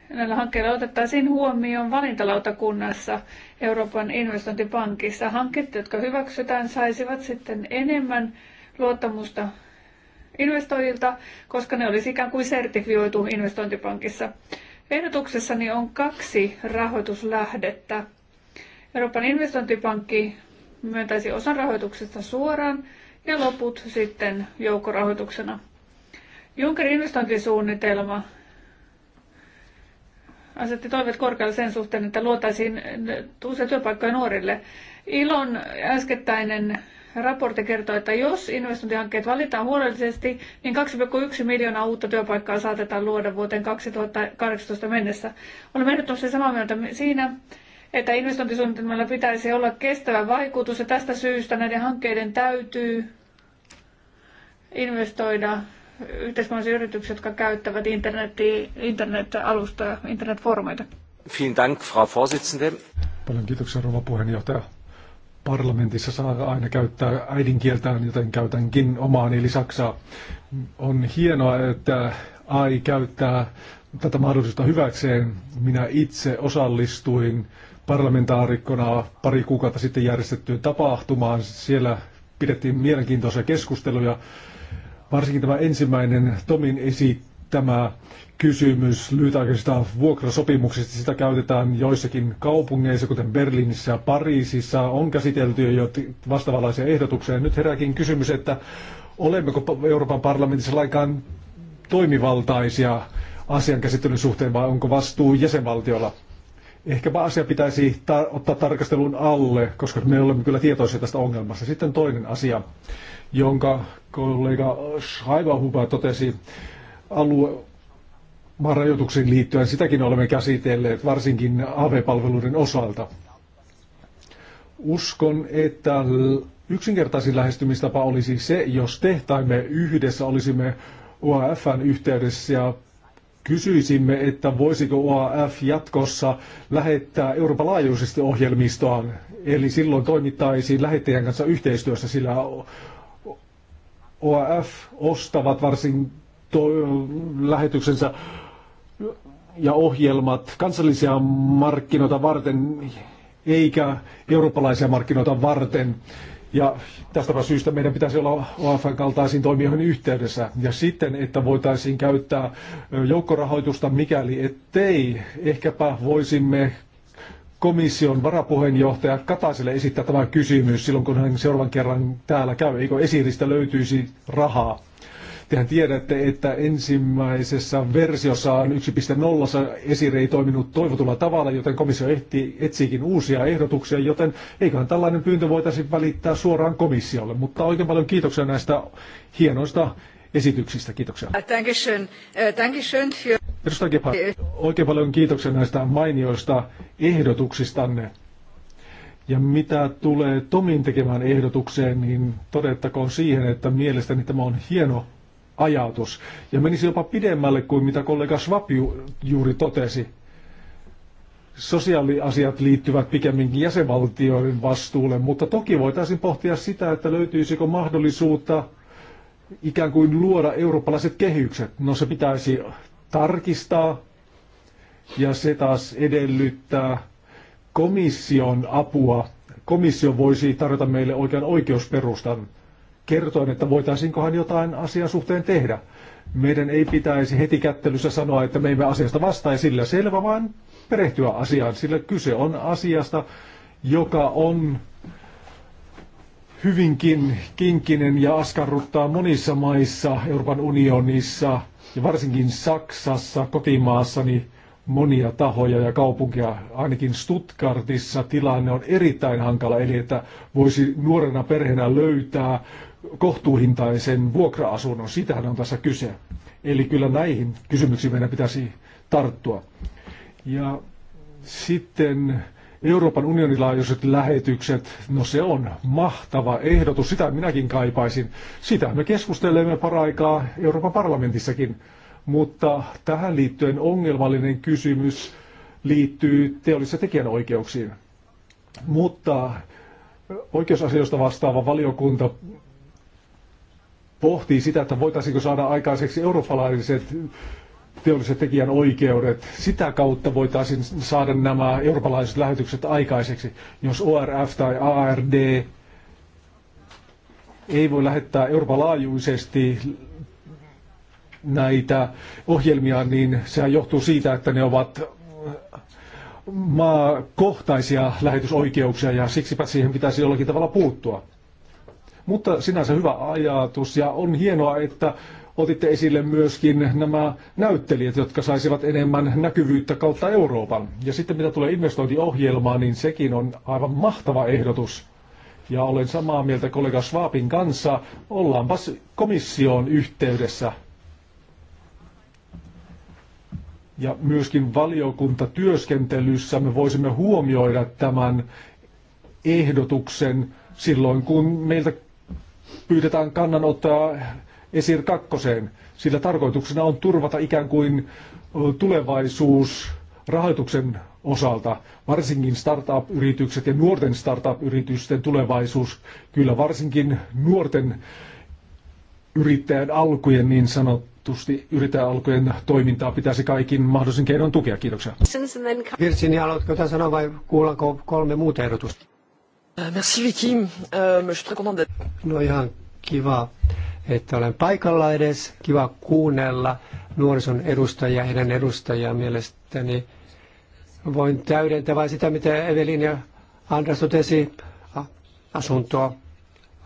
näillä hankkeilla otettaisiin huomioon valintalautakunnassa Euroopan investointipankissa. Hankkeet, jotka hyväksytään, saisivat sitten enemmän luottamusta investoijilta, koska ne olisi ikään kuin sertifioitu investointipankissa. Ehdotuksessani on kaksi rahoituslähdettä Euroopan investointipankki myöntäisi osan rahoituksesta suoraan ja loput sitten joukkorahoituksena. Junckerin investointisuunnitelma asetti toiveet korkealle sen suhteen, että luotaisiin uusia työpaikkoja nuorille. Ilon äskettäinen raportti kertoo, että jos investointihankkeet valitaan huolellisesti, niin 2,1 miljoonaa uutta työpaikkaa saatetaan luoda vuoteen 2018 mennessä. Olemme ehdottomasti samaa mieltä siinä, että investointisuunnitelmalla pitäisi olla kestävä vaikutus ja tästä syystä näiden hankkeiden täytyy investoida yhteiskunnallisiin yrityksiin, jotka käyttävät internet-alustoja, internetfoorumeita. Vielen Dank, Frau Vorsitzende. Paljon kiitoksia, rouva puheenjohtaja. Parlamentissa saa aina käyttää äidinkieltään, joten käytänkin omaani eli saksaa. On hienoa, että AI käyttää tätä mahdollisuutta hyväkseen. Minä itse osallistuin parlamentaarikkona pari kuukautta sitten järjestettyyn tapahtumaan. Siellä pidettiin mielenkiintoisia keskusteluja. Varsinkin tämä ensimmäinen Tomin esittämä kysymys lyhytaikaisista vuokrasopimuksista, sitä käytetään joissakin kaupungeissa, kuten Berliinissä ja Pariisissa, on käsitelty jo vastaavanlaisia ehdotuksia. Nyt herääkin kysymys, että olemmeko Euroopan parlamentissa lainkaan toimivaltaisia asian käsittelyn suhteen vai onko vastuu jäsenvaltiolla? Ehkäpä asia pitäisi ta- ottaa tarkastelun alle, koska me olemme kyllä tietoisia tästä ongelmasta. Sitten toinen asia, jonka kollega Schreiberhuber totesi alue maan rajoituksiin liittyen, sitäkin olemme käsitelleet, varsinkin AV-palveluiden osalta. Uskon, että yksinkertaisin lähestymistapa olisi se, jos tehtaimme yhdessä olisimme UAFn yhteydessä ja Kysyisimme, että voisiko OAF jatkossa lähettää Euroopan laajuisesti ohjelmistoaan, eli silloin toimittaisiin lähettäjän kanssa yhteistyössä, sillä OAF ostavat varsin lähetyksensä ja ohjelmat kansallisia markkinoita varten eikä eurooppalaisia markkinoita varten. Ja tästä syystä meidän pitäisi olla OFN kaltaisiin toimijoihin yhteydessä. Ja sitten, että voitaisiin käyttää joukkorahoitusta, mikäli ettei. Ehkäpä voisimme komission varapuheenjohtaja Kataiselle esittää tämä kysymys silloin, kun hän seuraavan kerran täällä käy. Eikö esiristä löytyisi rahaa? Tehän tiedätte, että ensimmäisessä versiossaan 1.0 esire ei toiminut toivotulla tavalla, joten komissio ehti, etsiikin uusia ehdotuksia, joten eiköhän tällainen pyyntö voitaisiin välittää suoraan komissiolle. Mutta oikein paljon kiitoksia näistä hienoista esityksistä. Kiitoksia. Dankeschön. Uh, Dankeschön uh, für... Edustaja Kepa, oikein paljon kiitoksia näistä mainioista ehdotuksistanne. Ja mitä tulee Tomin tekemään ehdotukseen, niin todettakoon siihen, että mielestäni tämä on hieno ajatus. Ja menisi jopa pidemmälle kuin mitä kollega Schwab juuri totesi. Sosiaaliasiat liittyvät pikemminkin jäsenvaltioiden vastuulle, mutta toki voitaisiin pohtia sitä, että löytyisikö mahdollisuutta ikään kuin luoda eurooppalaiset kehykset. No se pitäisi tarkistaa ja se taas edellyttää komission apua. Komissio voisi tarjota meille oikean oikeusperustan kertoin, että voitaisiinkohan jotain asian suhteen tehdä. Meidän ei pitäisi heti kättelyssä sanoa, että me emme asiasta vastaa ja sillä selvä, vaan perehtyä asiaan, sillä kyse on asiasta, joka on hyvinkin kinkinen ja askarruttaa monissa maissa, Euroopan unionissa ja varsinkin Saksassa, kotimaassani, monia tahoja ja kaupunkia. Ainakin Stuttgartissa tilanne on erittäin hankala, eli että voisi nuorena perheenä löytää kohtuuhintaisen vuokra-asunnon. Sitähän on tässä kyse. Eli kyllä näihin kysymyksiin meidän pitäisi tarttua. Ja sitten Euroopan unionin laajuiset lähetykset, no se on mahtava ehdotus, sitä minäkin kaipaisin. Sitä me keskustelemme paraikaa Euroopan parlamentissakin, mutta tähän liittyen ongelmallinen kysymys liittyy teollis- tekijänoikeuksiin. Mutta oikeusasioista vastaava valiokunta pohtii sitä, että voitaisiinko saada aikaiseksi eurooppalaiset teolliset tekijän oikeudet. Sitä kautta voitaisiin saada nämä eurooppalaiset lähetykset aikaiseksi. Jos ORF tai ARD ei voi lähettää Euroopan laajuisesti näitä ohjelmia, niin sehän johtuu siitä, että ne ovat maakohtaisia lähetysoikeuksia ja siksipä siihen pitäisi jollakin tavalla puuttua. Mutta sinänsä hyvä ajatus ja on hienoa, että otitte esille myöskin nämä näyttelijät, jotka saisivat enemmän näkyvyyttä kautta Euroopan. Ja sitten mitä tulee investointiohjelmaan, niin sekin on aivan mahtava ehdotus. Ja olen samaa mieltä kollega Schwabin kanssa. Ollaanpas komission yhteydessä. Ja myöskin valiokuntatyöskentelyssä me voisimme huomioida tämän ehdotuksen silloin, kun meiltä pyydetään kannanottoa Esir kakkoseen, sillä tarkoituksena on turvata ikään kuin tulevaisuus rahoituksen osalta, varsinkin startup-yritykset ja nuorten startup-yritysten tulevaisuus, kyllä varsinkin nuorten yrittäjän alkujen niin sanotusti yrittäjän alkujen toimintaa pitäisi kaikin mahdollisin keinoin tukea. Kiitoksia. Virsin, haluatko tämän sanoa vai kuullaanko kolme muuta ehdotusta? Euh, merci Vicky. Euh, no ihan kiva, että olen paikalla edes. Kiva kuunnella nuorison edustajia, heidän edustajia mielestäni. Voin täydentää vain sitä, mitä Evelin ja Andras totesi. Asuntoa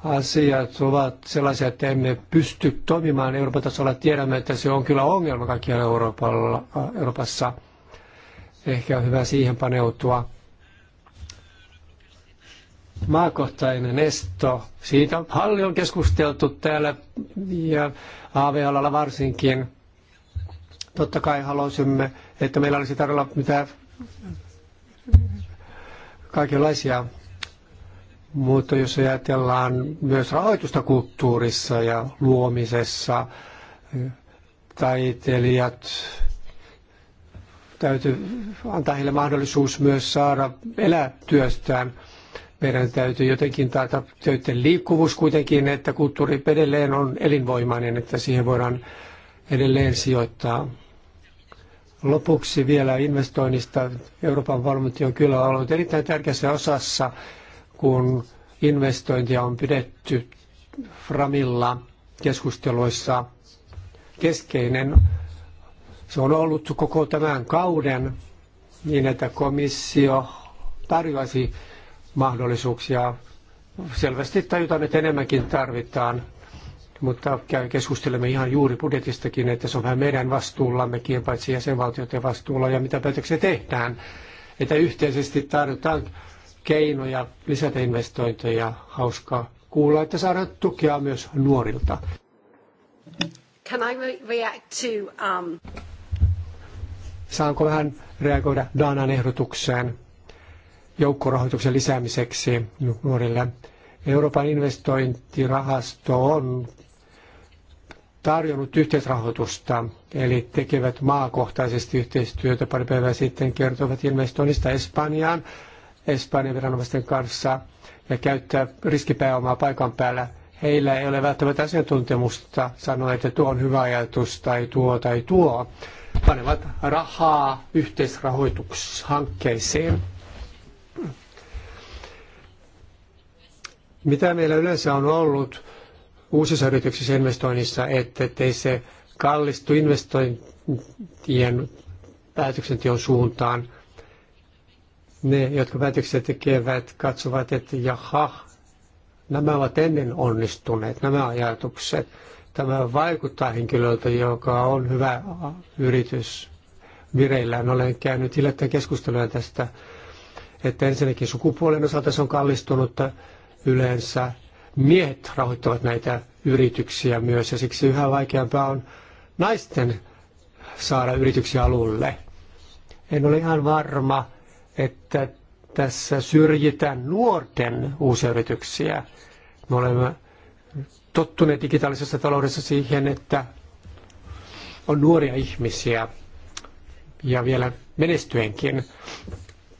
asiat ovat sellaisia, että emme pysty toimimaan Euroopan tasolla. Tiedämme, että se on kyllä ongelma kaikkialla Euroopassa. Ehkä on hyvä siihen paneutua maakohtainen esto. Siitä on paljon keskusteltu täällä ja AV-alalla varsinkin. Totta kai haluaisimme, että meillä olisi tarjolla mitä kaikenlaisia mutta jos ajatellaan myös rahoitusta kulttuurissa ja luomisessa, taiteilijat, täytyy antaa heille mahdollisuus myös saada elää työstään – meidän täytyy jotenkin taata töiden liikkuvuus kuitenkin, että kulttuuri edelleen on elinvoimainen, että siihen voidaan edelleen sijoittaa. Lopuksi vielä investoinnista. Euroopan valmiutti on kyllä ollut erittäin tärkeässä osassa, kun investointia on pidetty Framilla keskusteluissa keskeinen. Se on ollut koko tämän kauden niin, että komissio tarjoaisi mahdollisuuksia. Selvästi tajutaan, että enemmänkin tarvitaan, mutta keskustelemme ihan juuri budjetistakin, että se on vähän meidän vastuullammekin, paitsi jäsenvaltioiden vastuulla ja mitä päätöksiä tehdään. Että yhteisesti tarvitaan keinoja lisätä investointeja. Hauskaa kuulla, että saadaan tukea myös nuorilta. Can I react to, um... Saanko vähän reagoida Danan ehdotukseen? joukkorahoituksen lisäämiseksi nuorille. Euroopan investointirahasto on tarjonnut yhteisrahoitusta, eli tekevät maakohtaisesti yhteistyötä. Pari päivää sitten kertovat investoinnista Espanjaan, Espanjan viranomaisten kanssa ja käyttää riskipääomaa paikan päällä. Heillä ei ole välttämättä asiantuntemusta sanoa, että tuo on hyvä ajatus tai tuo tai tuo. Panevat rahaa yhteisrahoitushankkeisiin mitä meillä yleensä on ollut uusissa yrityksissä investoinnissa, että ei se kallistu investointien päätöksenteon suuntaan. Ne, jotka päätöksiä tekevät, katsovat, että jaha, nämä ovat ennen onnistuneet, nämä ajatukset. Tämä vaikuttaa henkilöltä, joka on hyvä yritys vireillään. Olen käynyt hiljattain keskustelua tästä, että ensinnäkin sukupuolen osalta se on kallistunut, yleensä miehet rahoittavat näitä yrityksiä myös ja siksi yhä vaikeampaa on naisten saada yrityksiä alulle. En ole ihan varma, että tässä syrjitään nuorten uusia yrityksiä. Me olemme tottuneet digitaalisessa taloudessa siihen, että on nuoria ihmisiä ja vielä menestyenkin,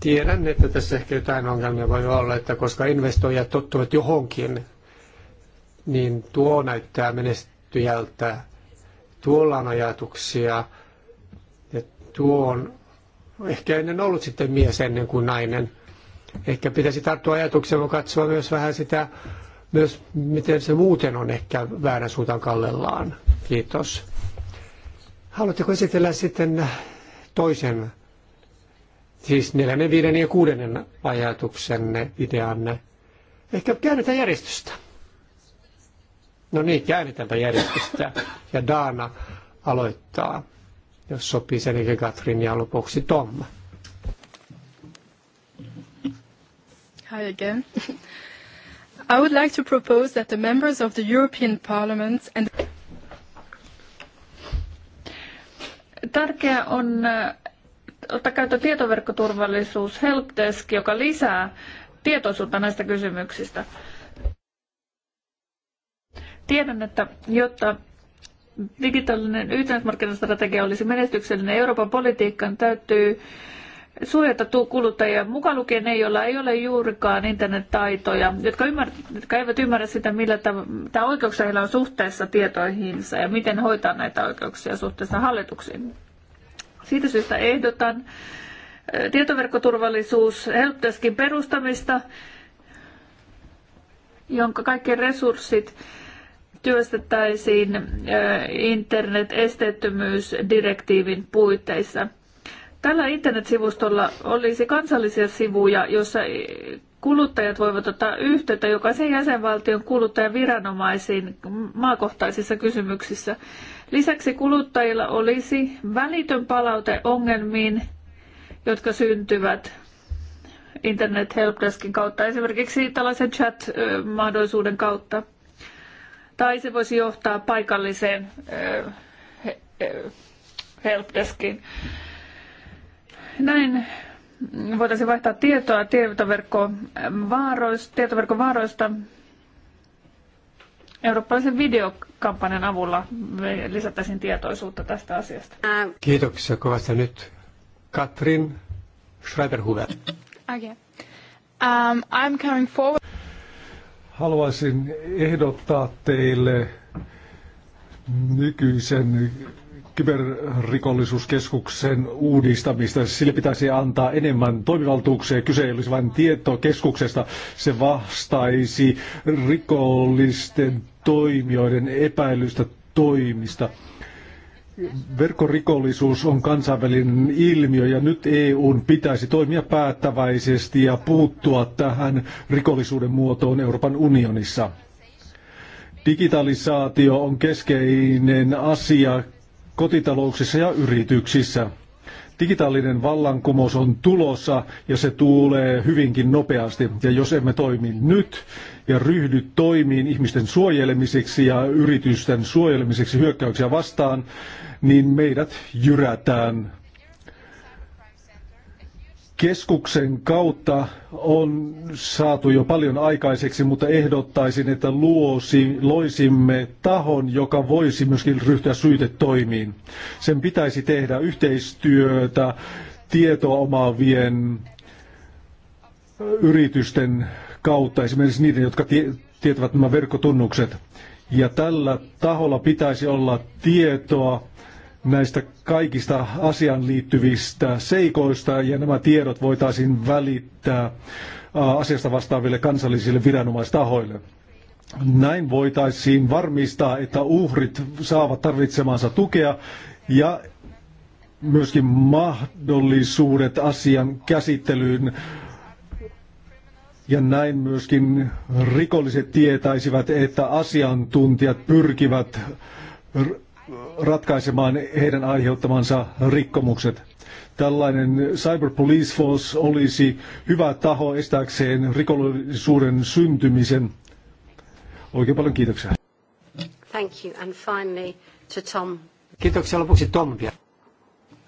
Tiedän, että tässä ehkä jotain ongelmia voi olla, että koska investoijat tottuvat johonkin, niin tuo näyttää menestyjältä. Tuolla on ajatuksia ja tuo on ehkä ennen ollut sitten mies ennen kuin nainen. Ehkä pitäisi tarttua ajatukseen, mutta katsoa myös vähän sitä, myös miten se muuten on ehkä väärän suuntaan kallellaan. Kiitos. Haluatteko esitellä sitten toisen Siis neljännen, viiden ja kuudennen ajatuksenne, ideanne. Ehkä käännetään järjestystä. No niin, käännetäänpä järjestystä. Ja Daana aloittaa, jos sopii sen eikä Katrin ja lopuksi Tom. Hi again. I would like to propose that the members of the European Parliament and Tärkeää on, ottaa käyttöön tietoverkkoturvallisuus helpdesk, joka lisää tietoisuutta näistä kysymyksistä. Tiedän, että jotta digitaalinen yhteismarkkinastrategia olisi menestyksellinen, Euroopan politiikan täytyy suojata kuluttajia, mukaan lukien ne, joilla ei ole juurikaan internettaitoja, jotka, ymmär, jotka eivät ymmärrä sitä, millä tämä oikeuksia heillä on suhteessa tietoihinsa ja miten hoitaa näitä oikeuksia suhteessa hallituksiin. Siitä syystä ehdotan äh, tietoverkkoturvallisuus helpdeskin perustamista, jonka kaikki resurssit työstettäisiin äh, internet-esteettömyysdirektiivin puitteissa. Tällä internetsivustolla olisi kansallisia sivuja, joissa kuluttajat voivat ottaa yhteyttä jokaisen jäsenvaltion kuluttajaviranomaisiin maakohtaisissa kysymyksissä. Lisäksi kuluttajilla olisi välitön palaute ongelmiin, jotka syntyvät Internet Helpdeskin kautta, esimerkiksi tällaisen chat-mahdollisuuden kautta. Tai se voisi johtaa paikalliseen helpdeskiin. Näin voitaisiin vaihtaa tietoa tietoverkko vaaroista, tietoverkon vaaroista eurooppalaisen videokampanjan avulla lisättäisiin tietoisuutta tästä asiasta. Kiitoksia kovasti. Nyt Katrin Schreiberhuber. Okay. Um, I'm coming forward. Haluaisin ehdottaa teille nykyisen kyberrikollisuuskeskuksen uudistamista. Sille pitäisi antaa enemmän toimivaltuuksia. Kyse ei olisi vain tietokeskuksesta. Se vastaisi rikollisten toimijoiden epäilystä toimista. Verkkorikollisuus on kansainvälinen ilmiö ja nyt EUn pitäisi toimia päättäväisesti ja puuttua tähän rikollisuuden muotoon Euroopan unionissa. Digitalisaatio on keskeinen asia kotitalouksissa ja yrityksissä. Digitaalinen vallankumous on tulossa ja se tulee hyvinkin nopeasti. Ja jos emme toimi nyt ja ryhdy toimiin ihmisten suojelemiseksi ja yritysten suojelemiseksi hyökkäyksiä vastaan, niin meidät jyrätään Keskuksen kautta on saatu jo paljon aikaiseksi, mutta ehdottaisin, että luosi, loisimme tahon, joka voisi myöskin ryhtyä syytetoimiin. Sen pitäisi tehdä yhteistyötä tietoa omaavien yritysten kautta, esimerkiksi niiden, jotka tietävät nämä verkkotunnukset. Ja tällä taholla pitäisi olla tietoa näistä kaikista asiaan liittyvistä seikoista ja nämä tiedot voitaisiin välittää asiasta vastaaville kansallisille viranomaistahoille. Näin voitaisiin varmistaa, että uhrit saavat tarvitsemansa tukea ja myöskin mahdollisuudet asian käsittelyyn ja näin myöskin rikolliset tietäisivät, että asiantuntijat pyrkivät ratkaisemaan heidän aiheuttamansa rikkomukset. Tällainen Cyber Police Force olisi hyvä taho estääkseen rikollisuuden syntymisen. Oikein paljon kiitoksia. Thank you. And finally to Tom. Kiitoksia lopuksi Tom vielä.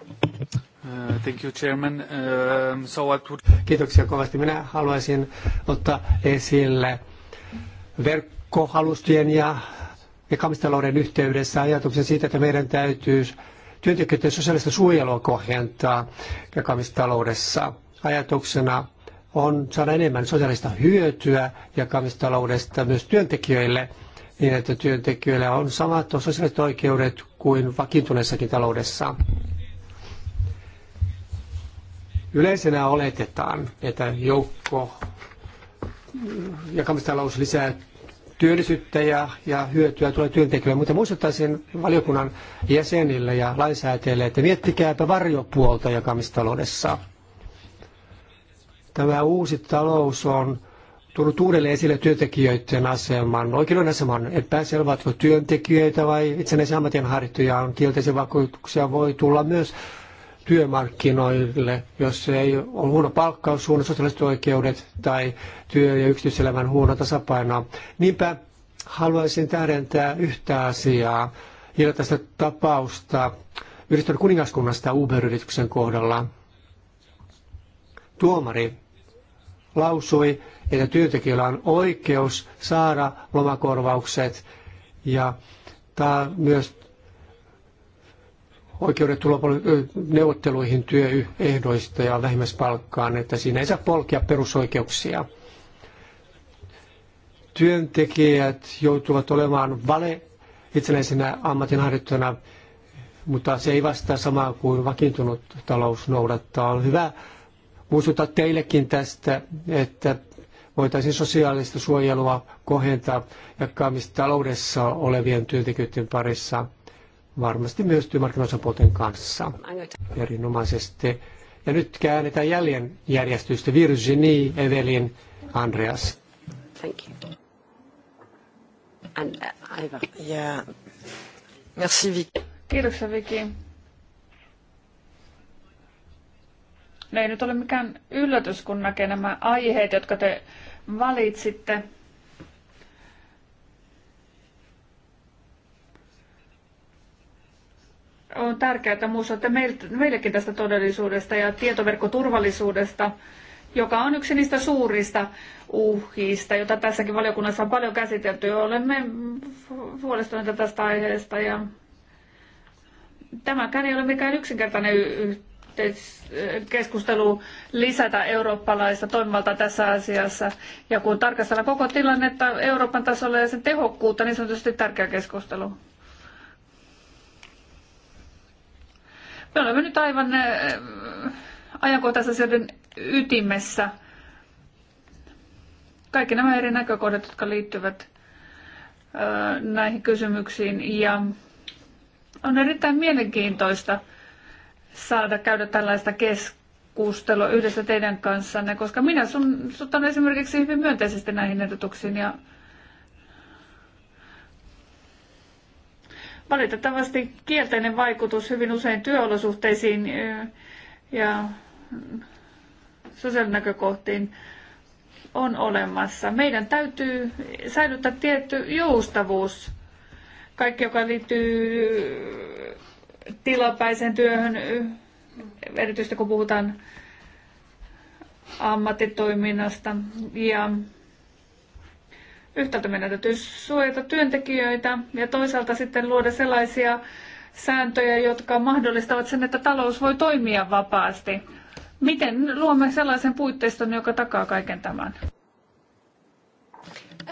Uh, thank you, Chairman. Uh, so what would... Kiitoksia kovasti. Minä haluaisin ottaa esille verkkohalustien ja jakamistalouden yhteydessä ajatuksen siitä, että meidän täytyy työntekijöiden sosiaalista suojelua kohentaa jakamistaloudessa. Ajatuksena on saada enemmän sosiaalista hyötyä jakamistaloudesta myös työntekijöille, niin että työntekijöillä on samat sosiaaliset oikeudet kuin vakiintuneessakin taloudessa. Yleisenä oletetaan, että joukko jakamistalous lisää työllisyyttä ja, ja hyötyä tulee työntekijöille, mutta muistuttaisin valiokunnan jäsenille ja lainsäätäjille, että miettikääpä varjopuolta jakamistaloudessa. Tämä uusi talous on tuonut uudelleen esille työntekijöiden aseman, oikeuden aseman, epäselvä, onko työntekijöitä vai itsenäisiä ammatinharjoittajia on kielteisiä vaikutuksia, voi tulla myös työmarkkinoille, jos ei on huono palkkaus, huono sosiaaliset oikeudet tai työ- ja yksityiselämän huono tasapaino. Niinpä haluaisin tähdentää yhtä asiaa vielä tästä tapausta yhdistön kuningaskunnasta Uber-yrityksen kohdalla. Tuomari lausui, että työntekijöillä on oikeus saada lomakorvaukset ja myös oikeudet neuvotteluihin työehdoista ja vähimmäispalkkaan, että siinä ei saa polkea perusoikeuksia. Työntekijät joutuvat olemaan vale itsenäisenä ammatinharjoittajana, mutta se ei vastaa samaa kuin vakiintunut talous noudattaa. On hyvä muistuttaa teillekin tästä, että voitaisiin sosiaalista suojelua kohentaa jakamistaloudessa olevien työntekijöiden parissa – varmasti myös työmarkkinaosapuolten kanssa erinomaisesti. Ja nyt käännetään jäljen järjestystä. Virginie, Evelin, Andreas. Thank you. And, uh, Yeah. Merci, Vicky. Kiitos, Vicky. No ei nyt ole mikään yllätys, kun näkee nämä aiheet, jotka te valitsitte. on tärkeää, että muistatte meillekin tästä todellisuudesta ja tietoverkkoturvallisuudesta, joka on yksi niistä suurista uhkista, jota tässäkin valiokunnassa on paljon käsitelty. Olemme huolestuneita tästä aiheesta ja tämäkään ei ole mikään yksinkertainen keskustelu lisätä eurooppalaista toimivaltaa tässä asiassa. Ja kun tarkastellaan koko tilannetta Euroopan tasolla ja sen tehokkuutta, niin se on tietysti tärkeä keskustelu. Me olemme nyt aivan ajankohtaisasioiden ytimessä. Kaikki nämä eri näkökohdat, jotka liittyvät näihin kysymyksiin. Ja on erittäin mielenkiintoista saada käydä tällaista keskustelua yhdessä teidän kanssanne, koska minä sun, suhtaudun esimerkiksi hyvin myönteisesti näihin ehdotuksiin ja valitettavasti kielteinen vaikutus hyvin usein työolosuhteisiin ja sosiaalinäkökohtiin on olemassa. Meidän täytyy säilyttää tietty joustavuus. Kaikki, joka liittyy tilapäiseen työhön, erityisesti kun puhutaan ammattitoiminnasta ja Yhtäältä meidän täytyy suojata työntekijöitä ja toisaalta sitten luoda sellaisia sääntöjä, jotka mahdollistavat sen, että talous voi toimia vapaasti. Miten luomme sellaisen puitteiston, joka takaa kaiken tämän?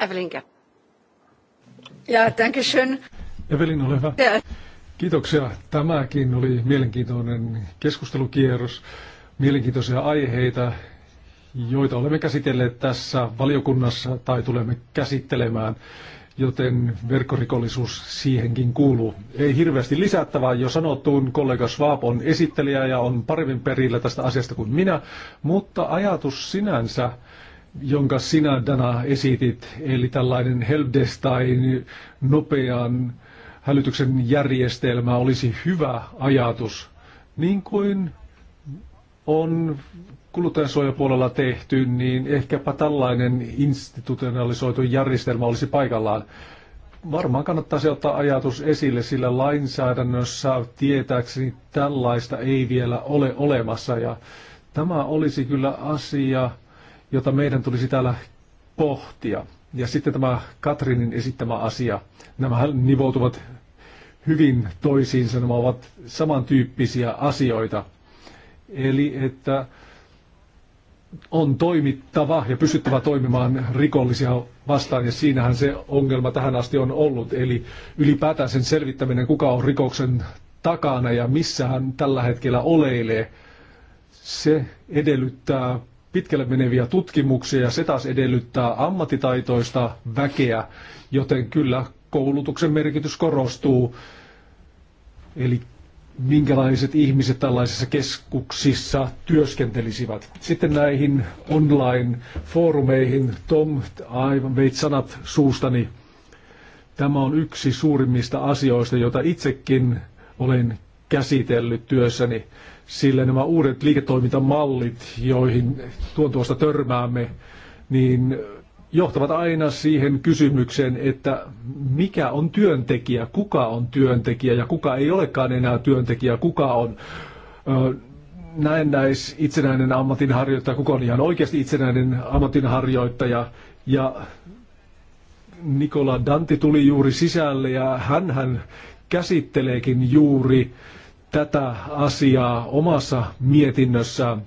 Evelinkä. Ja, danke schön. Evelin, ole hyvä. Ja. Kiitoksia. Tämäkin oli mielenkiintoinen keskustelukierros. Mielenkiintoisia aiheita joita olemme käsitelleet tässä valiokunnassa tai tulemme käsittelemään, joten verkkorikollisuus siihenkin kuuluu. Ei hirveästi lisättävää, jo sanottuun kollega Schwab on esittelijä ja on paremmin perillä tästä asiasta kuin minä, mutta ajatus sinänsä, jonka sinä Dana esitit, eli tällainen helpdesk tai nopean hälytyksen järjestelmä olisi hyvä ajatus, niin kuin on kuluttajansuojapuolella tehty, niin ehkäpä tällainen institutionalisoitu järjestelmä olisi paikallaan. Varmaan kannattaisi ottaa ajatus esille, sillä lainsäädännössä tietääkseni tällaista ei vielä ole olemassa. Ja tämä olisi kyllä asia, jota meidän tulisi täällä pohtia. Ja sitten tämä Katrinin esittämä asia. Nämä nivoutuvat hyvin toisiinsa, nämä ovat samantyyppisiä asioita. Eli että on toimittava ja pystyttävä toimimaan rikollisia vastaan, ja siinähän se ongelma tähän asti on ollut. Eli ylipäätään sen selvittäminen, kuka on rikoksen takana ja missä hän tällä hetkellä oleilee, se edellyttää pitkälle meneviä tutkimuksia ja se taas edellyttää ammattitaitoista väkeä, joten kyllä koulutuksen merkitys korostuu. Eli minkälaiset ihmiset tällaisissa keskuksissa työskentelisivät. Sitten näihin online-foorumeihin. Tom, aivan veit sanat suustani. Tämä on yksi suurimmista asioista, jota itsekin olen käsitellyt työssäni, sillä nämä uudet liiketoimintamallit, joihin tuon tuosta törmäämme, niin johtavat aina siihen kysymykseen, että mikä on työntekijä, kuka on työntekijä ja kuka ei olekaan enää työntekijä, kuka on näennäis itsenäinen ammatinharjoittaja, kuka on ihan oikeasti itsenäinen ammatinharjoittaja. Ja Nikola Danti tuli juuri sisälle ja hän, hän käsitteleekin juuri tätä asiaa omassa mietinnössään.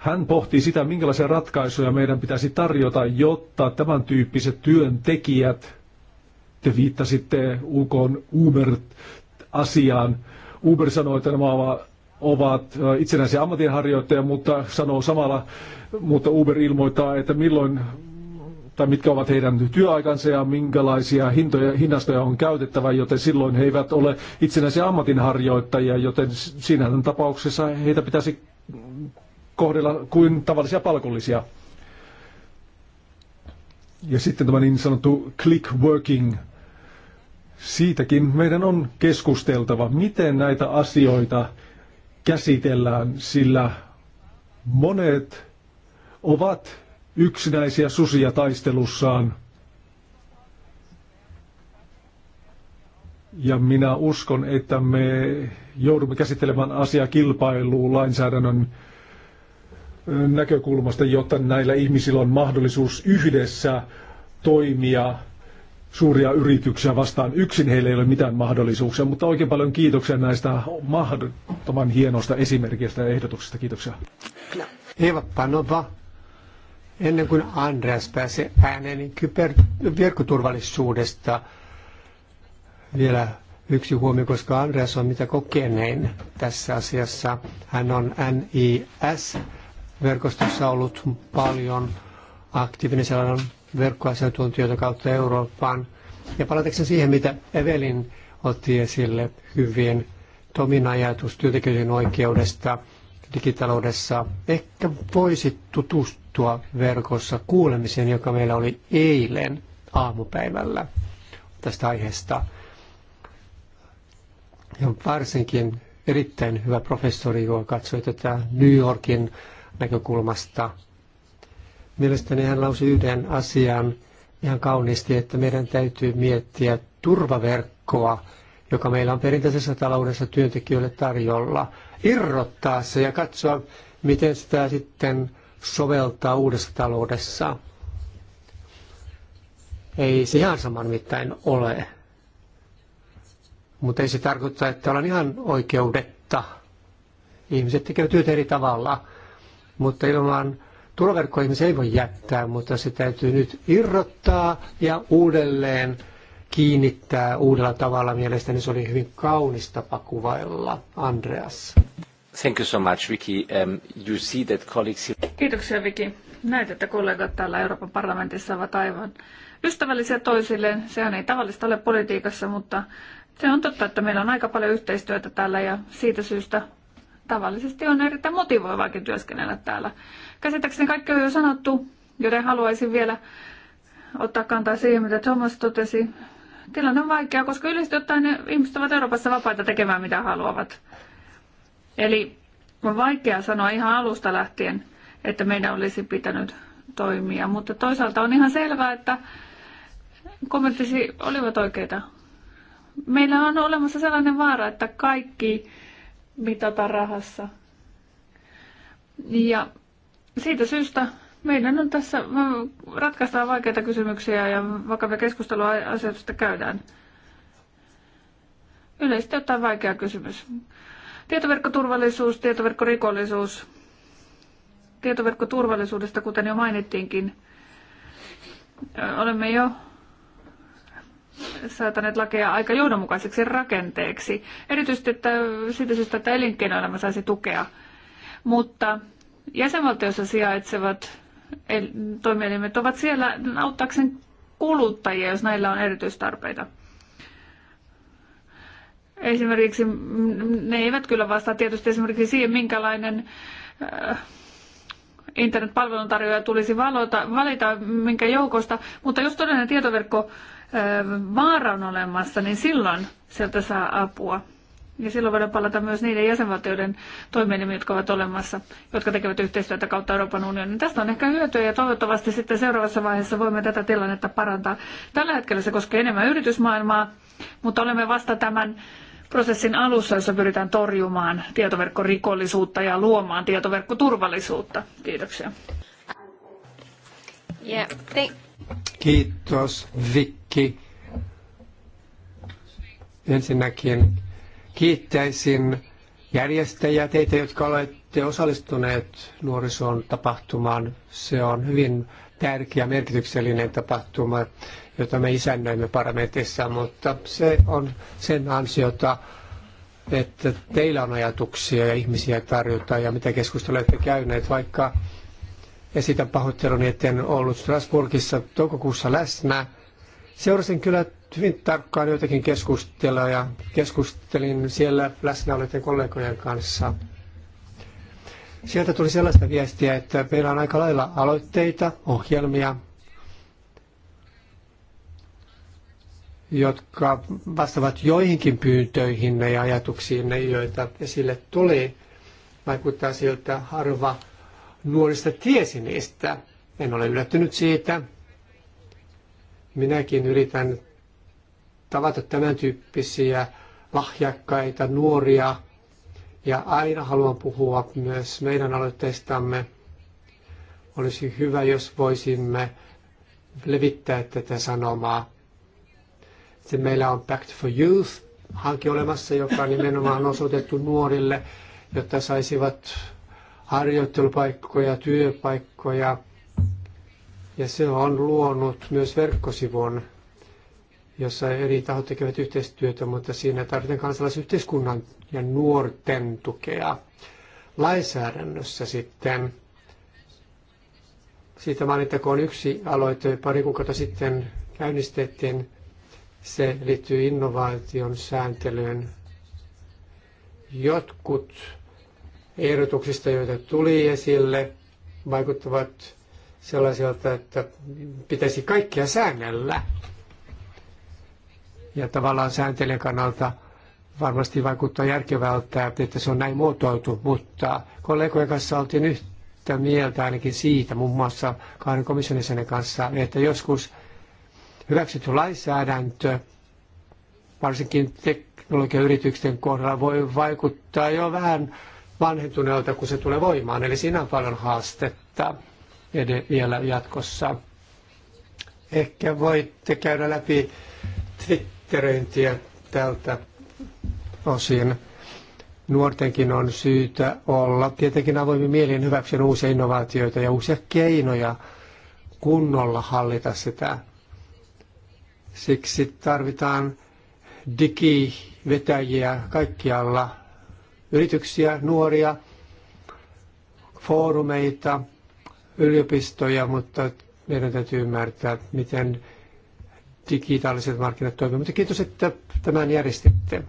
Hän pohtii sitä, minkälaisia ratkaisuja meidän pitäisi tarjota, jotta tämän tyyppiset työntekijät, te viittasitte UK Uber-asiaan, Uber sanoi, että nämä ovat itsenäisiä ammatinharjoittajia, mutta sanoo samalla, mutta Uber ilmoittaa, että milloin tai mitkä ovat heidän työaikansa ja minkälaisia hintoja, hinnastoja on käytettävä, joten silloin he eivät ole itsenäisiä ammatinharjoittajia, joten siinä tapauksessa heitä pitäisi kohdella kuin tavallisia palkollisia. Ja sitten tämä niin sanottu click working. Siitäkin meidän on keskusteltava, miten näitä asioita käsitellään, sillä monet ovat yksinäisiä susia taistelussaan. Ja minä uskon, että me joudumme käsittelemään asiaa kilpailuun lainsäädännön näkökulmasta, jotta näillä ihmisillä on mahdollisuus yhdessä toimia suuria yrityksiä vastaan. Yksin heillä ei ole mitään mahdollisuuksia, mutta oikein paljon kiitoksia näistä mahdottoman hienosta esimerkistä ja ehdotuksista. Kiitoksia. Eva Panova, ennen kuin Andreas pääsee ääneen, niin kyberverkkoturvallisuudesta vielä yksi huomio, koska Andreas on mitä kokeneen tässä asiassa. Hän on NIS verkostossa ollut paljon aktiivinen. sellainen on verkkoasiantuntijoita kautta Euroopan. Ja palatakseni siihen, mitä Evelin otti esille hyvin, Tomin ajatus työntekijöiden oikeudesta digitaloudessa. Ehkä voisit tutustua verkossa kuulemiseen, joka meillä oli eilen aamupäivällä tästä aiheesta. Ja varsinkin erittäin hyvä professori, joka katsoi tätä New Yorkin näkökulmasta. Mielestäni hän lausi yhden asian ihan kauniisti, että meidän täytyy miettiä turvaverkkoa, joka meillä on perinteisessä taloudessa työntekijöille tarjolla, irrottaa se ja katsoa, miten sitä sitten soveltaa uudessa taloudessa. Ei se ihan saman mittain ole, mutta ei se tarkoita, että ollaan ihan oikeudetta. Ihmiset tekevät työtä eri tavalla mutta ilman turvaverkkoa ihmisiä ei voi jättää, mutta se täytyy nyt irrottaa ja uudelleen kiinnittää uudella tavalla. Mielestäni se oli hyvin kaunis tapa kuvailla, Andreas. Thank you so much, Vicky. Um, you see that colleagues... Kiitoksia, Vicky. Näet, että kollegat täällä Euroopan parlamentissa ovat aivan ystävällisiä toisilleen. Sehän ei tavallista ole politiikassa, mutta se on totta, että meillä on aika paljon yhteistyötä täällä ja siitä syystä tavallisesti on erittäin motivoivaakin työskennellä täällä. Käsittääkseni kaikki on jo sanottu, joten haluaisin vielä ottaa kantaa siihen, mitä Thomas totesi. Tilanne on vaikea, koska yleisesti ottaen ne ihmiset ovat Euroopassa vapaita tekemään mitä haluavat. Eli on vaikea sanoa ihan alusta lähtien, että meidän olisi pitänyt toimia, mutta toisaalta on ihan selvää, että kommenttisi olivat oikeita. Meillä on olemassa sellainen vaara, että kaikki mitata rahassa. Ja siitä syystä meidän on tässä mm, ratkaistaan vaikeita kysymyksiä ja vakavia keskustelua asioista käydään. Yleisesti ottaen vaikea kysymys. Tietoverkkoturvallisuus, tietoverkkorikollisuus. Tietoverkkoturvallisuudesta, kuten jo mainittiinkin, olemme jo säätäneet lakeja aika johdonmukaiseksi rakenteeksi. Erityisesti että siitä syystä, että elinkeinoelämä saisi tukea. Mutta jäsenvaltiossa sijaitsevat toimielimet ovat siellä auttaakseen kuluttajia, jos näillä on erityistarpeita. Esimerkiksi ne eivät kyllä vastaa tietysti esimerkiksi siihen, minkälainen äh, internetpalveluntarjoaja tulisi valota, valita minkä joukosta, mutta jos todellinen tietoverkko vaara on olemassa, niin silloin sieltä saa apua. Ja silloin voidaan palata myös niiden jäsenvaltioiden toimielimiin, jotka ovat olemassa, jotka tekevät yhteistyötä kautta Euroopan unionin. Tästä on ehkä hyötyä ja toivottavasti sitten seuraavassa vaiheessa voimme tätä tilannetta parantaa. Tällä hetkellä se koskee enemmän yritysmaailmaa, mutta olemme vasta tämän prosessin alussa, jossa pyritään torjumaan tietoverkkorikollisuutta ja luomaan tietoverkkoturvallisuutta. Kiitoksia. Yeah, Kiitos, Vic kaikki. Ensinnäkin kiittäisin järjestäjiä, teitä, jotka olette osallistuneet nuorison tapahtumaan. Se on hyvin tärkeä, merkityksellinen tapahtuma, jota me isännöimme parlamentissa, mutta se on sen ansiota, että teillä on ajatuksia ja ihmisiä tarjota ja mitä keskustelua olette käyneet, vaikka esitän pahoitteluni, en ollut Strasbourgissa toukokuussa läsnä, Seurasin kyllä hyvin tarkkaan joitakin keskusteluja ja keskustelin siellä läsnä olevien kollegojen kanssa. Sieltä tuli sellaista viestiä, että meillä on aika lailla aloitteita, ohjelmia, jotka vastaavat joihinkin pyyntöihin ja ajatuksiin, joita esille tuli. Vaikuttaa siltä harva nuorista tiesi niistä. En ole yllättynyt siitä, Minäkin yritän tavata tämän tyyppisiä lahjakkaita nuoria ja aina haluan puhua myös meidän aloitteistamme. Olisi hyvä, jos voisimme levittää tätä sanomaa. Sitten meillä on Pact for Youth hanki olemassa, joka nimenomaan on osoitettu nuorille, jotta saisivat harjoittelupaikkoja, työpaikkoja – ja se on luonut myös verkkosivun, jossa eri tahot tekevät yhteistyötä, mutta siinä tarvitaan kansalaisyhteiskunnan ja nuorten tukea. Lainsäädännössä sitten, siitä mainittakoon yksi aloite, pari kuukautta sitten käynnistettiin, se liittyy innovaation sääntelyyn. Jotkut ehdotuksista, joita tuli esille, vaikuttavat sellaiselta, että pitäisi kaikkia säännellä. Ja tavallaan sääntelijän kannalta varmasti vaikuttaa järkevältä, että se on näin muotoiltu, mutta kollegojen kanssa oltiin yhtä mieltä ainakin siitä, muun muassa kahden komissionisen kanssa, että joskus hyväksytty lainsäädäntö, varsinkin teknologiayritysten kohdalla, voi vaikuttaa jo vähän vanhentuneelta, kun se tulee voimaan. Eli siinä on paljon haastetta vielä jatkossa. Ehkä voitte käydä läpi twitteröintiä tältä osin. Nuortenkin on syytä olla tietenkin avoimin mielin hyväksyä uusia innovaatioita ja uusia keinoja kunnolla hallita sitä. Siksi tarvitaan digivetäjiä kaikkialla, yrityksiä, nuoria, foorumeita, yliopistoja, mutta meidän täytyy ymmärtää, miten digitaaliset markkinat toimivat. Mutta kiitos, että tämän järjestitte.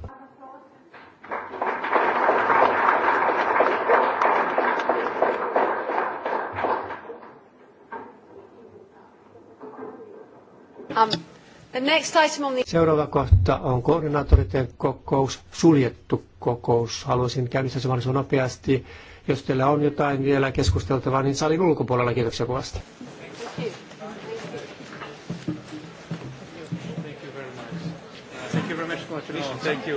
Um, Seuraava kohta on koordinaattoriten kokous, suljettu kokous. Haluaisin käynnistää se mahdollisimman nopeasti. Jos teillä on jotain vielä keskusteltavaa, niin salin ulkopuolella. Kiitoksia kovasti. Thank you.